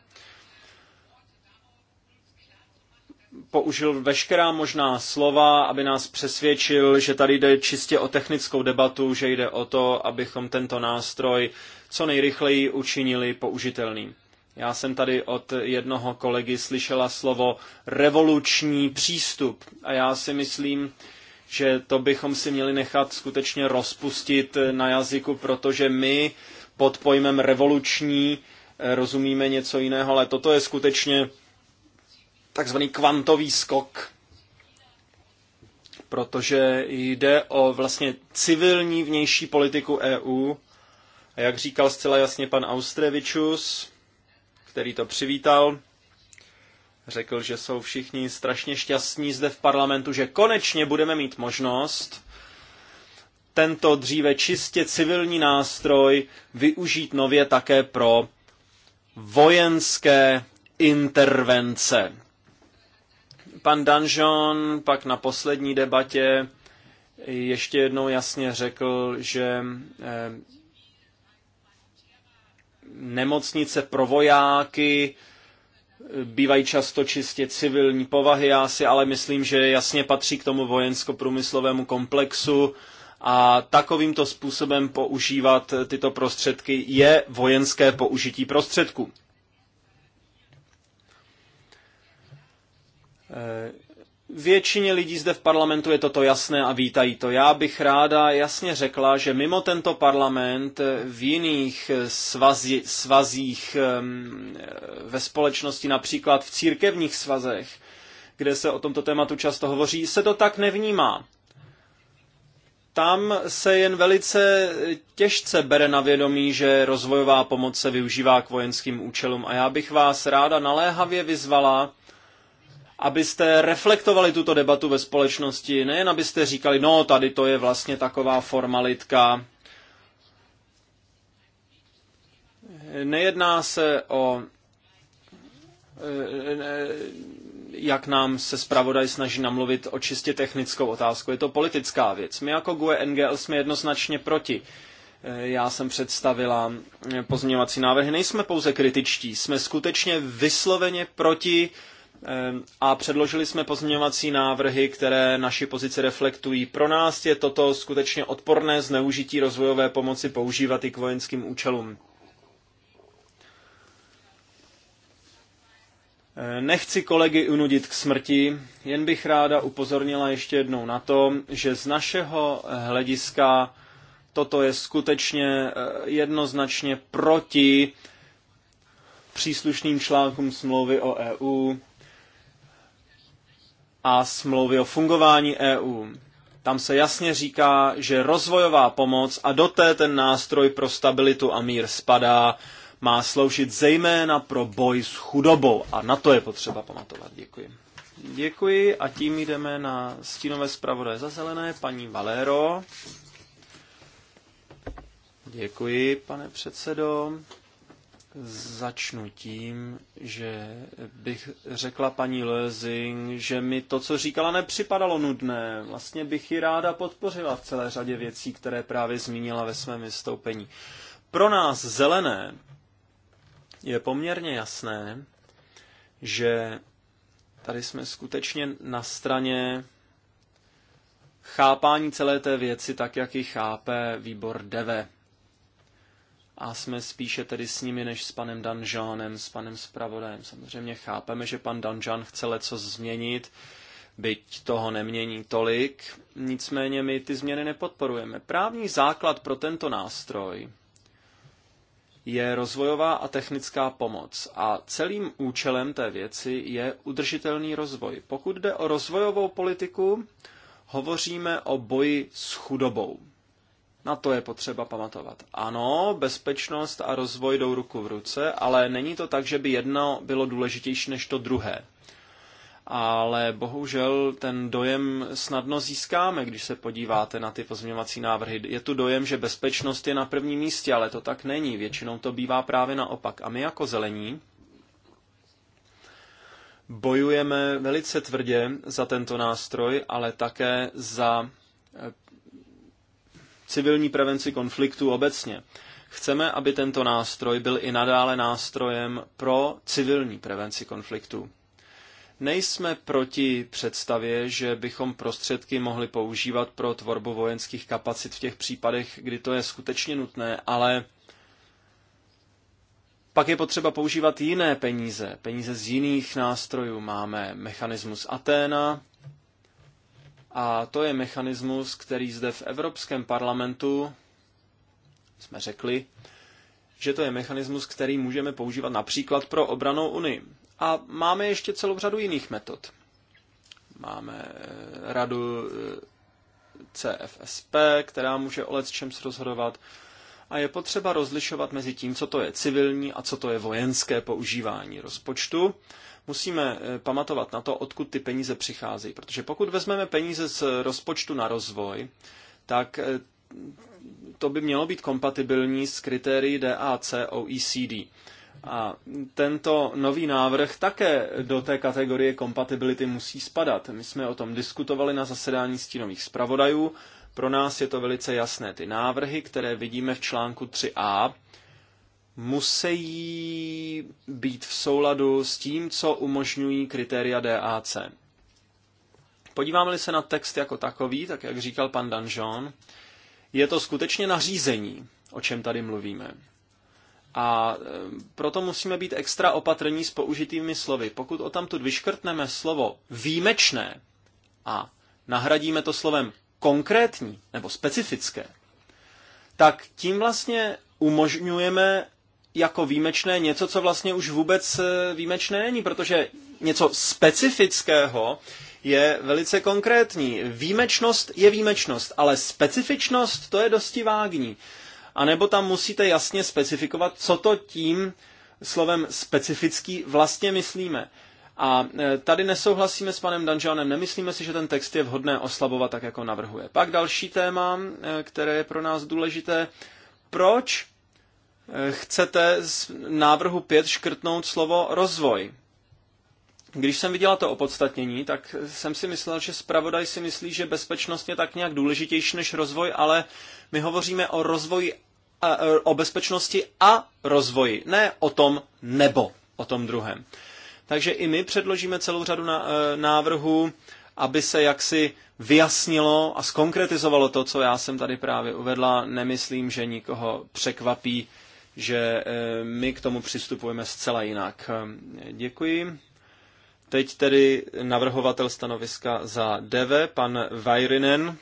použil veškerá možná slova, aby nás přesvědčil, že tady jde čistě o technickou debatu, že jde o to, abychom tento nástroj co nejrychleji učinili použitelným. Já jsem tady od jednoho kolegy slyšela slovo revoluční přístup a já si myslím, že to bychom si měli nechat skutečně rozpustit na jazyku, protože my pod pojmem revoluční eh, rozumíme něco jiného, ale toto je skutečně takzvaný kvantový skok, protože jde o vlastně civilní vnější politiku EU. A jak říkal zcela jasně pan Austrevičus, který to přivítal, řekl, že jsou všichni strašně šťastní zde v parlamentu, že konečně budeme mít možnost tento dříve čistě civilní nástroj využít nově také pro vojenské intervence. Pan Danjon pak na poslední debatě ještě jednou jasně řekl, že eh, nemocnice pro vojáky eh, bývají často čistě civilní povahy. Já si ale myslím, že jasně patří k tomu vojensko-průmyslovému komplexu a takovýmto způsobem používat tyto prostředky je vojenské použití prostředků. Eh, většině lidí zde v parlamentu je toto jasné a vítají to. Já bych ráda jasně řekla, že mimo tento parlament eh, v jiných eh, svazi, svazích ehm, ve společnosti, například v církevních svazech, kde se o tomto tématu často hovoří, se to tak nevnímá. Tam se jen velice těžce bere na vědomí, že rozvojová pomoc se využívá k vojenským účelům. A já bych vás ráda naléhavě vyzvala, abyste reflektovali tuto debatu ve společnosti, nejen abyste říkali, no tady to je vlastně taková formalitka. Nejedná se o eh, jak nám se zpravodaj snaží namluvit o čistě technickou otázku. Je to politická věc. My jako GUE NGL jsme jednoznačně proti. Eh, já jsem představila eh, pozměňovací návrhy. Nejsme pouze kritičtí, jsme skutečně vysloveně proti uh, a předložili jsme pozměňovací návrhy, které naši pozici reflektují. Pro nás je toto skutečně odporné zneužití rozvojové pomoci používat i k vojenským účelům. Nechci kolegy unudit k smrti, jen bych ráda upozornila ještě jednou na to, že z našeho hlediska toto je skutečně eh, jednoznačně proti příslušným článkům smlouvy o EU, a smlouvy o fungování EU. Tam se jasně říká, že rozvojová pomoc a do té ten nástroj pro stabilitu a mír spadá, má sloužit zejména pro boj s chudobou. A na to je potřeba pamatovat. Děkuji. Děkuji a tím jdeme na stínové zpravodaje za zelené, paní Valero. Děkuji, pane předsedo. Začnu tím, že bych řekla paní Lezing, že mi to, co říkala, nepřipadalo nudné. Vlastně bych ji ráda podpořila v celé řadě věcí, které právě zmínila ve svém vystoupení. Pro nás zelené je poměrně jasné, že tady jsme skutečně na straně chápání celé té věci tak, jak ji chápe výbor DEVE a jsme spíše tedy s nimi než s panem Danžánem, s panem Spravodajem. Samozřejmě chápeme, že pan Danžán chce leco změnit, byť toho nemění tolik, nicméně my ty změny nepodporujeme. Právní základ pro tento nástroj je rozvojová a technická pomoc a celým účelem té věci je udržitelný rozvoj. Pokud jde o rozvojovou politiku, hovoříme o boji s chudobou. Na to je potřeba pamatovat. Ano, bezpečnost a rozvoj jdou ruku v ruce, ale není to tak, že by jedno bylo důležitější než to druhé. Ale bohužel ten dojem snadno získáme, když se podíváte na ty pozměňovací návrhy. Je tu dojem, že bezpečnost je na prvním místě, ale to tak není. Většinou to bývá právě naopak. A my jako zelení bojujeme velice tvrdě za tento nástroj, ale také za civilní prevenci konfliktů obecně. Chceme, aby tento nástroj byl i nadále nástrojem pro civilní prevenci konfliktů. Nejsme proti představě, že bychom prostředky mohli používat pro tvorbu vojenských kapacit v těch případech, kdy to je skutečně nutné, ale pak je potřeba používat jiné peníze, peníze z jiných nástrojů. Máme mechanismus Aténa, a to je mechanismus, který zde v Evropském parlamentu jsme řekli, že to je mechanismus, který můžeme používat například pro obranou unii. A máme ještě celou řadu jiných metod. Máme eh, radu eh, CFSP, která může o čem rozhodovat. A je potřeba rozlišovat mezi tím, co to je civilní a co to je vojenské používání rozpočtu musíme eh, pamatovat na to, odkud ty peníze přicházejí. Protože pokud vezmeme peníze z rozpočtu na rozvoj, tak eh, to by mělo být kompatibilní s kritérii DAC OECD. A tento nový návrh také do té kategorie kompatibility musí spadat. My jsme o tom diskutovali na zasedání stínových zpravodajů. Pro nás je to velice jasné. Ty návrhy, které vidíme v článku 3a, musí být v souladu s tím, co umožňují kritéria DAC. Podíváme-li se na text jako takový, tak jak říkal pan Danjon, je to skutečně nařízení, o čem tady mluvíme. A e, proto musíme být extra opatrní s použitými slovy. Pokud o tamtud vyškrtneme slovo výjimečné a nahradíme to slovem konkrétní nebo specifické, tak tím vlastně umožňujeme jako výjimečné něco, co vlastně už vůbec eh, výjimečné není, protože něco specifického je velice konkrétní. Výjimečnost je výjimečnost, ale specifičnost to je dosti vágní. A nebo tam musíte jasně specifikovat, co to tím slovem specifický vlastně myslíme. A eh, tady nesouhlasíme s panem Danžánem, nemyslíme si, že ten text je vhodné oslabovat tak, jako navrhuje. Pak další téma, eh, které je pro nás důležité, proč chcete z návrhu 5 škrtnout slovo rozvoj. Když jsem viděla to opodstatnění, tak jsem si myslel, že zpravodaj si myslí, že bezpečnost je tak nějak důležitější než rozvoj, ale my hovoříme o rozvoji, e, o bezpečnosti a rozvoji, ne o tom nebo, o tom druhém. Takže i my předložíme celou řadu e, návrhů, aby se jaksi vyjasnilo a skonkretizovalo to, co já jsem tady právě uvedla. Nemyslím, že nikoho překvapí že eh, my k tomu přistupujeme zcela jinak. Eh, děkuji. Teď tedy navrhovatel stanoviska za DV, pan Vajrinen.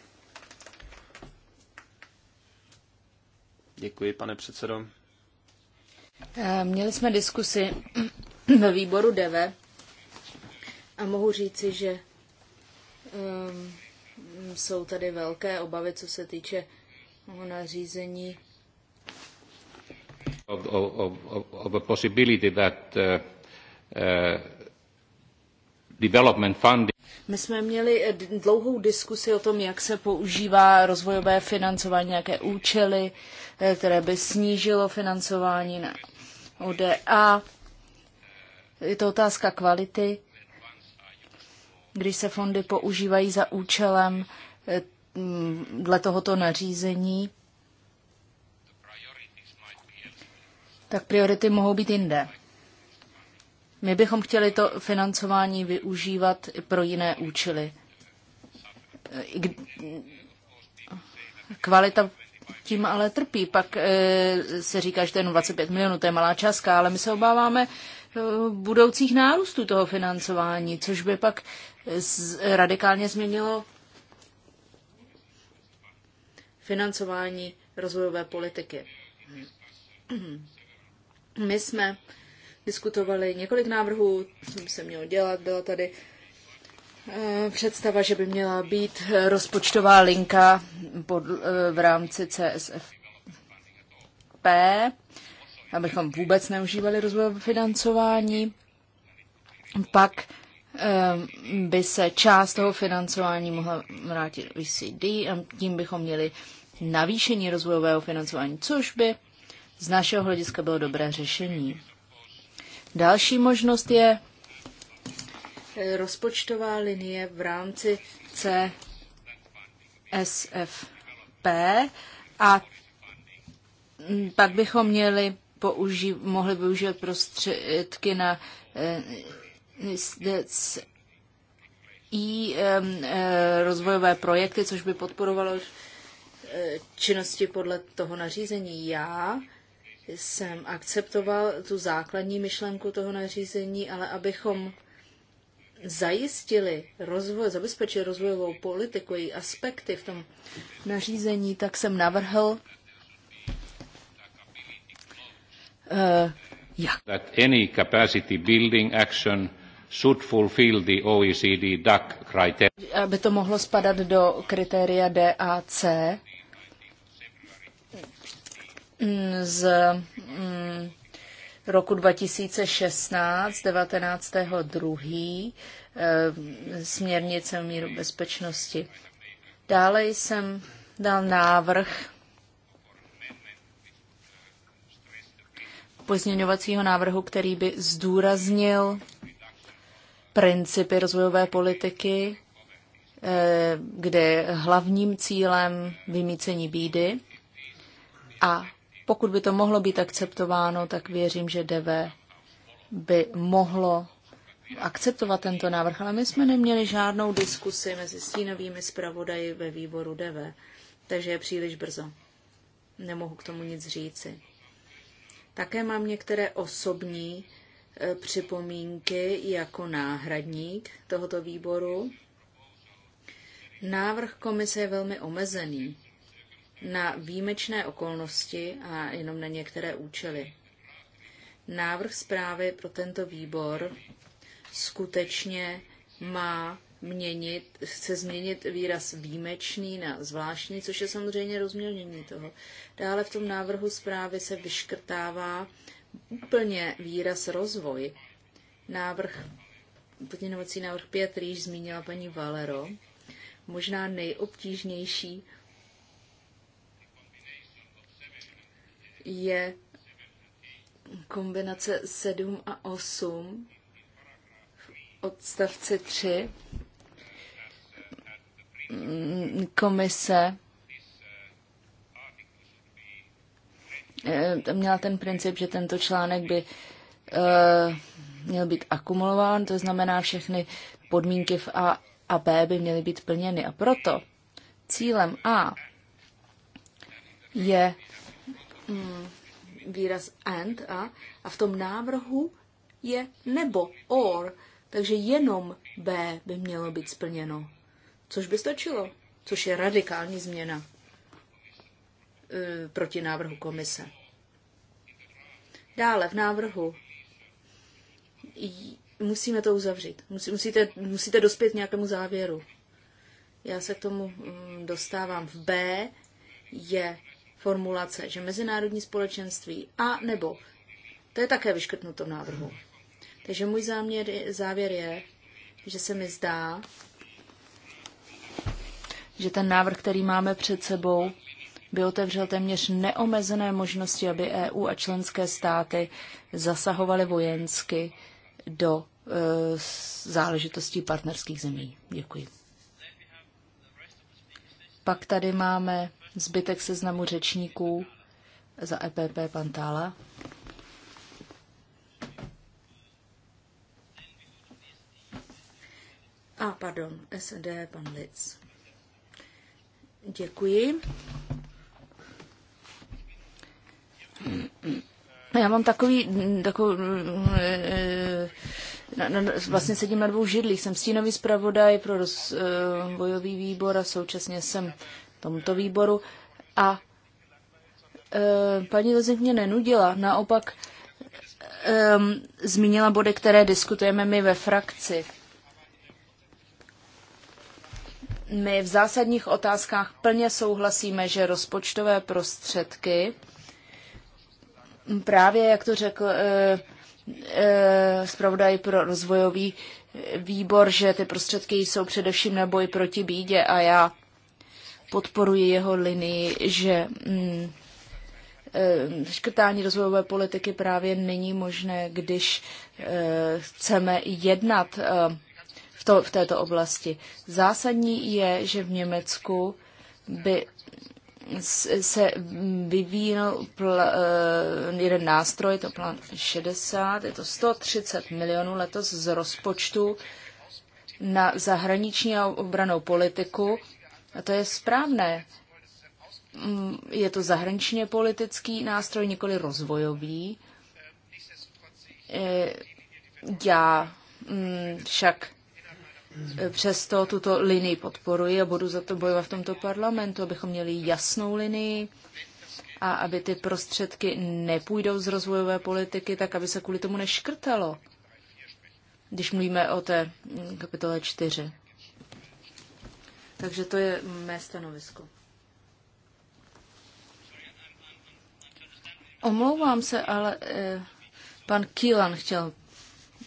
Děkuji, pane předsedo. Eh, měli jsme diskusi <clears throat> ve výboru DV a mohu říci, že ehm, jsou tady velké obavy, co se týče nařízení of, of, of, of a possibility that uh, uh, development funding my jsme měli eh, dlouhou diskusi o tom, jak se používá rozvojové financování, jaké účely, eh, které by snížilo financování na ODA. Je to otázka kvality, když se fondy používají za účelem eh, dle tohoto nařízení, tak priority mohou být jinde. My bychom chtěli to financování využívat i pro jiné účely. Kvalita tím ale trpí. Pak eh, se říká, že to je jenom 25 milionů, to je malá částka, ale my se obáváme eh, budoucích nárůstů toho financování, což by pak eh, radikálně změnilo financování rozvojové politiky. My jsme diskutovali několik návrhů, co by se mělo dělat. Byla tady eh, představa, že by měla být rozpočtová linka pod, eh, v rámci CSFP, abychom vůbec neužívali rozvojové financování. Pak eh, by se část toho financování mohla vrátit VCD e a tím bychom měli navýšení rozvojového financování, což by z našeho hlediska bylo dobré řešení. Další možnost je eh, rozpočtová linie v rámci CSFP a mm, pak bychom měli použi- mohli využít prostředky na eh, i eh, rozvojové projekty, což by podporovalo činnosti podle toho nařízení. Já jsem akceptoval tu základní myšlenku toho nařízení, ale abychom zajistili rozvoj, zabezpečili rozvojovou politiku, její aspekty v tom nařízení, tak jsem navrhl uh, jak? That any capacity building action should fulfill the OECD DAC criteria. Aby to mohlo spadat do kritéria DAC, Mm, z mm, roku 2016, 19. Eh, směrnice o míru bezpečnosti. Dále jsem dal návrh pozměňovacího návrhu, který by zdůraznil principy rozvojové politiky, eh, kde hlavním cílem vymícení bídy a pokud by to mohlo být akceptováno, tak věřím, že DV by mohlo akceptovat tento návrh, ale my jsme neměli žádnou diskusi mezi stínovými zpravodaji ve výboru DV, takže je příliš brzo. Nemohu k tomu nic říci. Také mám některé osobní e, připomínky jako náhradník tohoto výboru. Návrh komise je velmi omezený na výjimečné okolnosti a jenom na některé účely. Návrh zprávy pro tento výbor skutečně má měnit, chce změnit výraz výjimečný na zvláštní, což je samozřejmě rozmělnění toho. Dále v tom návrhu zprávy se vyškrtává úplně výraz rozvoj. Návrh, podněnovací návrh 5, již zmínila paní Valero, možná nejobtížnější je kombinace 7 a 8 v odstavci 3 komise eh, měla ten princip, že tento článek by eh, měl být akumulován, to znamená všechny podmínky v A a B by měly být plněny. A proto cílem A je Hmm. výraz and a, a v tom návrhu je nebo or, takže jenom B by mělo být splněno, což by stačilo, což je radikální změna e, proti návrhu komise. Dále v návrhu musíme to uzavřít. Musí, musíte, musíte dospět nějakému závěru. Já se k tomu mm, dostávám. V B je formulace, že mezinárodní společenství a nebo. To je také vyškrtnuto v návrhu. Takže můj záměr, závěr je, že se mi zdá, že ten návrh, který máme před sebou, by otevřel téměř neomezené možnosti, aby EU a členské státy zasahovaly vojensky do e, záležitostí partnerských zemí. Děkuji. Pak tady máme Zbytek seznamu řečníků za EPP Pantála. A pardon, SD pan Lic. Děkuji. Já mám takový, takový eh, vlastně sedím na dvou židlích. Jsem stínový zpravodaj pro eh, bojový výbor a současně jsem tomto výboru a e, paní Lezek mě nenudila, naopak e, zmínila body, které diskutujeme my ve frakci. My v zásadních otázkách plně souhlasíme, že rozpočtové prostředky, právě jak to řekl e, e, zpravodaj pro rozvojový výbor, že ty prostředky jsou především na boj proti bídě a já podporuji jeho linii, že mm, eh, škrtání rozvojové politiky právě není možné, když eh, chceme jednat eh, v, to, v této oblasti. Zásadní je, že v Německu by se vyvíjel jeden nástroj, to plán 60, je to 130 milionů letos z rozpočtu na zahraniční a obranou politiku a to je správné. Mm, je to zahraničně politický nástroj, nikoli rozvojový. E, já mm, však e, přesto tuto linii podporuji a budu za to bojovat v tomto parlamentu, abychom měli jasnou linii a aby ty prostředky nepůjdou z rozvojové politiky, tak aby se kvůli tomu neškrtalo, když mluvíme o té mm, kapitole 4. Takže to je mé stanovisko. Omlouvám se, ale eh, pan Kilan chtěl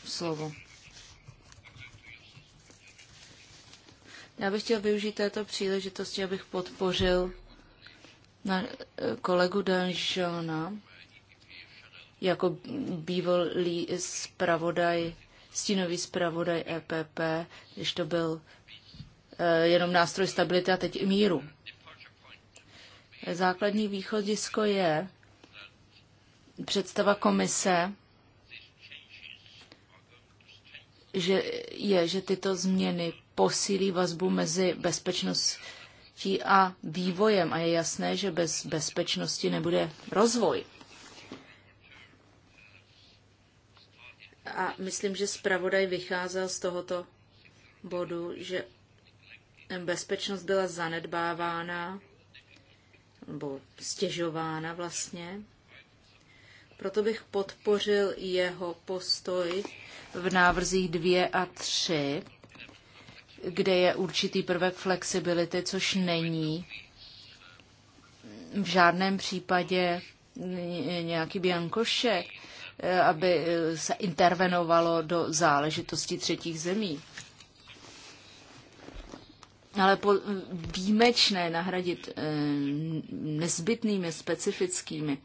slovo. Já bych chtěl využít této příležitosti, abych podpořil na eh, kolegu Danžona jako bývalý zpravodaj, stínový zpravodaj EPP, když to byl Eh, jenom nástroj stability a teď i míru. Základní východisko je představa komise, že je, že tyto změny posílí vazbu mezi bezpečností a vývojem a je jasné, že bez bezpečnosti nebude rozvoj. A myslím, že zpravodaj vycházel z tohoto bodu, že bezpečnost byla zanedbávána nebo stěžována vlastně. Proto bych podpořil jeho postoj v návrzích 2 a 3, kde je určitý prvek flexibility, což není v žádném případě nějaký biankošek, aby se intervenovalo do záležitostí třetích zemí ale po, výjimečné nahradit e, nezbytnými, specifickými.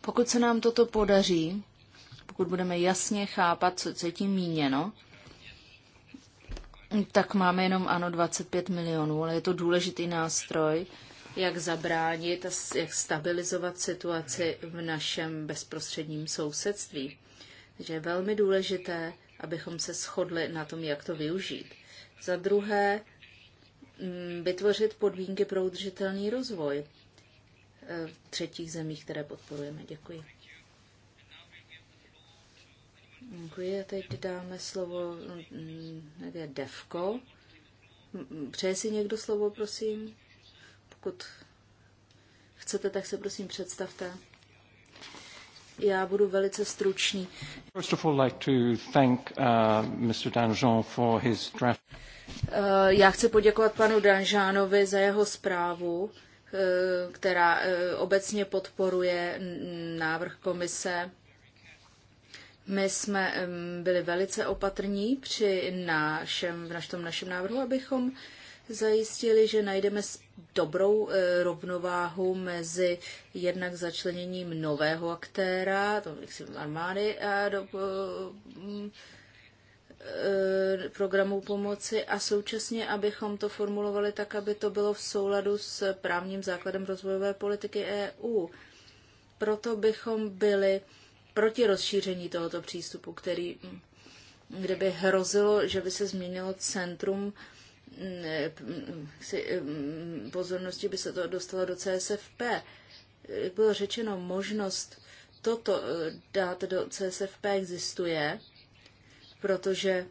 Pokud se nám toto podaří, pokud budeme jasně chápat, co, co je tím míněno, tak máme jenom ano 25 milionů, ale je to důležitý nástroj, jak zabránit a jak stabilizovat situaci v našem bezprostředním sousedství. Takže je velmi důležité abychom se shodli na tom, jak to využít. Za druhé, mm, vytvořit podmínky pro udržitelný rozvoj e, v třetích zemích, které podporujeme. Děkuji. Děkuji a teď dáme slovo mm, nevě, Devko. Přeje si někdo slovo, prosím? Pokud chcete, tak se prosím představte. Já budu velice stručný. First of all, like to thank uh, Mr. Danjean for his draft. Uh, já chci poděkovat panu Danžánovi za jeho zprávu, uh, která uh, obecně podporuje návrh komise. My jsme um, byli velice opatrní při našem, v našem, našem návrhu, abychom zajistili, že najdeme dobrou e, rovnováhu mezi jednak začleněním nového aktéra, to armády, a do e, mm, e, programů pomoci a současně, abychom to formulovali tak, aby to bylo v souladu s právním základem rozvojové politiky EU. Proto bychom byli proti rozšíření tohoto přístupu, který, mm, kdyby hrozilo, že by se změnilo centrum uh, Mm, pozornosti by se to dostalo do CSFP. Bylo řečeno, možnost toto eh, dát do CSFP existuje, protože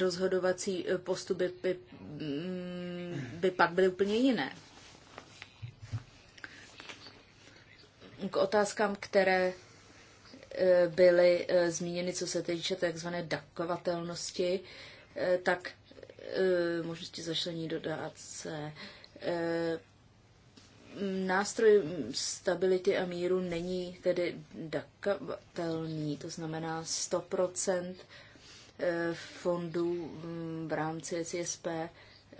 rozhodovací eh, postupy by, mm, by pak byly úplně jiné. K otázkám, které eh, byly zmíněny, co se týče takzvané dakovatelnosti, tak Eh, možnosti zašlení dodáce. Eh, nástroj stability a míru není tedy dakavatelný to znamená 100% eh, fondů mm, v rámci CSP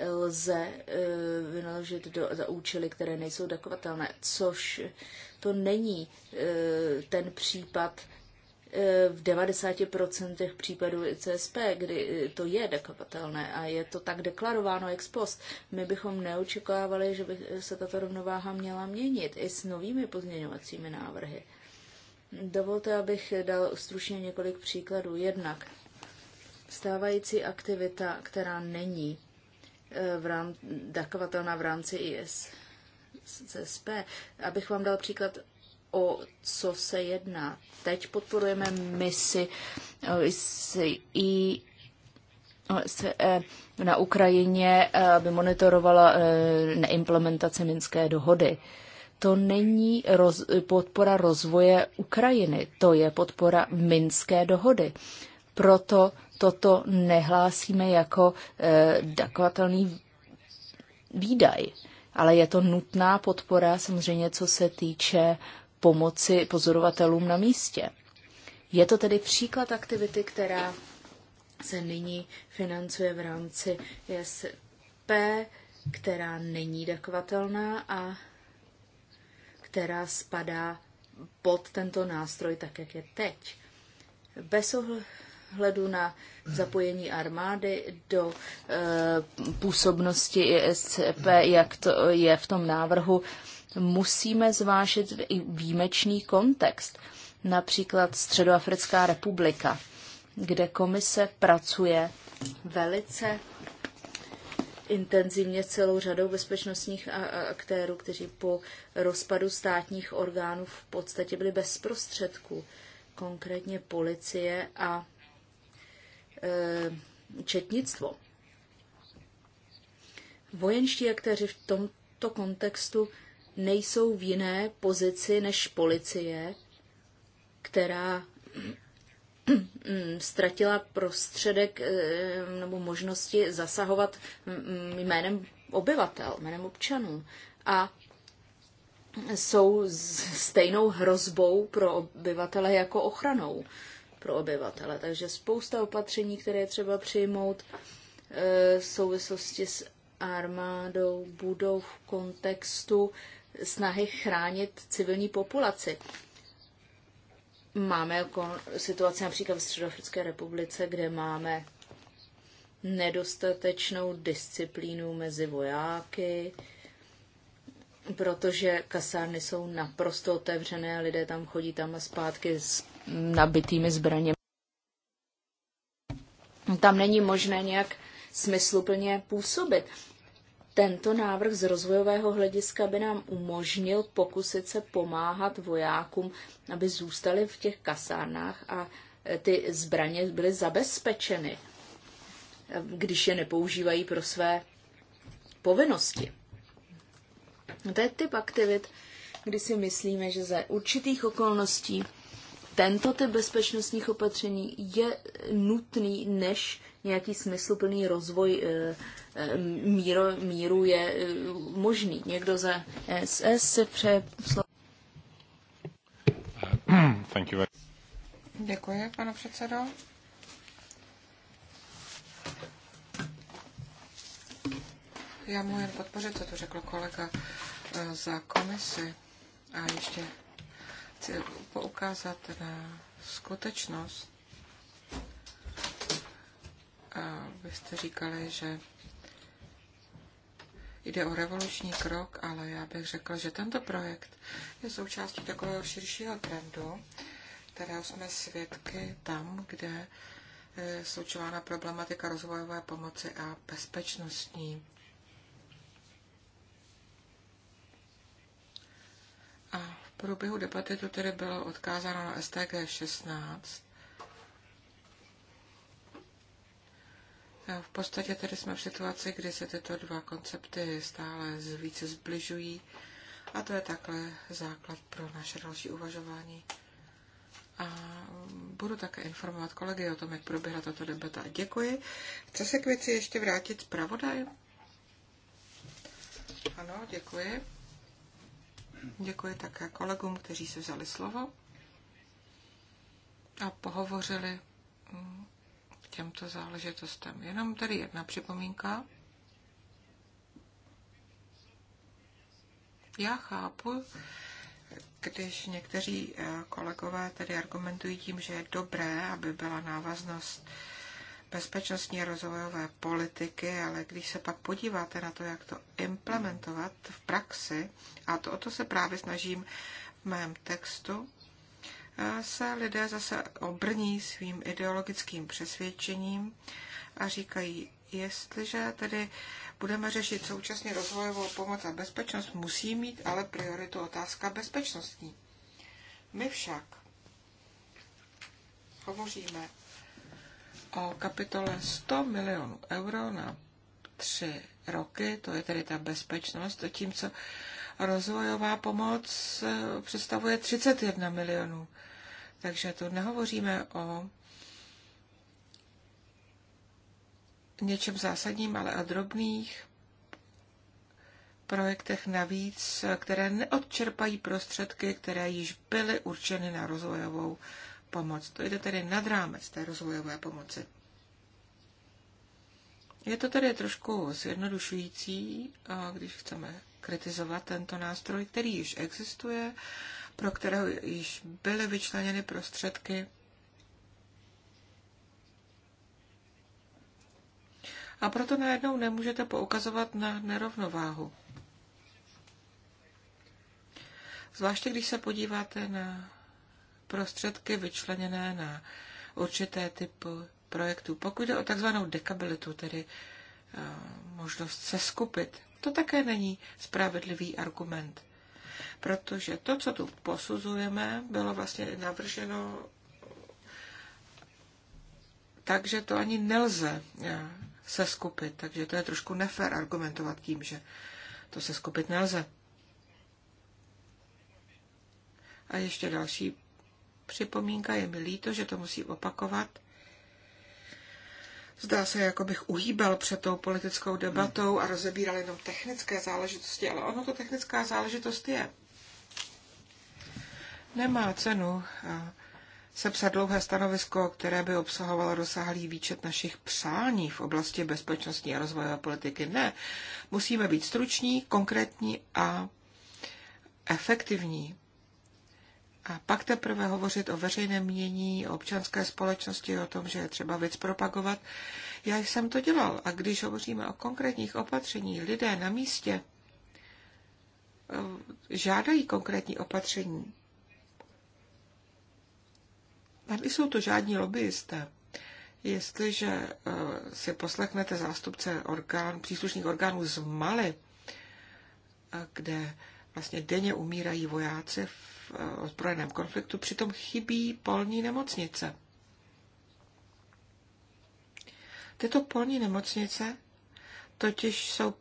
lze vynaložit do, za účely, které nejsou dakovatelné, což to není ten případ E, v 90% případů CSP, kdy e, to je deklarovatelné a je to tak deklarováno ex post. My bychom neočekávali, že by se tato rovnováha měla měnit i s novými pozměňovacími návrhy. Dovolte, abych dal stručně několik příkladů. Jednak stávající aktivita, která není e, v rámci, dakovatelná v rámci IS. CSP. Abych vám dal příklad o co se jedná. Teď podporujeme misi eh, i eh, eh, na Ukrajině, aby monitorovala neimplementace Minské dohody. To není roz, podpora rozvoje Ukrajiny, to je podpora Minské dohody. Proto toto nehlásíme jako eh, dakovatelný výdaj, ale je to nutná podpora samozřejmě, co se týče pomoci pozorovatelům na místě. Je to tedy příklad aktivity, která se nyní financuje v rámci ESP, která není dakovatelná a která spadá pod tento nástroj, tak jak je teď. Bez ohledu na zapojení armády do e, působnosti ESCP, jak to je v tom návrhu, e, musíme zvážit i výjimečný kontext, například Středoafrická republika, kde komise pracuje velice intenzivně celou řadou bezpečnostních aktérů, kteří po rozpadu státních orgánů v podstatě byli bez prostředků, konkrétně policie a e, četnictvo. Vojenští aktéři v tomto kontextu nejsou v jiné pozici než policie, která mm, ztratila prostředek eh, nebo možnosti zasahovat mm, jménem obyvatel, jménem občanů. A jsou stejnou hrozbou pro obyvatele jako ochranou pro obyvatele. Takže spousta opatření, které je třeba přijmout eh, v souvislosti s armádou, budou v kontextu snahy chránit civilní populaci. Máme jako situaci například v Středoafrické republice, kde máme nedostatečnou disciplínu mezi vojáky, protože kasárny jsou naprosto otevřené a lidé tam chodí tam a zpátky s nabitými zbraněmi. Tam není možné nějak smysluplně působit tento návrh z rozvojového hlediska by nám umožnil pokusit se pomáhat vojákům, aby zůstali v těch kasárnách a e, ty zbraně byly zabezpečeny, když je nepoužívají pro své povinnosti. To je typ aktivit, kdy si myslíme, že za určitých okolností tento typ bezpečnostních opatření je nutný, než nějaký smysluplný rozvoj eh, eh, míru, míru je eh, možný. Někdo ze SS se pře... <clears throat> Thank you. Děkuji, pane předsedo. Já mohu jen podpořit, co to řekl kolega za komisi a ještě chci poukázat na skutečnost, vy jste říkali, že jde o revoluční krok, ale já bych řekl, že tento projekt je součástí takového širšího trendu, kterého jsme svědky tam, kde je problematika rozvojové pomoci a bezpečnostní. A v průběhu debaty to tedy bylo odkázáno na STG 16, V podstatě tedy jsme v situaci, kdy se tyto dva koncepty stále více zbližují a to je takhle základ pro naše další uvažování. A budu také informovat kolegy o tom, jak proběhla tato debata. Děkuji. Chce se k věci ještě vrátit zpravodaj? Ano, děkuji. Děkuji také kolegům, kteří se vzali slovo a pohovořili mm, těmto záležitostem. Jenom tady jedna připomínka. Já chápu, když někteří eh, kolegové tedy argumentují tím, že je dobré, aby byla návaznost bezpečnostní a rozvojové politiky, ale když se pak podíváte na to, jak to implementovat v praxi, a to o to se právě snažím v mém textu, se lidé zase obrní svým ideologickým přesvědčením a říkají, jestliže tedy budeme řešit současně rozvojovou pomoc a bezpečnost, musí mít ale prioritu otázka bezpečnostní. My však hovoříme o kapitole 100 milionů euro na tři roky, to je tedy ta bezpečnost, tím co rozvojová pomoc eh, představuje 31 milionů. Takže tu nehovoříme o něčem zásadním, ale o drobných projektech navíc, které neodčerpají prostředky, které již byly určeny na rozvojovou pomoc. To jde tedy nad rámec té rozvojové pomoci. Je to tedy trošku zjednodušující, když chceme kritizovat tento nástroj, který již existuje, pro kterého již byly vyčleněny prostředky. A proto najednou nemůžete poukazovat na nerovnováhu. Zvláště když se podíváte na prostředky vyčleněné na určité typy projektů. Pokud jde o takzvanou dekabilitu, tedy eh, možnost se skupit, to také není spravedlivý argument. Protože to, co tu posuzujeme, bylo vlastně navrženo tak, že to ani nelze eh, se skupit. Takže to je trošku nefér argumentovat tím, že to se skupit nelze. A ještě další připomínka, je mi líto, že to musím opakovat. Zdá se, jako bych uhýbal před tou politickou debatou a rozebíral jenom technické záležitosti, ale ono to technická záležitost je. Nemá cenu eh, sepsat dlouhé stanovisko, které by obsahovalo rozsáhlý výčet našich přání v oblasti bezpečnostní a rozvojové politiky. Ne, musíme být struční, konkrétní a efektivní. A pak teprve hovořit o veřejném mění, o občanské společnosti, o tom, že je třeba věc propagovat. Já jsem to dělal. A když hovoříme o konkrétních opatření, lidé na místě eh, žádají konkrétní opatření. A nejsou to žádní lobbyisté. Jestliže eh, si poslechnete zástupce orgán, příslušných orgánů z Mali, eh, kde vlastně denně umírají vojáci v ozbrojeném konfliktu, přitom chybí polní nemocnice. Tyto polní nemocnice totiž jsou,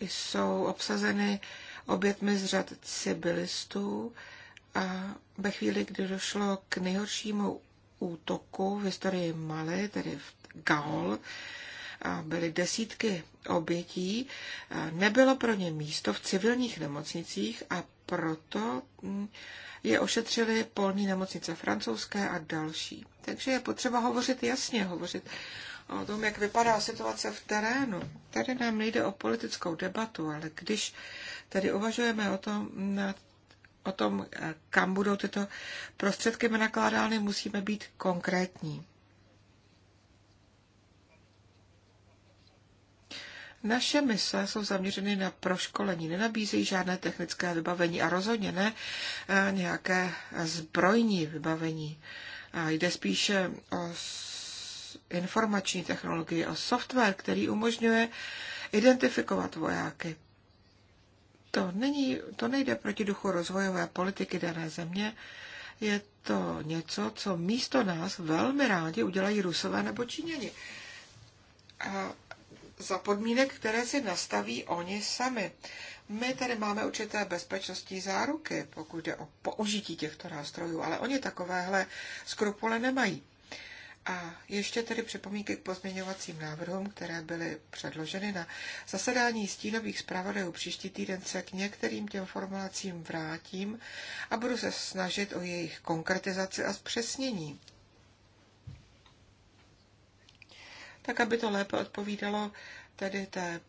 jsou obsazeny obětmi z řad civilistů a ve chvíli, kdy došlo k nejhoršímu útoku v historii Mali, tedy v Gaol, byly desítky obětí, nebylo pro ně místo v civilních nemocnicích a proto mm, je ošetřili polní nemocnice francouzské a další. Takže je potřeba hovořit jasně, hovořit o tom, jak vypadá situace v terénu. Tady nám nejde o politickou debatu, ale když tady uvažujeme o tom, o tom eh, kam budou tyto prostředky nakládány, musíme být konkrétní. Naše mise jsou zaměřeny na proškolení, nenabízejí žádné technické vybavení a rozhodně ne eh, nějaké zbrojní vybavení. jde spíše o informační technologii, o software, který umožňuje identifikovat vojáky. To, není, to nejde proti duchu rozvojové politiky dané země, je to něco, co místo nás velmi rádi udělají Rusové nebo Číňani. A za podmínek, které si nastaví oni sami. My tady máme určité bezpečnostní záruky, pokud jde o použití těchto nástrojů, ale oni takovéhle skrupule nemají. A ještě tedy připomínky k pozměňovacím návrhům, které byly předloženy na zasedání stínových zpravodajů. Příští týden se k některým těm formulacím vrátím a budu se snažit o jejich konkretizaci a zpřesnění. tak aby to lépe odpovídalo tedy té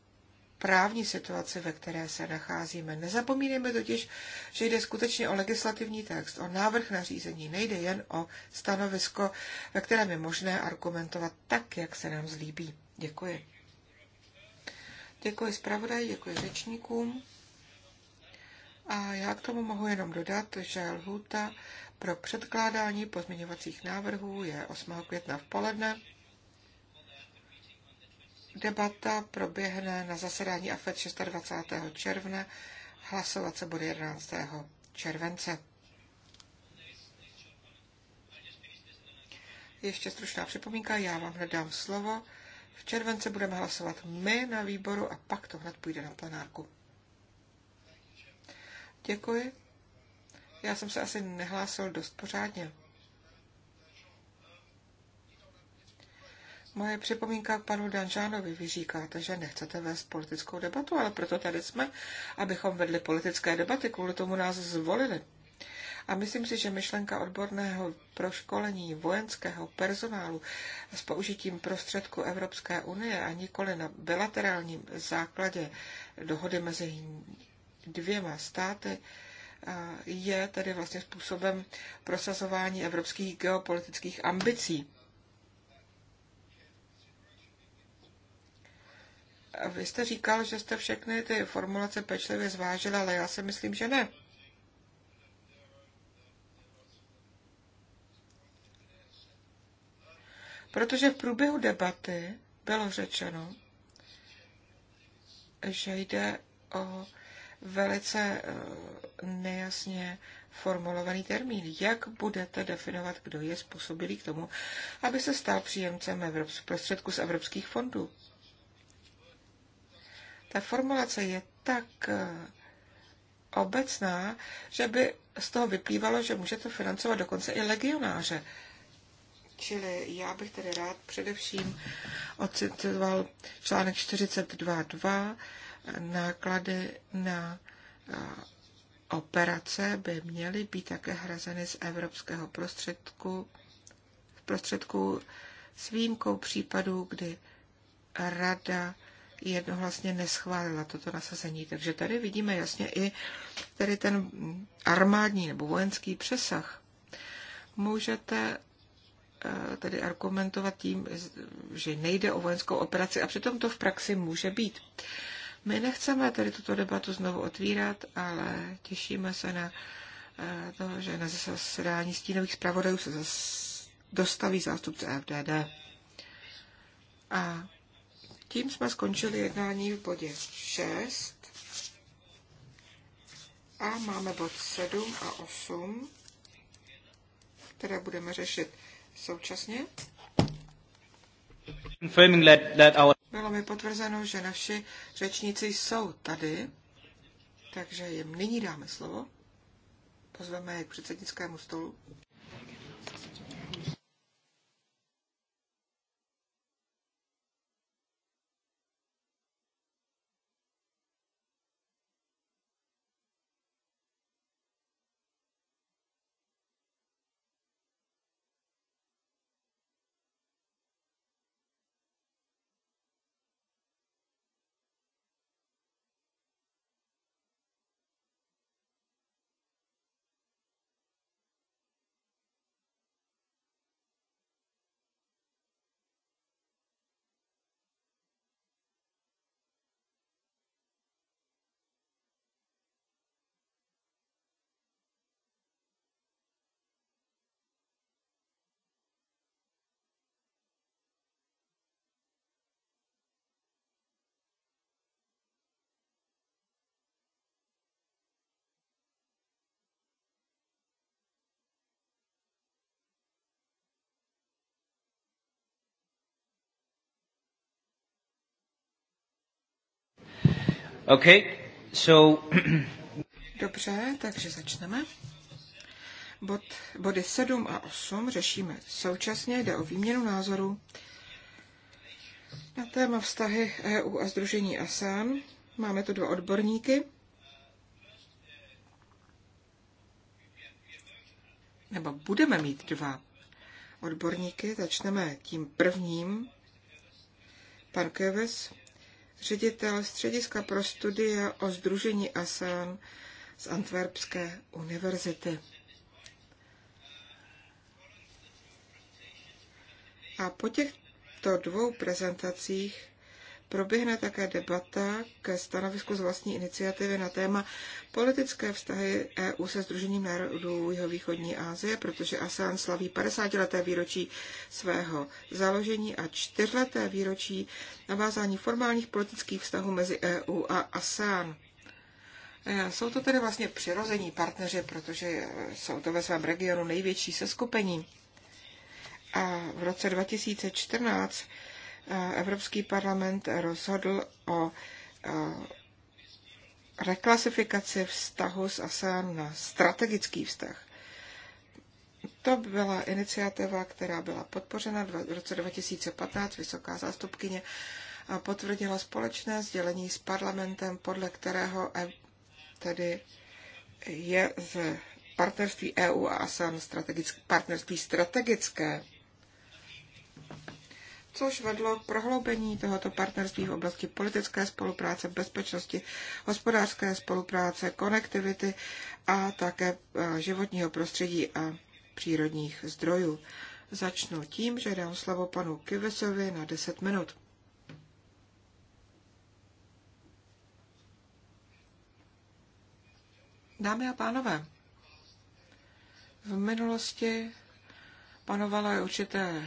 právní situaci, ve které se nacházíme. Nezapomínejme totiž, že jde skutečně o legislativní text, o návrh nařízení, nejde jen o stanovisko, ve kterém je možné argumentovat tak, jak se nám zlíbí. Děkuji. Děkuji zpravodaji, děkuji řečníkům. A já k tomu mohu jenom dodat, že lhůta pro předkládání pozměňovacích návrhů je 8. května v poledne. Debata proběhne na zasedání AFED 26. června, hlasovat se bude 11. července. Ještě stručná připomínka, já vám nedám slovo. V července budeme hlasovat my na výboru a pak to hned půjde na plenárku. Děkuji. Já jsem se asi nehlásil dost pořádně. Moje připomínka k panu Danžánovi. Vy říkáte, že nechcete vést politickou debatu, ale proto tady jsme, abychom vedli politické debaty, kvůli tomu nás zvolili. A myslím si, že myšlenka odborného proškolení vojenského personálu s použitím prostředku Evropské unie a nikoli na bilaterálním základě dohody mezi dvěma státy je tedy vlastně způsobem prosazování evropských geopolitických ambicí. Vy jste říkal, že jste všechny ty formulace pečlivě zvážil, ale já si myslím, že ne. Protože v průběhu debaty bylo řečeno, že jde o velice eh, nejasně formulovaný termín. Jak budete definovat, kdo je způsobilý k tomu, aby se stal příjemcem prostředků z evropských fondů? Ta formulace je tak eh, obecná, že by z toho vyplývalo, že můžete financovat dokonce i legionáře. Čili já bych tedy rád především ocitoval článek 42.2. Náklady na eh, operace by měly být také hrazeny z evropského prostředku, v prostředku s výjimkou případů, kdy rada jednohlasně neschválila toto nasazení. Takže tady vidíme jasně i tady ten armádní nebo vojenský přesah. Můžete eh, tedy argumentovat tím, že nejde o vojenskou operaci a přitom to v praxi může být. My nechceme tedy tuto debatu znovu otvírat, ale těšíme se na eh, to, že na zasedání stínových zpravodajů se dostaví zástupce FDD. A tím jsme skončili jednání v bodě 6 a máme bod 7 a 8, které budeme řešit současně. Bylo mi potvrzeno, že naši řečníci jsou tady, takže jim nyní dáme slovo. Pozveme je k předsednickému stolu. Okay, so... <clears throat> Dobře, takže začneme. Bod, body 7 a 8 řešíme současně, jde o výměnu názorů na téma vztahy EU a Združení ASEAN. Máme tu dva odborníky. Nebo budeme mít dva odborníky. Začneme tím prvním. Pan Keves, ředitel Střediska pro studie o Združení ASEAN z Antwerpské univerzity. A po těchto dvou prezentacích Proběhne také debata ke stanovisku z vlastní iniciativy na téma politické vztahy EU se Združením národů Jihovýchodní Asie, protože ASEAN slaví 50. leté výročí svého založení a čtyřleté výročí navázání formálních politických vztahů mezi EU a ASEAN. E, jsou to tedy vlastně přirození partneři, protože jsou to ve svém regionu největší seskupení. A v roce 2014 Evropský parlament rozhodl o reklasifikaci vztahu s ASEAN na strategický vztah. To byla iniciativa, která byla podpořena v roce 2015. Vysoká zástupkyně potvrdila společné sdělení s parlamentem, podle kterého e tedy je z partnerství EU a ASEAN partnerství strategické což vedlo k prohloubení tohoto partnerství v oblasti politické spolupráce, bezpečnosti, hospodářské spolupráce, konektivity a také e, životního prostředí a přírodních zdrojů. Začnu tím, že dám slovo panu Kivesovi na 10 minut. Dámy a pánové, v minulosti panovaly určité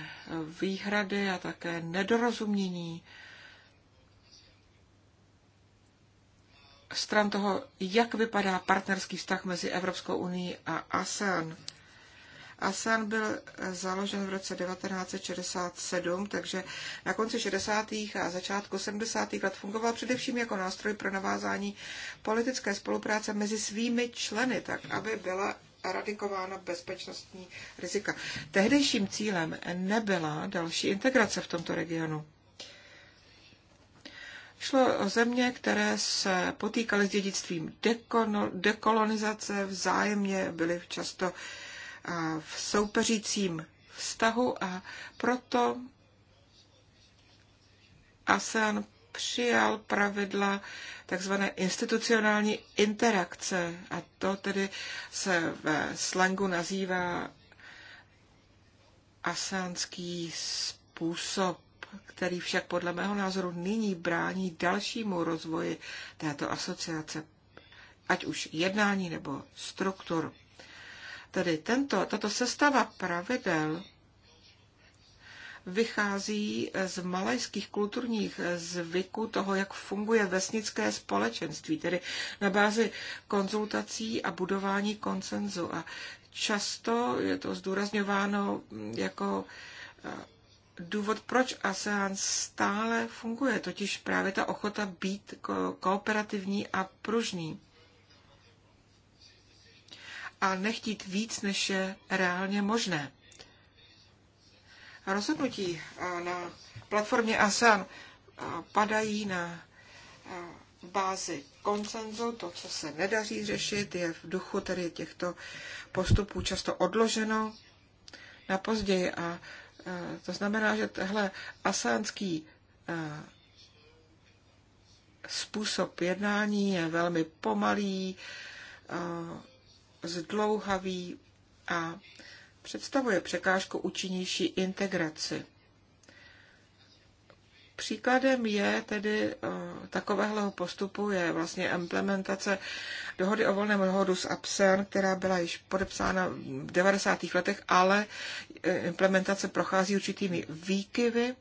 výhrady a také nedorozumění stran toho, jak vypadá partnerský vztah mezi Evropskou unii a ASEAN. ASEAN byl založen v roce 1967, takže na konci 60. a začátku 70. let fungoval především jako nástroj pro navázání politické spolupráce mezi svými členy, tak aby byla eradikována bezpečnostní rizika. Tehdejším cílem nebyla další integrace v tomto regionu. Šlo o země, které se potýkaly s dědictvím dekolonizace, vzájemně byly často v soupeřícím vztahu a proto ASEAN přijal pravidla takzvané institucionální interakce a to tedy se ve slangu nazývá asánský způsob, který však podle mého názoru nyní brání dalšímu rozvoji této asociace, ať už jednání nebo struktur. Tedy tento, tato sestava pravidel vychází z malajských kulturních zvyků toho, jak funguje vesnické společenství, tedy na bázi konzultací a budování konsenzu. A často je to zdůrazňováno jako eh, důvod, proč ASEAN stále funguje, totiž právě ta ochota být ko- kooperativní a pružný a nechtít víc, než je reálně možné rozhodnutí eh, na platformě ASEAN eh, padají na eh, bázi koncenzu, to, co se nedaří řešit, je v duchu tedy těchto postupů často odloženo na později a to znamená, že tehle asánský způsob jednání je velmi pomalý, zdlouhavý a představuje překážku účinnější integraci. Příkladem je tedy eh, takového postupu je vlastně implementace dohody o volném dohodu s APSEN, která byla již podepsána v 90. letech, ale eh, implementace prochází určitými výkyvy.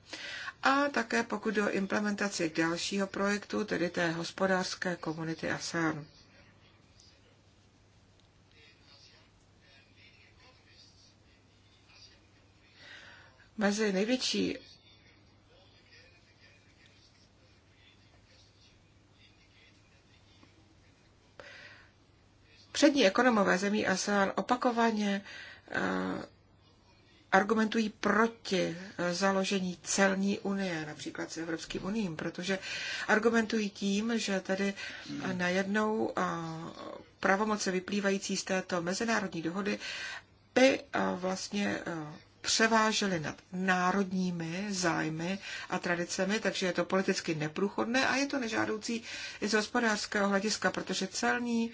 A také pokud o implementaci dalšího projektu, tedy té hospodářské komunity ASEAN. mezi největší Přední ekonomové zemí ASEAN opakovaně eh, argumentují proti eh, založení celní unie, například s Evropským uním, protože argumentují tím, že tedy najednou eh, pravomoce vyplývající z této mezinárodní dohody by vlastně převážely nad národními zájmy a tradicemi, takže je to politicky neprůchodné a je to nežádoucí i z hospodářského hlediska, protože celní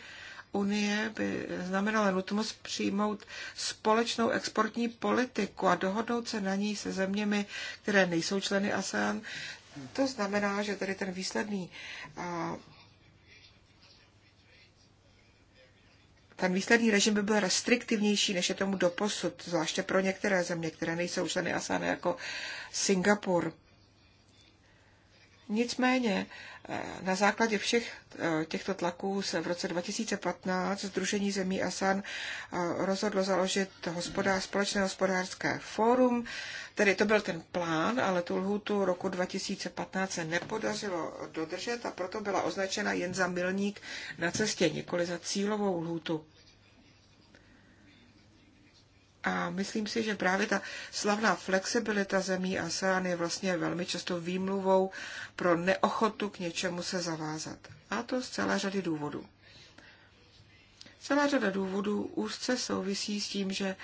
unie by znamenala nutnost přijmout společnou exportní politiku a dohodnout se na ní se zeměmi, které nejsou členy ASEAN. To znamená, že tedy ten výsledný ten výsledný režim by byl restriktivnější, než je tomu doposud, zvláště pro některé země, které nejsou členy ASEAN, jako Singapur. Nicméně eh, na základě všech eh, těchto tlaků se v roce 2015 Združení zemí ASAN eh, rozhodlo založit hospodář, společné hospodářské fórum. Tedy to byl ten plán, ale tu lhůtu roku 2015 se nepodařilo dodržet a proto byla označena jen za milník na cestě, nikoli za cílovou lhůtu. A myslím si, že právě ta slavná flexibilita zemí ASEAN je vlastně velmi často výmluvou pro neochotu k něčemu se zavázat. A to z celé řady důvodů. Celá řada důvodů úzce souvisí s tím, že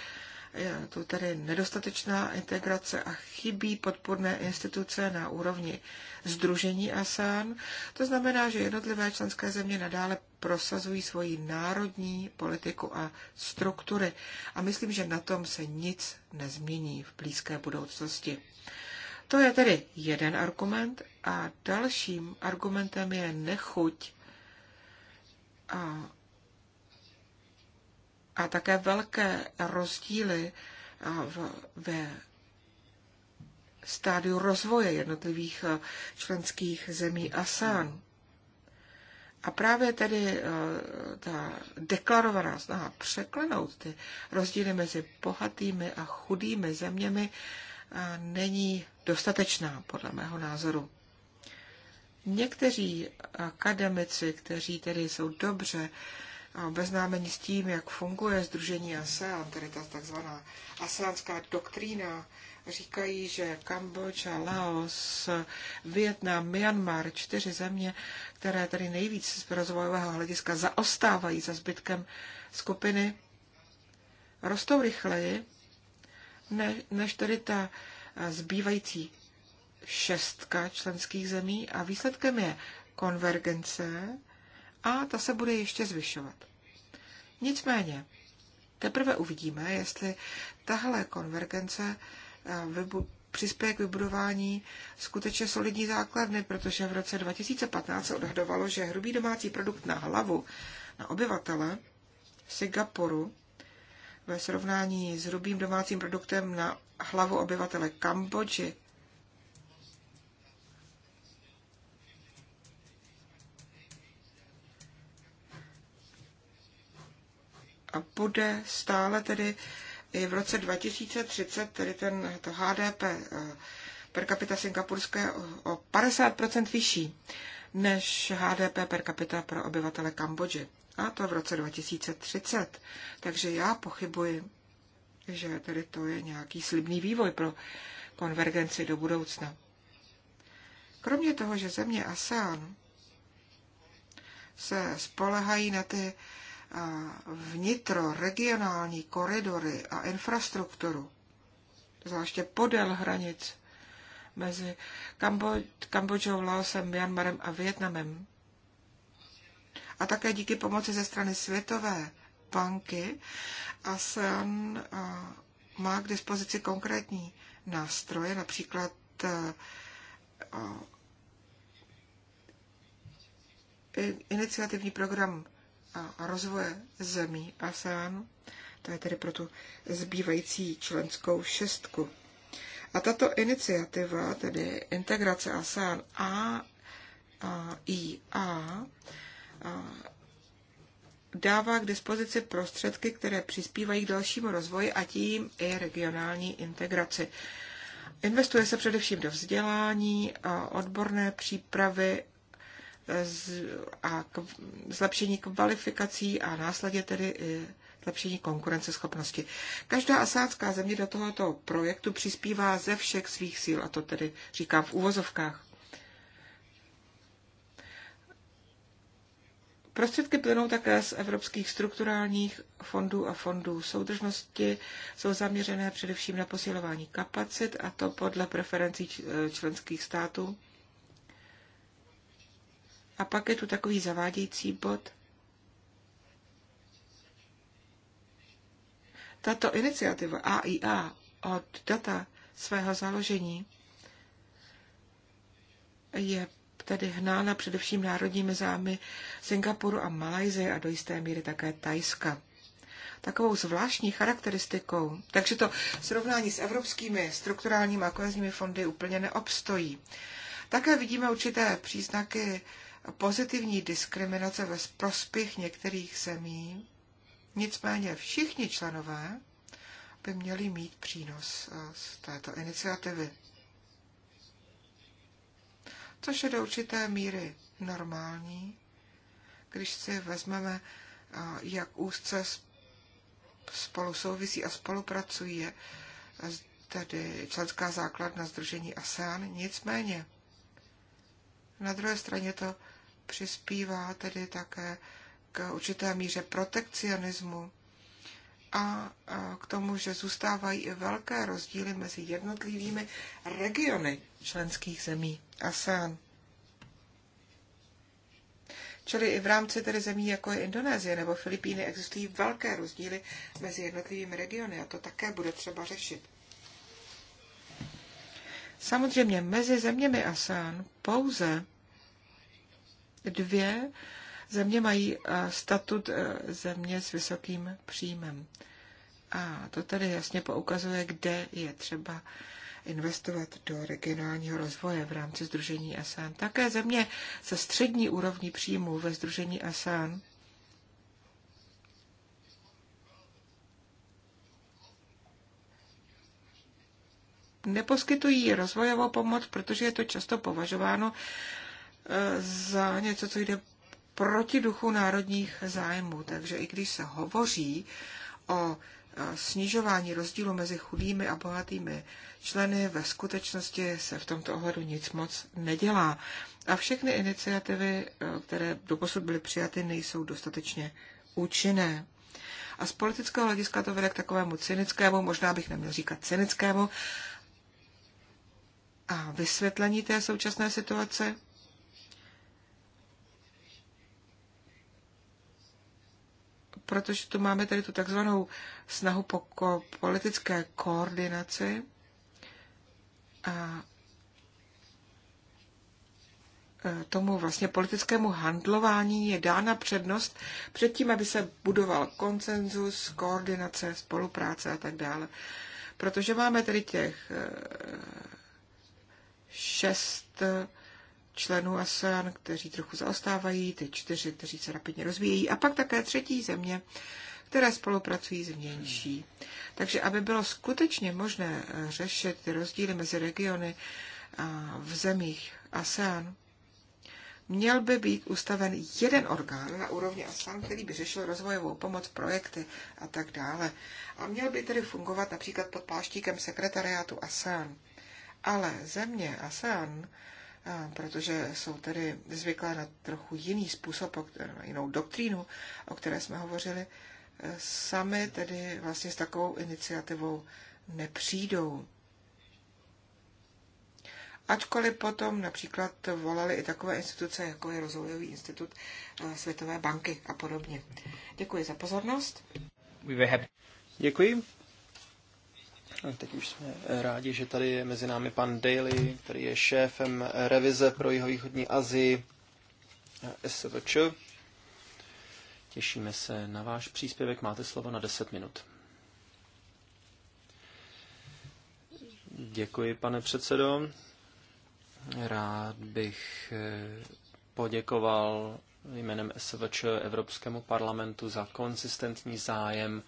je to tedy nedostatečná integrace a chybí podporné instituce na úrovni Združení ASEAN. To znamená, že jednotlivé členské země nadále prosazují svoji národní politiku a struktury. A myslím, že na tom se nic nezmění v blízké budoucnosti. To je tedy jeden argument a dalším argumentem je nechuť a a také velké rozdíly ve stádiu rozvoje jednotlivých členských zemí ASEAN. A právě tedy ta deklarovaná snaha překlenout ty rozdíly mezi bohatými a chudými zeměmi není dostatečná, podle mého názoru. Někteří akademici, kteří tedy jsou dobře obeznámeni s tím, jak funguje Združení ASEAN, tedy ta takzvaná aseanská doktrína, říkají, že Kambodža, Laos, Vietnam, Myanmar, čtyři země, které tady nejvíc z rozvojového hlediska zaostávají za zbytkem skupiny, rostou rychleji než tedy ta zbývající šestka členských zemí a výsledkem je konvergence a ta se bude ještě zvyšovat. Nicméně, teprve uvidíme, jestli tahle konvergence eh, přispěje k vybudování skutečně solidní základny, protože v roce 2015 se odhadovalo, že hrubý domácí produkt na hlavu na obyvatele Singapuru ve srovnání s hrubým domácím produktem na hlavu obyvatele Kambodži bude stále tedy i v roce 2030, tedy ten, to HDP eh, per capita singapurské o 50% vyšší než HDP per capita pro obyvatele Kambodži. A to v roce 2030. Takže já pochybuji, že tedy to je nějaký slibný vývoj pro konvergenci do budoucna. Kromě toho, že země ASEAN se spolehají na ty vnitro, regionální koridory a infrastrukturu, zvláště podél hranic mezi Kambodžou, Laosem, Myanmarem a Vietnamem. A také díky pomoci ze strany Světové banky ASEAN má k dispozici konkrétní nástroje, například e, iniciativní program rozvoje zemí ASEANu, to je tedy pro tu zbývající členskou šestku. A tato iniciativa, tedy integrace ASEAN a, a IA, a, dává k dispozici prostředky, které přispívají k dalšímu rozvoji a tím i regionální integraci. Investuje se především do vzdělání, odborné přípravy a zlepšení kvalifikací a následně tedy i zlepšení konkurenceschopnosti. Každá asádská země do tohoto projektu přispívá ze všech svých síl, a to tedy říkám v úvozovkách. Prostředky plynou také z evropských strukturálních fondů a fondů soudržnosti. Jsou zaměřené především na posilování kapacit, a to podle preferencí členských států. A pak je tu takový zavádějící bod. Tato iniciativa AIA od data svého založení je tedy hnána především národními zámy Singapuru a Malajzy a do jisté míry také Tajska. Takovou zvláštní charakteristikou, takže to srovnání s evropskými strukturálními a kohezními fondy úplně neobstojí. Také vidíme určité příznaky pozitivní diskriminace ve prospěch některých zemí. Nicméně všichni členové by měli mít přínos eh, z této iniciativy. Což je do určité míry normální, když si vezmeme, eh, jak úzce spolu souvisí a spolupracuje eh, tedy členská základna Združení ASEAN. Nicméně na druhé straně to přispívá tedy také k určité míře protekcionismu a k tomu, že zůstávají i velké rozdíly mezi jednotlivými regiony členských zemí ASEAN. Čili i v rámci tedy zemí, jako je Indonésie nebo Filipíny, existují velké rozdíly mezi jednotlivými regiony a to také bude třeba řešit. Samozřejmě mezi zeměmi ASEAN pouze dvě země mají eh, statut eh, země s vysokým příjmem. A to tady jasně poukazuje, kde je třeba investovat do regionálního rozvoje v rámci Združení ASEAN. Také země se střední úrovní příjmu ve Združení ASEAN neposkytují rozvojovou pomoc, protože je to často považováno e, za něco, co jde proti duchu národních zájmů. Takže i když se hovoří o e, snižování rozdílu mezi chudými a bohatými členy, ve skutečnosti se v tomto ohledu nic moc nedělá. A všechny iniciativy, e, které doposud byly přijaty, nejsou dostatečně účinné. A z politického hlediska to vede k takovému cynickému, možná bych neměl říkat cynickému, a vysvětlení té současné situace. Protože tu máme tady tu takzvanou snahu po ko- politické koordinaci a e, tomu vlastně politickému handlování je dána přednost před tím, aby se budoval konsenzus, koordinace, spolupráce a tak dále. Protože máme tedy těch e, šest členů ASEAN, kteří trochu zaostávají, ty čtyři, kteří se rapidně rozvíjejí, a pak také třetí země, které spolupracují s vnější. Takže aby bylo skutečně možné řešit ty rozdíly mezi regiony v zemích ASEAN, měl by být ustaven jeden orgán na úrovni ASEAN, který by řešil rozvojovou pomoc, projekty a tak dále. A měl by tedy fungovat například pod páštíkem sekretariátu ASEAN. Ale země ASEAN, protože jsou tedy zvyklé na trochu jiný způsob, na jinou doktrínu, o které jsme hovořili, e, sami tedy vlastně s takovou iniciativou nepřijdou. Ačkoliv potom například volali i takové instituce, jako je Rozvojový institut e, Světové banky a podobně. Děkuji za pozornost. Děkuji. Teď už jsme rádi, že tady je mezi námi pan Daly, který je šéfem revize pro jihovýchodní Azii SVČ. Těšíme se na váš příspěvek. Máte slovo na 10 minut. Děkuji, pane předsedo. Rád bych eh, poděkoval jménem SVČ Evropskému parlamentu za konsistentní zájem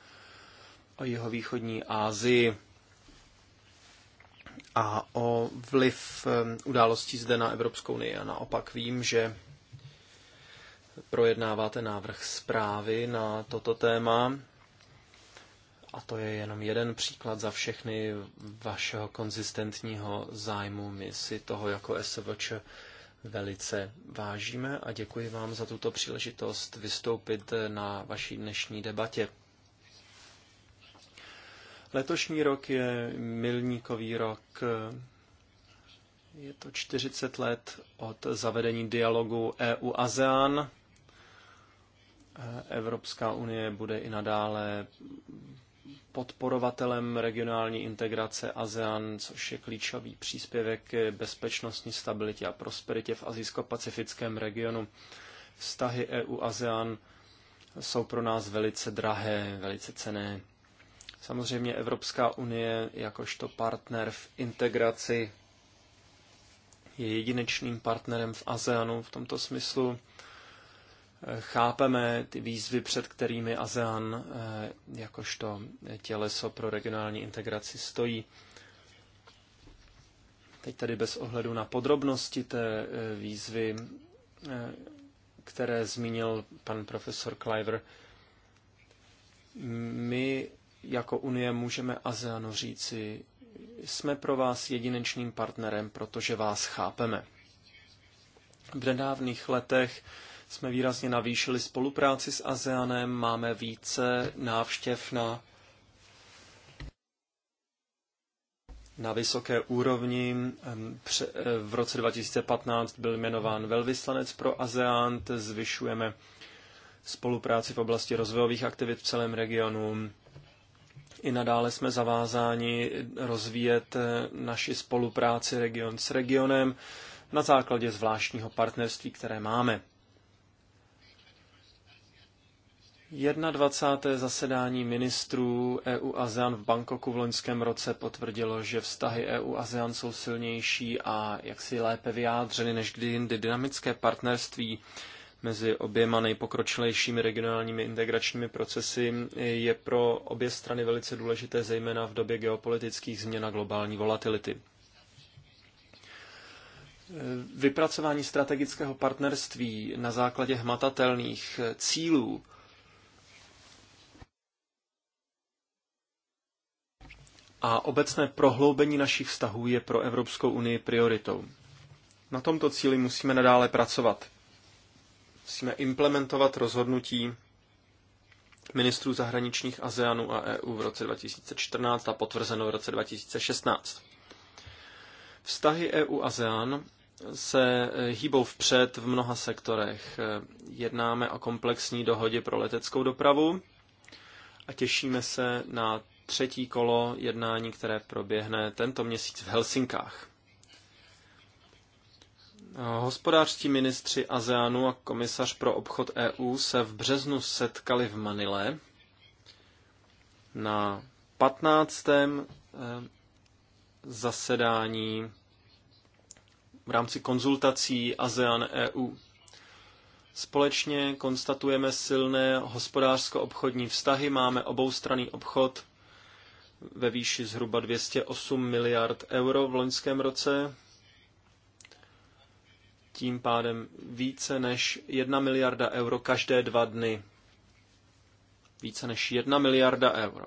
o jihovýchodní Asii a o vliv událostí zde na Evropskou unii. A naopak vím, že projednáváte návrh zprávy na toto téma. A to je jenom jeden příklad za všechny vašeho konzistentního zájmu. My si toho jako SVČ velice vážíme a děkuji vám za tuto příležitost vystoupit na vaší dnešní debatě. Letošní rok je milníkový rok. Je to 40 let od zavedení dialogu EU-ASEAN. Evropská unie bude i nadále podporovatelem regionální integrace ASEAN, což je klíčový příspěvek k bezpečnostní stabilitě a prosperitě v azijsko-pacifickém regionu. Vztahy EU-ASEAN jsou pro nás velice drahé, velice cené. Samozřejmě Evropská unie jakožto partner v integraci je jedinečným partnerem v ASEANu v tomto smyslu. Chápeme ty výzvy, před kterými ASEAN eh, jakožto těleso pro regionální integraci stojí. Teď tady bez ohledu na podrobnosti té eh, výzvy, eh, které zmínil pan profesor Kliver, my jako Unie můžeme ASEANu říci, jsme pro vás jedinečným partnerem, protože vás chápeme. V nedávných letech jsme výrazně navýšili spolupráci s ASEANem, máme více návštěv na na vysoké úrovni. Eh, v roce 2015 byl jmenován velvyslanec pro ASEAN, zvyšujeme spolupráci v oblasti rozvojových aktivit v celém regionu, i nadále jsme zavázáni rozvíjet eh, naši spolupráci region s regionem na základě zvláštního partnerství, které máme. 21. zasedání ministrů EU-ASEAN v Bangkoku v loňském roce potvrdilo, že vztahy EU-ASEAN jsou silnější a jaksi lépe vyjádřeny než kdy jindy. Dynamické partnerství mezi oběma nejpokročilejšími regionálními integračními procesy je pro obě strany velice důležité, zejména v době geopolitických změn a globální volatility. Vypracování strategického partnerství na základě hmatatelných cílů a obecné prohloubení našich vztahů je pro Evropskou unii prioritou. Na tomto cíli musíme nadále pracovat. Musíme implementovat rozhodnutí ministrů zahraničních ASEANu a EU v roce 2014 a potvrzeno v roce 2016. Vztahy EU-ASEAN se eh, hýbou vpřed v mnoha sektorech. Eh, jednáme o komplexní dohodě pro leteckou dopravu a těšíme se na třetí kolo jednání, které proběhne tento měsíc v Helsinkách. Hospodářští ministři ASEANu a komisař pro obchod EU se v březnu setkali v Manile na 15. Eh, zasedání v rámci konzultací ASEAN-EU. Společně konstatujeme silné hospodářsko-obchodní vztahy, máme oboustranný obchod ve výši zhruba 208 miliard euro v loňském roce, tím pádem více než 1 miliarda euro každé dva dny. Více než 1 miliarda euro.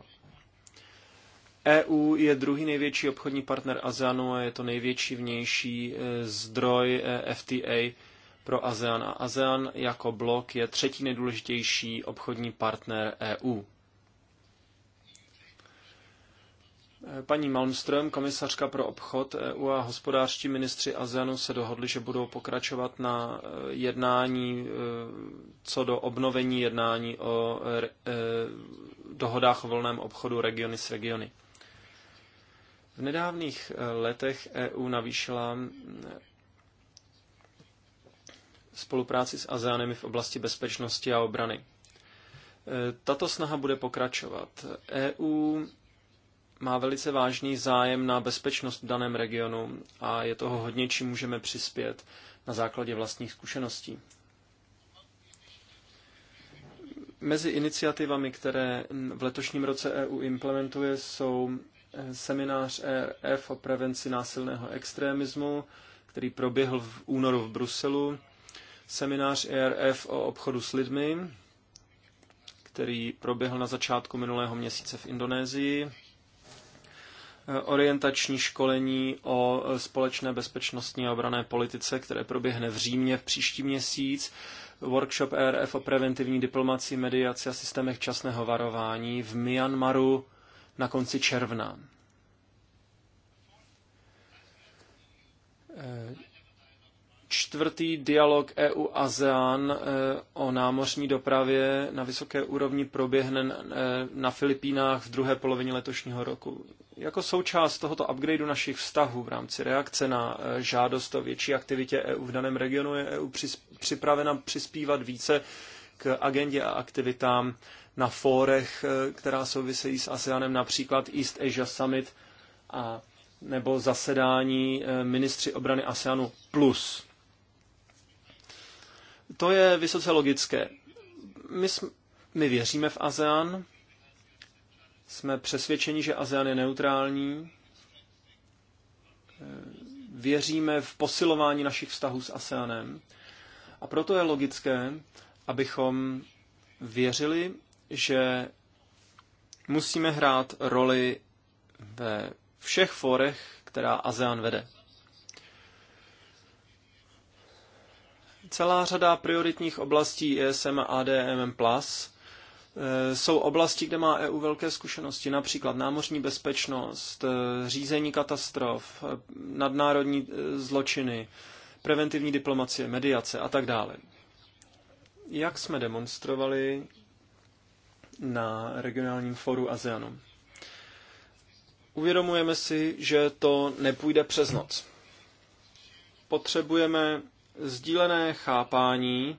EU je druhý největší obchodní partner ASEANu a je to největší vnější e, zdroj e, FTA pro ASEAN a ASEAN jako blok je třetí nejdůležitější obchodní partner EU. Paní Malmström, komisařka pro obchod EU a hospodářští ministři ASEANu se dohodli, že budou pokračovat na e, jednání e, co do obnovení jednání o e, dohodách o volném obchodu regiony s regiony. V nedávných letech EU navýšila spolupráci s ASEANem v oblasti bezpečnosti a obrany. Tato snaha bude pokračovat. EU má velice vážný zájem na bezpečnost v daném regionu a je toho hodně, čím můžeme přispět na základě vlastních zkušeností. Mezi iniciativami, které v letošním roce EU implementuje, jsou eh, seminář ERF o prevenci násilného extremismu, který proběhl v únoru v Bruselu, seminář ERF o obchodu s lidmi, který proběhl na začátku minulého měsíce v Indonésii, orientační školení o společné bezpečnostní a obrané politice, které proběhne v Římě v příští měsíc, workshop ERF o preventivní diplomaci, mediaci a systémech časného varování v Myanmaru na konci června čtvrtý dialog EU-ASEAN eh, o námořní dopravě na vysoké úrovni proběhne eh, na Filipínách v druhé polovině letošního roku. Jako součást tohoto upgradeu našich vztahů v rámci reakce na eh, žádost o větší aktivitě EU v daném regionu je EU připravena přispívat více k agendě a aktivitám na fórech, která souvisejí s ASEANem, například East Asia Summit a nebo zasedání ministři obrany ASEANu plus to je vysoce logické. My, jsme, my věříme v ASEAN, jsme přesvědčeni, že ASEAN je neutrální, eh, věříme v posilování našich vztahů s ASEANem a proto je logické, abychom věřili, že musíme hrát roli ve všech forech, která ASEAN vede. Celá řada prioritních oblastí ESM a ADM Plus eh, jsou oblasti, kde má EU velké zkušenosti, například námořní bezpečnost, eh, řízení katastrof, eh, nadnárodní zločiny, preventivní diplomacie, mediace a tak dále. Jak jsme demonstrovali na regionálním foru ASEANu? Uvědomujeme si, že to nepůjde přes noc. Potřebujeme sdílené chápání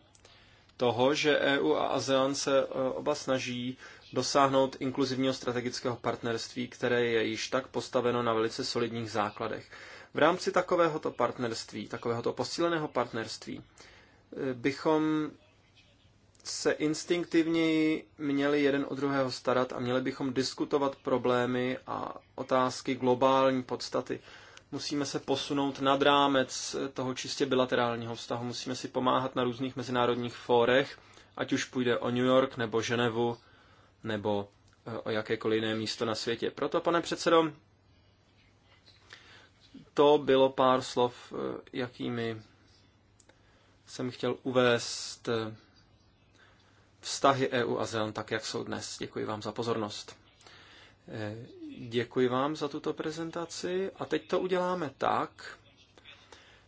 toho, že EU a ASEAN se e, oba snaží dosáhnout inkluzivního strategického partnerství, které je již tak postaveno na velice solidních základech. V rámci takovéhoto partnerství, takovéhoto posíleného partnerství, e, bychom se instinktivněji měli jeden od druhého starat a měli bychom diskutovat problémy a otázky globální podstaty. Musíme se posunout nad rámec toho čistě bilaterálního vztahu. Musíme si pomáhat na různých mezinárodních fórech, ať už půjde o New York nebo Ženevu nebo eh, o jakékoliv jiné místo na světě. Proto, pane předsedo, to bylo pár slov, eh, jakými jsem chtěl uvést eh, vztahy EU a ZEON, tak, jak jsou dnes. Děkuji vám za pozornost. Děkuji vám za tuto prezentaci a teď to uděláme tak,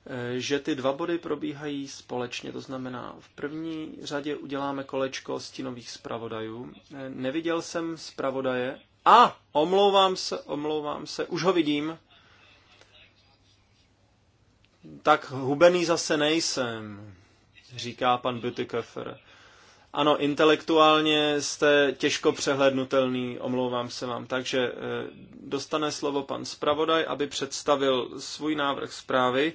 eh, že ty dva body probíhají společně. To znamená, v první řadě uděláme kolečko stínových zpravodajů. Eh, neviděl jsem zpravodaje. A, omlouvám se, omlouvám se, už ho vidím. Tak hubený zase nejsem, říká pan Bütikofer. Ano, intelektuálně jste těžko přehlednutelný, omlouvám se vám. Takže eh, dostane slovo pan zpravodaj, aby představil svůj návrh zprávy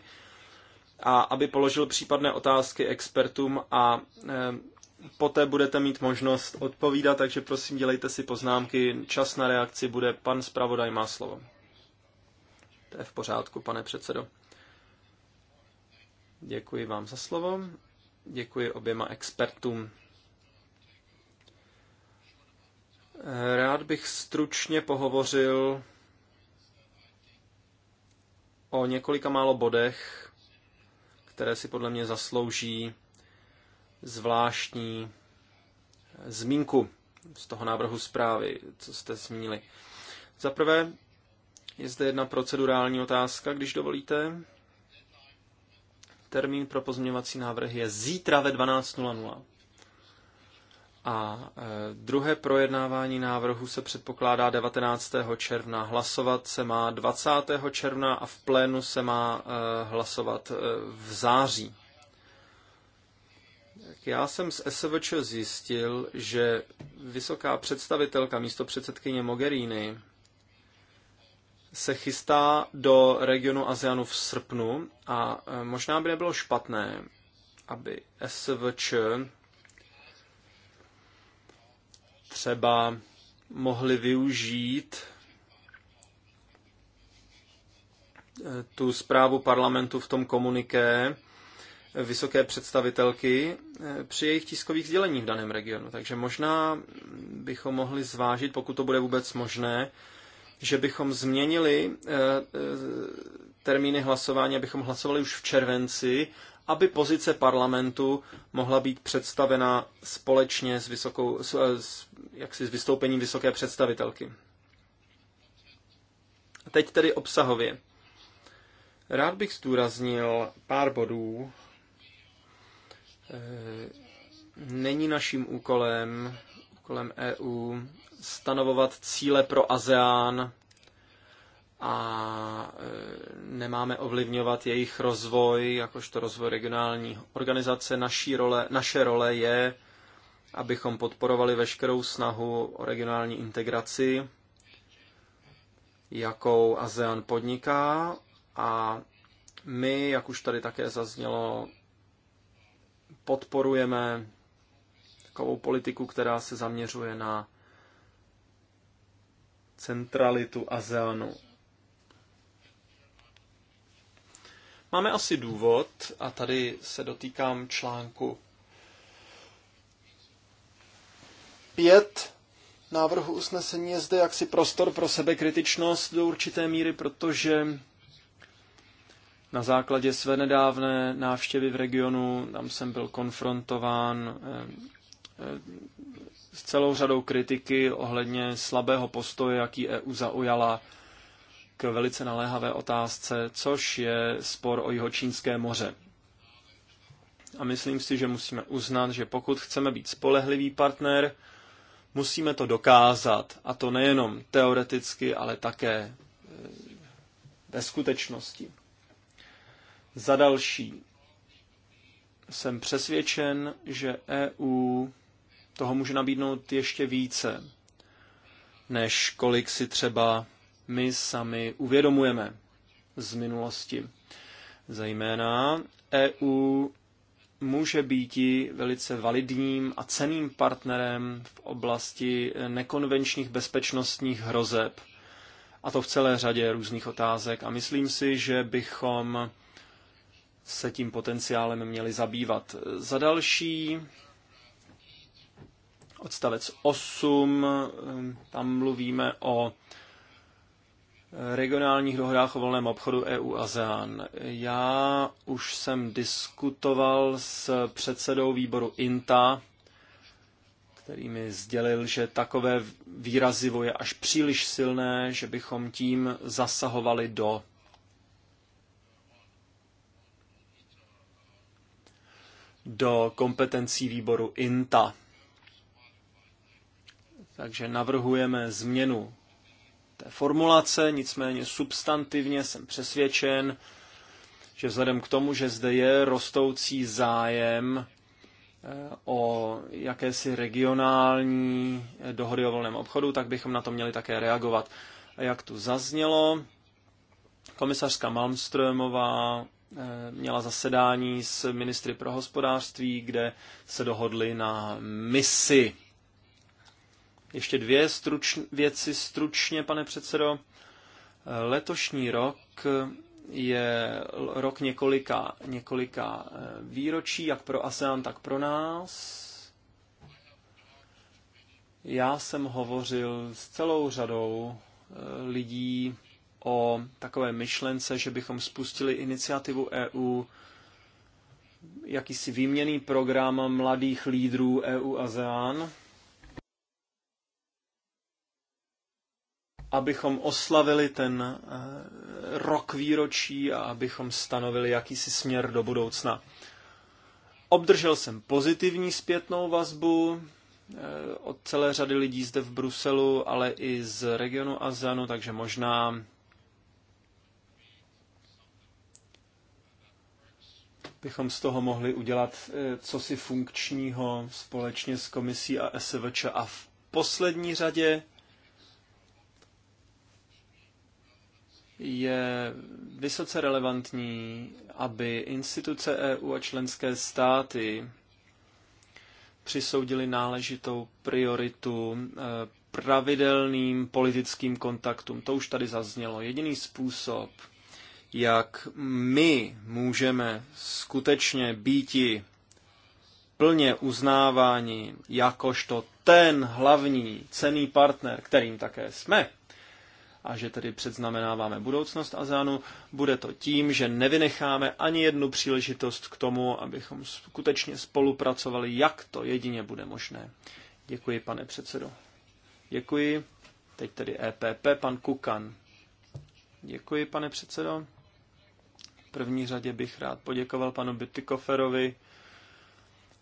a aby položil případné otázky expertům a eh, poté budete mít možnost odpovídat, takže prosím dělejte si poznámky. Čas na reakci bude, pan zpravodaj má slovo. To je v pořádku, pane předsedo. Děkuji vám za slovo. Děkuji oběma expertům. Rád bych stručně pohovořil o několika málo bodech, které si podle mě zaslouží zvláštní zmínku z toho návrhu zprávy, co jste zmínili. Za prvé, je zde jedna procedurální otázka, když dovolíte. Termín pro pozměňovací návrh je zítra ve 12.00. A e, druhé projednávání návrhu se předpokládá 19. června. Hlasovat se má 20. června a v plénu se má e, hlasovat e, v září. Já jsem z SVČ zjistil, že vysoká představitelka místo předsedkyně Mogherini se chystá do regionu ASEANu v srpnu a možná by nebylo špatné, aby SVČ třeba mohli využít eh, tu zprávu parlamentu v tom komuniké eh, vysoké představitelky eh, při jejich tiskových sděleních v daném regionu. Takže možná bychom mohli zvážit, pokud to bude vůbec možné, že bychom změnili termíny hlasování, abychom hlasovali už v červenci aby pozice parlamentu mohla být představena společně s, vysokou, s, s, jaksi s vystoupením vysoké představitelky. Teď tedy obsahově. Rád bych zdůraznil pár bodů. Eh, není naším úkolem, úkolem EU, stanovovat cíle pro ASEAN a e, nemáme ovlivňovat jejich rozvoj, jakožto rozvoj regionální organizace. Naší role, naše role je, abychom podporovali veškerou snahu o regionální integraci, jakou ASEAN podniká a my, jak už tady také zaznělo, podporujeme takovou politiku, která se zaměřuje na centralitu ASEANu Máme asi důvod, a tady se dotýkám článku pět. návrhu usnesení je zde jaksi prostor pro sebekritičnost do určité míry, protože na základě své nedávné návštěvy v regionu, tam jsem byl konfrontován eh, eh, s celou řadou kritiky ohledně slabého postoje, jaký EU zaujala k velice naléhavé otázce, což je spor o Jihočínské moře. A myslím si, že musíme uznat, že pokud chceme být spolehlivý partner, musíme to dokázat. A to nejenom teoreticky, ale také e, ve skutečnosti. Za další, jsem přesvědčen, že EU toho může nabídnout ještě více, než kolik si třeba my sami uvědomujeme z minulosti. Zejména EU může být velice validním a ceným partnerem v oblasti nekonvenčních bezpečnostních hrozeb, a to v celé řadě různých otázek. A myslím si, že bychom se tím potenciálem měli zabývat. Za další odstavec 8, tam mluvíme o regionálních dohodách o volném obchodu EU ASEAN. Já už jsem diskutoval s předsedou výboru INTA, který mi sdělil, že takové výrazivo je až příliš silné, že bychom tím zasahovali do do kompetencí výboru INTA. Takže navrhujeme změnu té formulace, nicméně substantivně jsem přesvědčen, že vzhledem k tomu, že zde je rostoucí zájem eh, o jakési regionální eh, dohody o volném obchodu, tak bychom na to měli také reagovat. A jak tu zaznělo, komisařka Malmströmová eh, měla zasedání s ministry pro hospodářství, kde se dohodli na misi ještě dvě struč, věci stručně, pane předsedo. Letošní rok je rok několika, několika eh, výročí, jak pro ASEAN, tak pro nás. Já jsem hovořil s celou řadou eh, lidí o takové myšlence, že bychom spustili iniciativu EU, jakýsi výměný program mladých lídrů EU ASEAN, abychom oslavili ten eh, rok výročí a abychom stanovili jakýsi směr do budoucna. Obdržel jsem pozitivní zpětnou vazbu eh, od celé řady lidí zde v Bruselu, ale i z regionu ASEANu, takže možná bychom z toho mohli udělat eh, cosi funkčního společně s komisí a SVČ. A v poslední řadě je vysoce relevantní, aby instituce EU a členské státy přisoudili náležitou prioritu eh, pravidelným politickým kontaktům. To už tady zaznělo. Jediný způsob, jak my můžeme skutečně býti plně uznáváni jakožto ten hlavní cený partner, kterým také jsme, a že tedy předznamenáváme budoucnost Azánu, bude to tím, že nevynecháme ani jednu příležitost k tomu, abychom skutečně spolupracovali, jak to jedině bude možné. Děkuji, pane předsedo. Děkuji. Teď tedy EPP, pan Kukan. Děkuji, pane předsedo. V první řadě bych rád poděkoval panu Bytykoferovi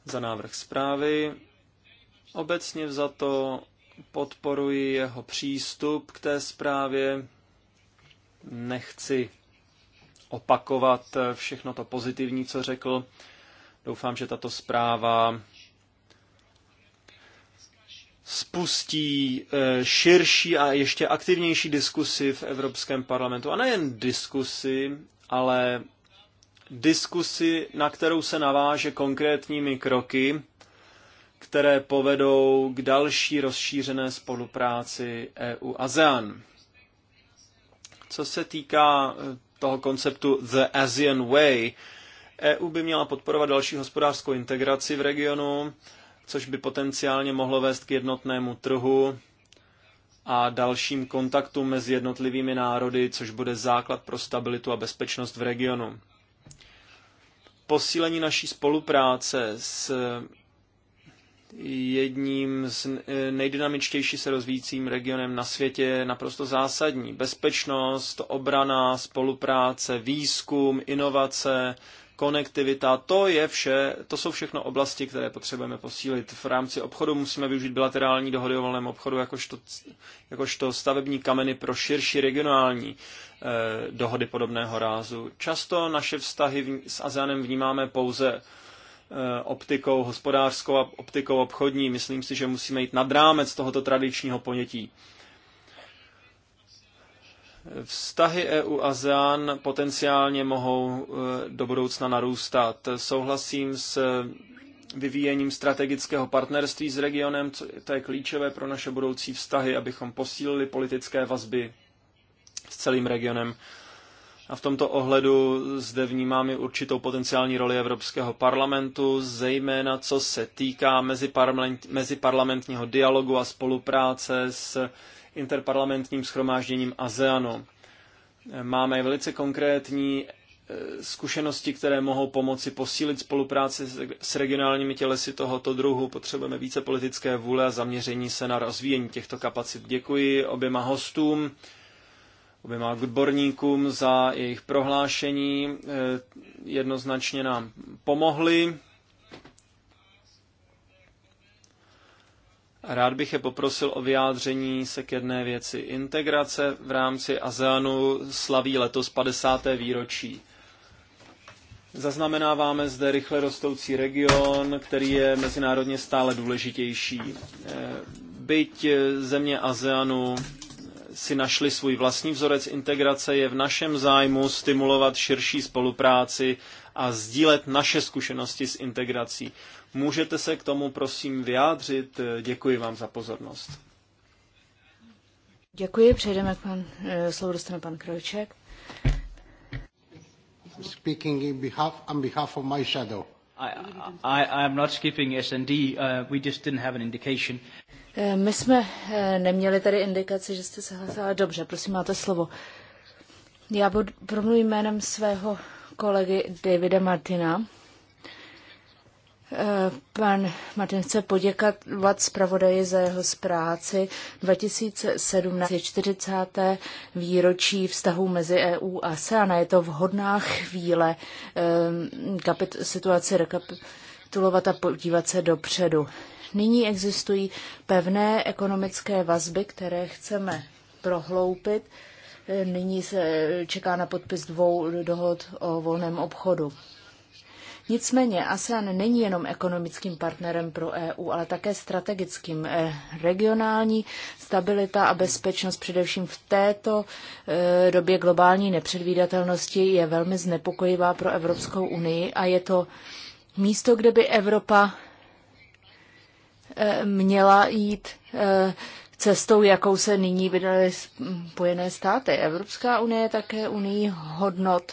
za návrh zprávy. Obecně za to podporuji jeho přístup k té zprávě. Nechci opakovat všechno to pozitivní, co řekl. Doufám, že tato zpráva spustí eh, širší a ještě aktivnější diskusy v Evropském parlamentu. A nejen diskusy, ale diskusy, na kterou se naváže konkrétními kroky, které povedou k další rozšířené spolupráci EU-ASEAN. Co se týká eh, toho konceptu The ASEAN Way, EU by měla podporovat další hospodářskou integraci v regionu, což by potenciálně mohlo vést k jednotnému trhu a dalším kontaktům mezi jednotlivými národy, což bude základ pro stabilitu a bezpečnost v regionu. Posílení naší spolupráce s jedním z eh, nejdynamičtější se rozvíjícím regionem na světě je naprosto zásadní. Bezpečnost, obrana, spolupráce, výzkum, inovace, konektivita, to je vše, to jsou všechno oblasti, které potřebujeme posílit. V rámci obchodu musíme využít bilaterální dohody o volném obchodu jakožto, jakožto stavební kameny pro širší regionální eh, dohody podobného rázu. Často naše vztahy v, s ASEANem vnímáme pouze eh, Eh, optikou hospodářskou a optikou obchodní. Myslím si, že musíme jít nad rámec tohoto tradičního ponětí. Vztahy EU-ASEAN potenciálně mohou eh, do budoucna narůstat. Souhlasím s vyvíjením strategického partnerství s regionem, to je klíčové pro naše budoucí vztahy, abychom posílili politické vazby s celým regionem a v tomto ohledu zde vnímám i určitou potenciální roli Evropského parlamentu, zejména co se týká meziparlamentního dialogu a spolupráce s interparlamentním schromážděním ASEANu. Máme velice konkrétní eh, zkušenosti, které mohou pomoci posílit spolupráci s regionálními tělesy tohoto druhu. Potřebujeme více politické vůle a zaměření se na rozvíjení těchto kapacit. Děkuji oběma hostům oběma odborníkům za jejich prohlášení. Eh, jednoznačně nám pomohli. Rád bych je poprosil o vyjádření se k jedné věci. Integrace v rámci ASEANu slaví letos 50. výročí. Zaznamenáváme zde rychle rostoucí region, který je mezinárodně stále důležitější. Eh, byť eh, země ASEANu si našli svůj vlastní vzorec integrace, je v našem zájmu stimulovat širší spolupráci a sdílet naše zkušenosti s integrací. Můžete se k tomu prosím vyjádřit? Děkuji vám za pozornost. Děkuji, přejdeme k pan, eh, slovo dostane pan Krojček. Speaking in behalf, on behalf of my shadow. I, I, I am not skipping S&D. Uh, we just didn't have an indication. Eh, my jsme eh, neměli tady indikaci, že jste se hlasila. Dobře, prosím, máte slovo. Já budu, promluvím jménem svého kolegy Davida Martina. Eh, pan Martin chce poděkovat zpravodaji za jeho zpráci 2017 40. výročí vztahů mezi EU a e ASEAN. Je to vhodná chvíle kapit- situaci rekapitulovat a podívat se dopředu nyní existují pevné ekonomické vazby, které chceme prohloupit. Nyní se čeká na podpis dvou dohod o volném obchodu. Nicméně ASEAN není jenom ekonomickým partnerem pro EU, ale také strategickým. Eh, regionální stabilita a bezpečnost především v této eh, době globální nepředvídatelnosti je velmi znepokojivá pro Evropskou unii a je to místo, kde by Evropa Eh, měla jít eh, cestou, jakou se nyní vydaly Spojené státy. Evropská unie je také unii hodnot.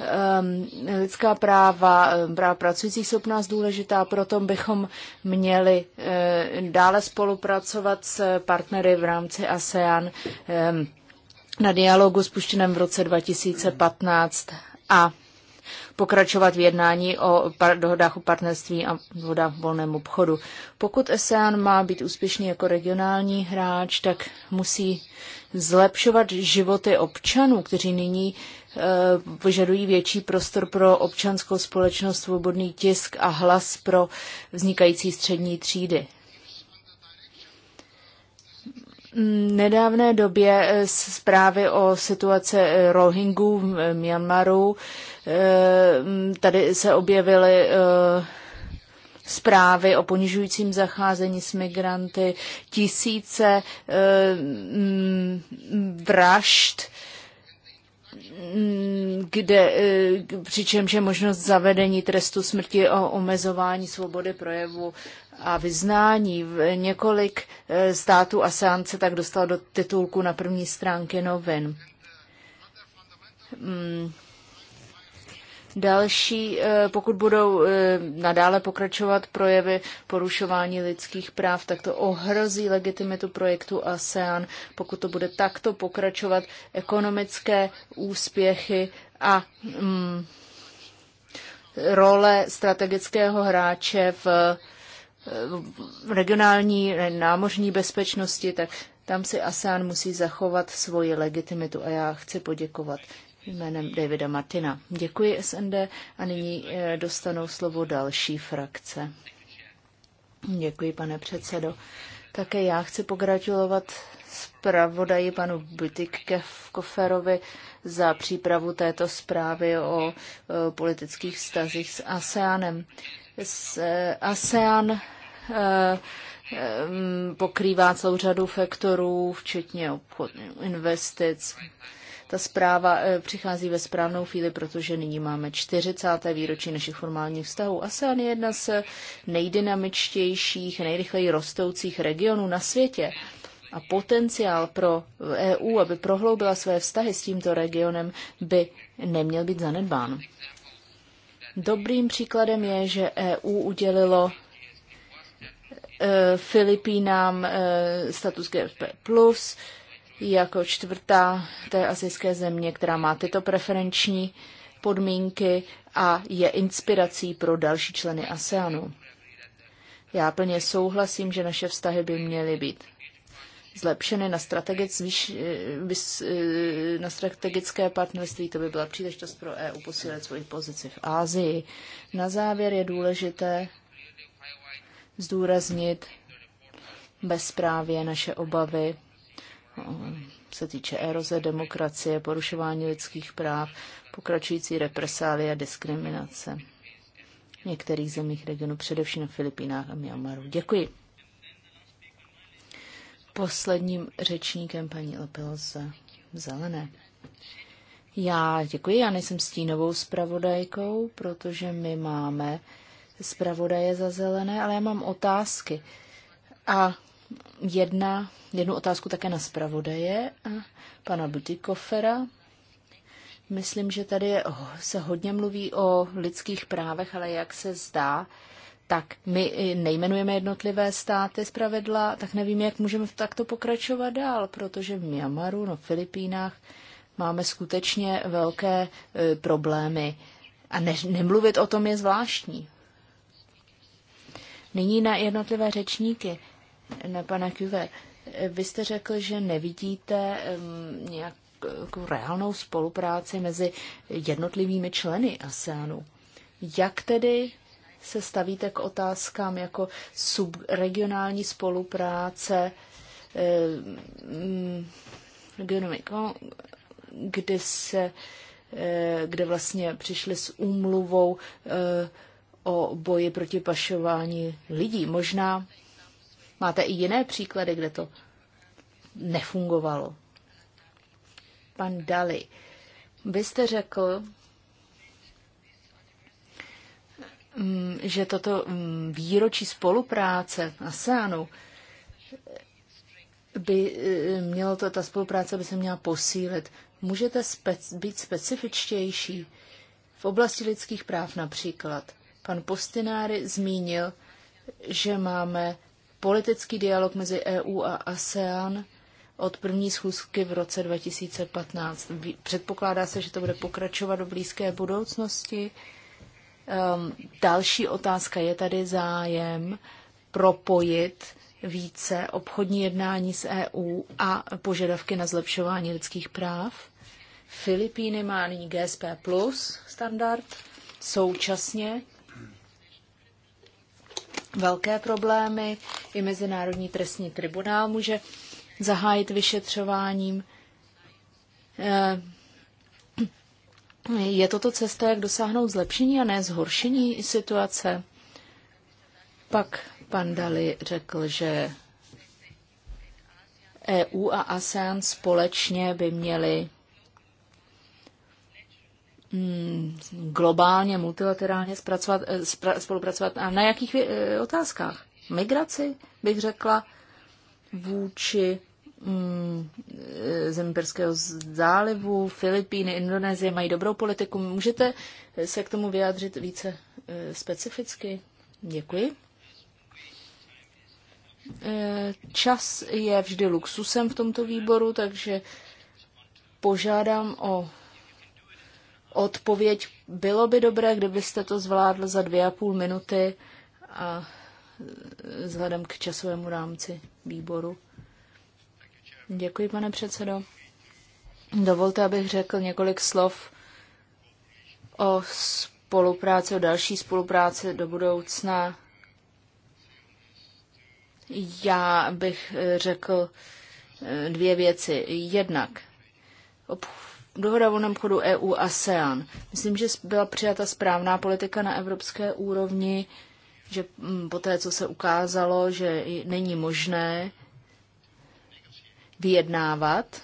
Ehm, lidská práva, ehm, práva pracujících jsou pro nás důležitá, proto bychom měli eh, dále spolupracovat s partnery v rámci ASEAN ehm, na dialogu spuštěném v roce 2015 a pokračovat v jednání o par- dohodách o partnerství a dohodách o volném obchodu. Pokud ASEAN má být úspěšný jako regionální hráč, tak musí zlepšovat životy občanů, kteří nyní požadují eh, větší prostor pro občanskou společnost, svobodný tisk a hlas pro vznikající střední třídy nedávné době eh, zprávy o situaci eh, Rohingů v eh, Myanmaru. Tady se objevily zprávy o ponižujícím zacházení s migranty, tisíce mm, vražd, mm, kde, přičemž je možnost zavedení trestu smrti o omezování svobody projevu a vyznání. Několik eh, států ASEAN se tak dostal do titulku na první stránky novin. Hmm. Další, eh, pokud budou eh, nadále pokračovat projevy porušování lidských práv, tak to ohrozí legitimitu projektu ASEAN. Pokud to bude takto pokračovat, ekonomické úspěchy a mm, role strategického hráče v Eh, regionální námořní bezpečnosti, tak tam si ASEAN musí zachovat svoji legitimitu a já chci poděkovat jménem Davida Martina. Děkuji SND a nyní eh, dostanou slovo další frakce. Děkuji, pane předsedo. Také já chci pogratulovat zpravodaji panu Bytik Koferovi za přípravu této zprávy o eh, politických vztazích s ASEANem. Eh, ASEAN eh, pokrývá celou řadu faktorů, včetně investic. Ta zpráva eh, přichází ve správnou chvíli, protože nyní máme 40. výročí našich formálních vztahů. ASEAN je jedna z nejdynamičtějších, nejrychleji rostoucích regionů na světě. A potenciál pro EU, aby prohloubila své vztahy s tímto regionem, by neměl být zanedbán. Dobrým příkladem je, že EU udělilo e, Filipínám e, status GFP+, jako čtvrtá té asijské země, která má tyto preferenční podmínky a je inspirací pro další členy ASEANu. Já plně souhlasím, že naše vztahy by měly být zlepšeny na, strategic, vyš, eh, vys, eh, na strategické partnerství. To by byla příležitost pro EU posílit svoji pozici v Ázii. Na závěr je důležité zdůraznit bezprávě naše obavy eh, se týče eroze demokracie, porušování lidských práv, pokračující represálie a diskriminace v některých zemích regionu, především na Filipínách a Myanmaru. Děkuji posledním řečníkem paní Lepil z Zelené. Já děkuji, já nejsem stínovou zpravodajkou, protože my máme zpravodaje za zelené, ale já mám otázky. A jedna, jednu otázku také na zpravodaje a pana Butikofera. Myslím, že tady se hodně mluví o lidských právech, ale jak se zdá, tak my nejmenujeme jednotlivé státy z pravidla, tak nevím, jak můžeme v takto pokračovat dál, protože v Myanmaru, no v Filipínách máme skutečně velké e, problémy. A ne, nemluvit o tom je zvláštní. Nyní na jednotlivé řečníky, na pana Kuve. Vy jste řekl, že nevidíte um, nějakou reálnou spolupráci mezi jednotlivými členy ASEANu. Jak tedy se stavíte k otázkám jako subregionální spolupráce, eh, mm, no, kdy se, eh, kde vlastně přišli s úmluvou eh, o boji proti pašování lidí. Možná máte i jiné příklady, kde to nefungovalo. Pan Dali, vy jste řekl, Mm, že toto mm, výročí spolupráce ASEANu by eh, mělo to, ta spolupráce by se měla posílit. Můžete spec, být specifičtější v oblasti lidských práv například. Pan Postináry zmínil, že máme politický dialog mezi EU a ASEAN od první schůzky v roce 2015. Předpokládá se, že to bude pokračovat do blízké budoucnosti. Ehm, další otázka je tady zájem propojit více obchodní jednání s EU a požadavky na zlepšování lidských práv. Filipíny má nyní GSP plus standard. Současně velké problémy. I Mezinárodní trestní tribunál může zahájit vyšetřováním. Ehm, je toto cesta, jak dosáhnout zlepšení a ne zhoršení situace? Pak pan Dali řekl, že EU a ASEAN společně by měly mm, globálně, multilaterálně zpracovat, eh, spolupracovat. A na jakých eh, otázkách? Migraci, bych řekla, vůči Mm, zemí Perského zálivu, Filipíny, Indonésie mají dobrou politiku. Můžete se k tomu vyjádřit více eh, specificky? Děkuji. Eh, čas je vždy luxusem v tomto výboru, takže požádám o odpověď. Bylo by dobré, kdybyste to zvládl za dvě a půl minuty a eh, vzhledem k časovému rámci výboru. Děkuji, pane předsedo. Dovolte, abych řekl několik slov o spolupráci, o další spolupráci do budoucna. Já bych eh, řekl eh, dvě věci. Jednak dohoda o obchodu chodu e EU ASEAN. Myslím, že byla přijata správná politika na evropské úrovni, že mm, po té, co se ukázalo, že není možné vyjednávat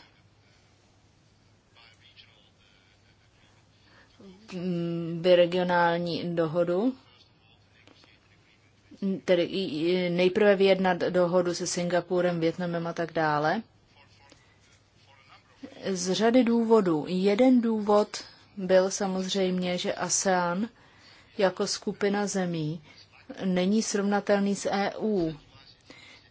by regionální dohodu, tedy nejprve vyjednat dohodu se Singapurem, Větnamem a tak dále. Z řady důvodů. Jeden důvod byl samozřejmě, že ASEAN jako skupina zemí není srovnatelný s EU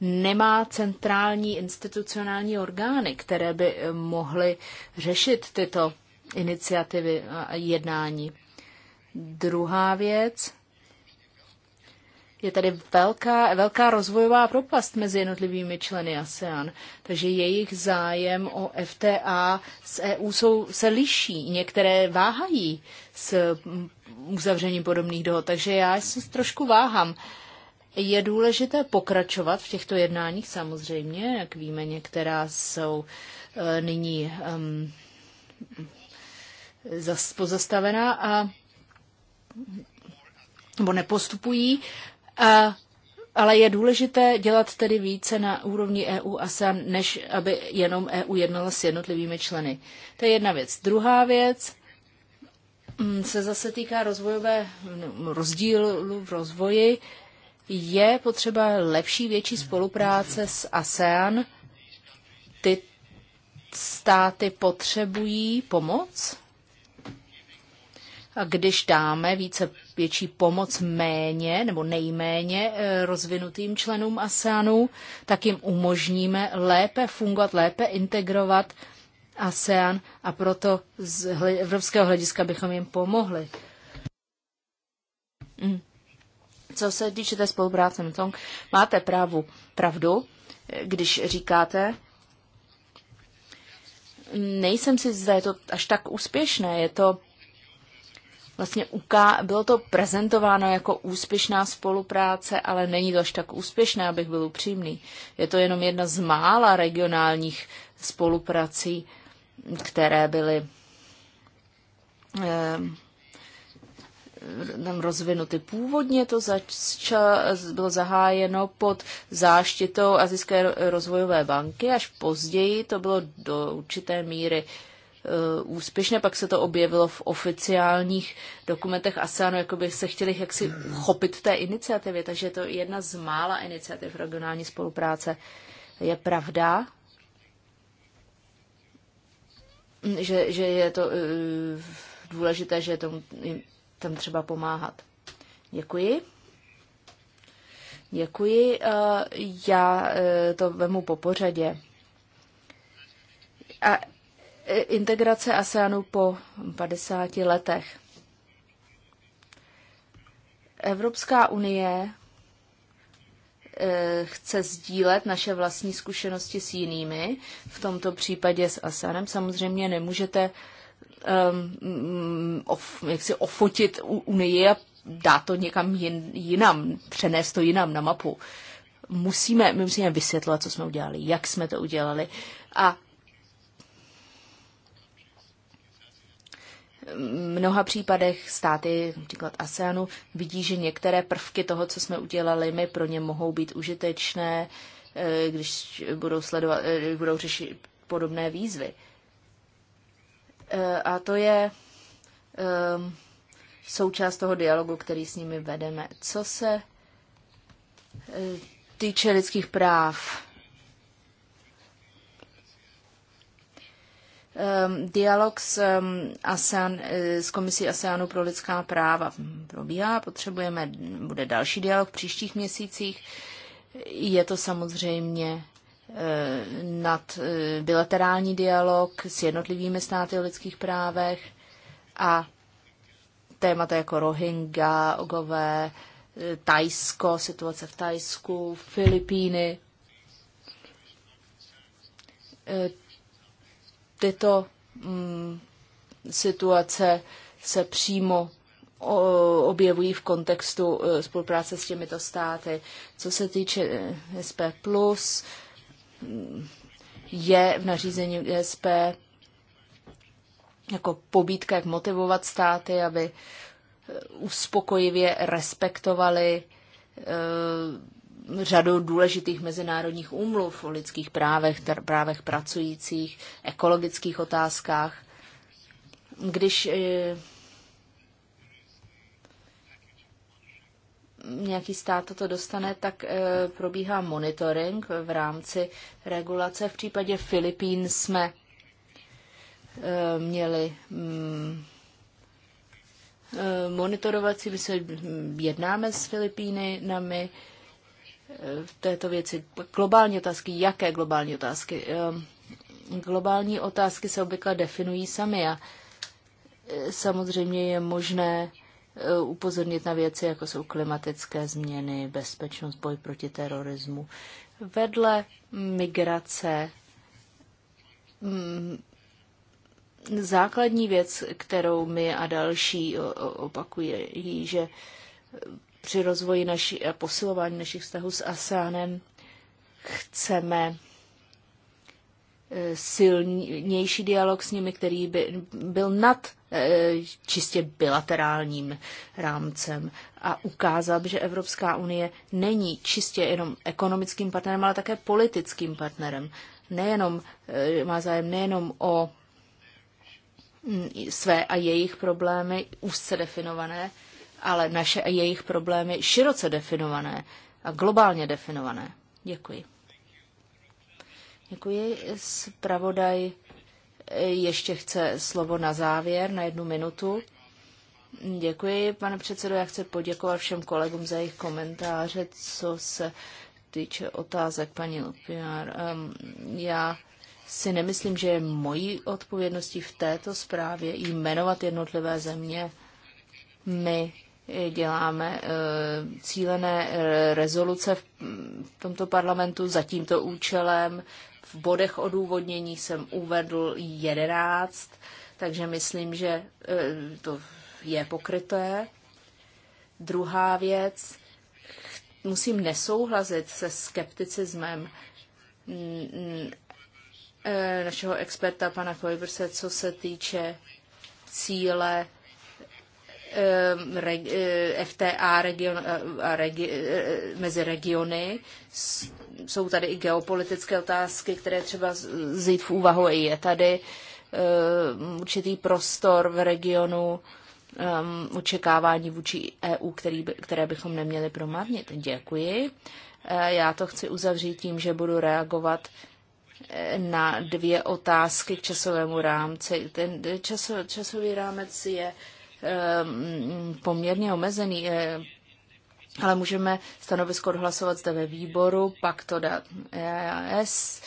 nemá centrální institucionální orgány, které by eh, mohly řešit tyto iniciativy a jednání. Druhá věc, je tady velká, velká rozvojová propast mezi jednotlivými členy ASEAN, takže jejich zájem o FTA s EU jsou, se liší. Některé váhají s mm, uzavřením podobných dohod, takže já se trošku váhám. Uh, je důležité pokračovat v těchto jednáních samozřejmě, jak víme, některá jsou eh, nyní um, pozastavená a nebo nepostupují. A ale je důležité dělat tedy více na úrovni EU a SAN, než aby jenom EU jednala s jednotlivými členy. To je jedna věc. Druhá věc mm, se zase týká rozvojové no, rozdílu v rozvoji je potřeba lepší, větší spolupráce s ASEAN. Ty státy potřebují pomoc? A když dáme více větší pomoc méně nebo nejméně eh, rozvinutým členům ASEANu, tak jim umožníme lépe fungovat, lépe integrovat ASEAN a proto z evropského hlediska bychom jim pomohli. Mm. Co se týče té spolupráce, tom, máte právu, pravdu, když říkáte, nejsem si zda, je to až tak úspěšné, je to vlastně uká- bylo to prezentováno jako úspěšná spolupráce, ale není to až tak úspěšné, abych byl upřímný. Je to jenom jedna z mála regionálních spoluprací, které byly eh, tam rozvinuty. Původně to zača, bylo zahájeno pod záštitou Azijské rozvojové banky, až později to bylo do určité míry e, úspěšně. pak se to objevilo v oficiálních dokumentech ASEANu, jako by se chtěli jaksi chopit té iniciativy, takže to je jedna z mála iniciativ regionální spolupráce. Je pravda, že, že je to e, důležité, že je to tam třeba pomáhat. Děkuji. Děkuji. Eh, já eh, to vemu po pořadě. A eh, integrace ASEANu po 50 letech. Evropská unie chce sdílet naše vlastní zkušenosti s jinými, v tomto případě s ASEANem. Samozřejmě nemůžete um, mm, of, si ofotit Unii a dát to někam jin, jinam, přenést to jinam na mapu. Musíme, my musíme vysvětlovat, co jsme udělali, jak jsme to udělali a mnoha případech státy, například ASEANu, vidí, že některé prvky toho, co jsme udělali my, pro ně mohou být užitečné, eh, když budou, sledovat, eh, budou řešit podobné výzvy. Eh, a to je ehm, součást toho dialogu, který s nimi vedeme. Co se eh, týče lidských práv, ehm, Dialog s, ehm, ASEAN, eh, s komisí ASEANu pro lidská práva probíhá, potřebujeme, bude další dialog v příštích měsících. Je to samozřejmě Eh, nad eh, bilaterální dialog s jednotlivými státy o lidských právech a témata jako Rohingya, Ogové, eh, Tajsko, situace v Tajsku, Filipíny. Tyto mm, situace se přímo objevují v kontextu spolupráce s těmito státy. Co se týče SP+, je v nařízení GSP jako pobídka, jak motivovat státy, aby eh, uspokojivě respektovali eh, řadu důležitých mezinárodních úmluv o lidských právech, právech pracujících, ekologických otázkách. Když eh, nějaký stát toto dostane, tak e, probíhá monitoring v rámci regulace. V případě Filipín jsme e, měli mm, e, monitorovací, my se jednáme s Filipíny, nami v této věci. Globální otázky, jaké globální otázky? Globální otázky se obvykle definují sami a samozřejmě je možné Eh, upozornit na věci, jako jsou klimatické změny, bezpečnost, boj proti terorismu. Vedle migrace mm, základní věc, kterou my a další opakují, že při rozvoji naší a posilování našich vztahů s ASEANem chceme silnější dialog s nimi, který by byl nad eh, čistě bilaterálním rámcem a ukázal, že Evropská unie není čistě jenom ekonomickým partnerem, ale také politickým partnerem. Nejenom, eh, má zájem nejenom o mm, své a jejich problémy úzce definované, ale naše a jejich problémy široce definované a globálně definované. Děkuji. Děkuji. Zpravodaj eh, ještě chce slovo na závěr, na jednu minutu. Děkuji, pane předsedo. Já chci poděkovat všem kolegům za jejich komentáře, co se týče otázek paní Lupinár. já si nemyslím, že je mojí odpovědností v této zprávě jmenovat jednotlivé země. My eh, děláme eh, cílené rezoluce v tomto parlamentu za tímto účelem. V bodech odůvodnění jsem uvedl 11, takže myslím, že e, to je pokryté. Druhá věc, musím nesouhlasit se skepticismem e, našeho experta pana Kojbrse, co se týče cíle e, FTA region, a regi, mezi regiony jsou tady i geopolitické otázky, které třeba vzít v úvahu. I je tady eh, určitý prostor v regionu eh, očekávání vůči EU, který by, které bychom neměli promarnit. Děkuji. Eh, já to chci uzavřít tím, že budu reagovat na dvě otázky k časovému rámci. Ten časový rámec je poměrně omezený ale můžeme stanovisko odhlasovat zde ve výboru, pak to dát EAS,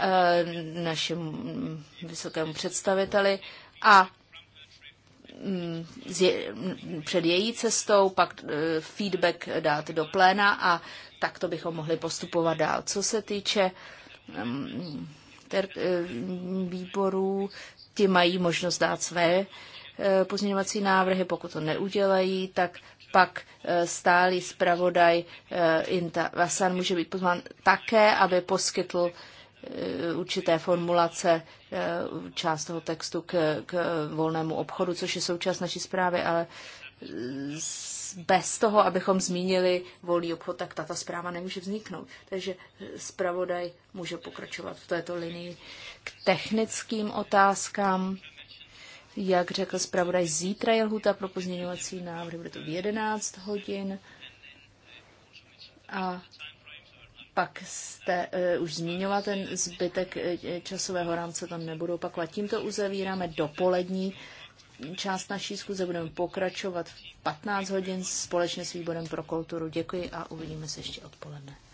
eh, našemu mm, vysokému představiteli a mm, mm, před její cestou, pak eh, feedback dát do pléna a tak to bychom mohli postupovat dál. Co se týče eh, výborů, ti mají možnost dát své pozměňovací návrhy, pokud to neudělají, tak pak eh, stálý zpravodaj eh, Inta Vasan může být pozván také, aby poskytl eh, určité formulace část toho textu k, k volnému obchodu, což je součást naší zprávy, ale bez toho, abychom zmínili volný obchod, tak tato zpráva nemůže vzniknout. Takže zpravodaj může pokračovat v této linii k technickým otázkám. Jak řekl zpravodaj, zítra je lhuta pro pozměňovací návrhy, bude to v 11 hodin. A pak jste uh, už zmiňoval ten zbytek eh, časového rámce, tam nebudu opakovat. Tímto uzavíráme dopolední část naší zkuze. Budeme pokračovat v 15 hodin společně s výborem pro kulturu. Děkuji a uvidíme se ještě odpoledne.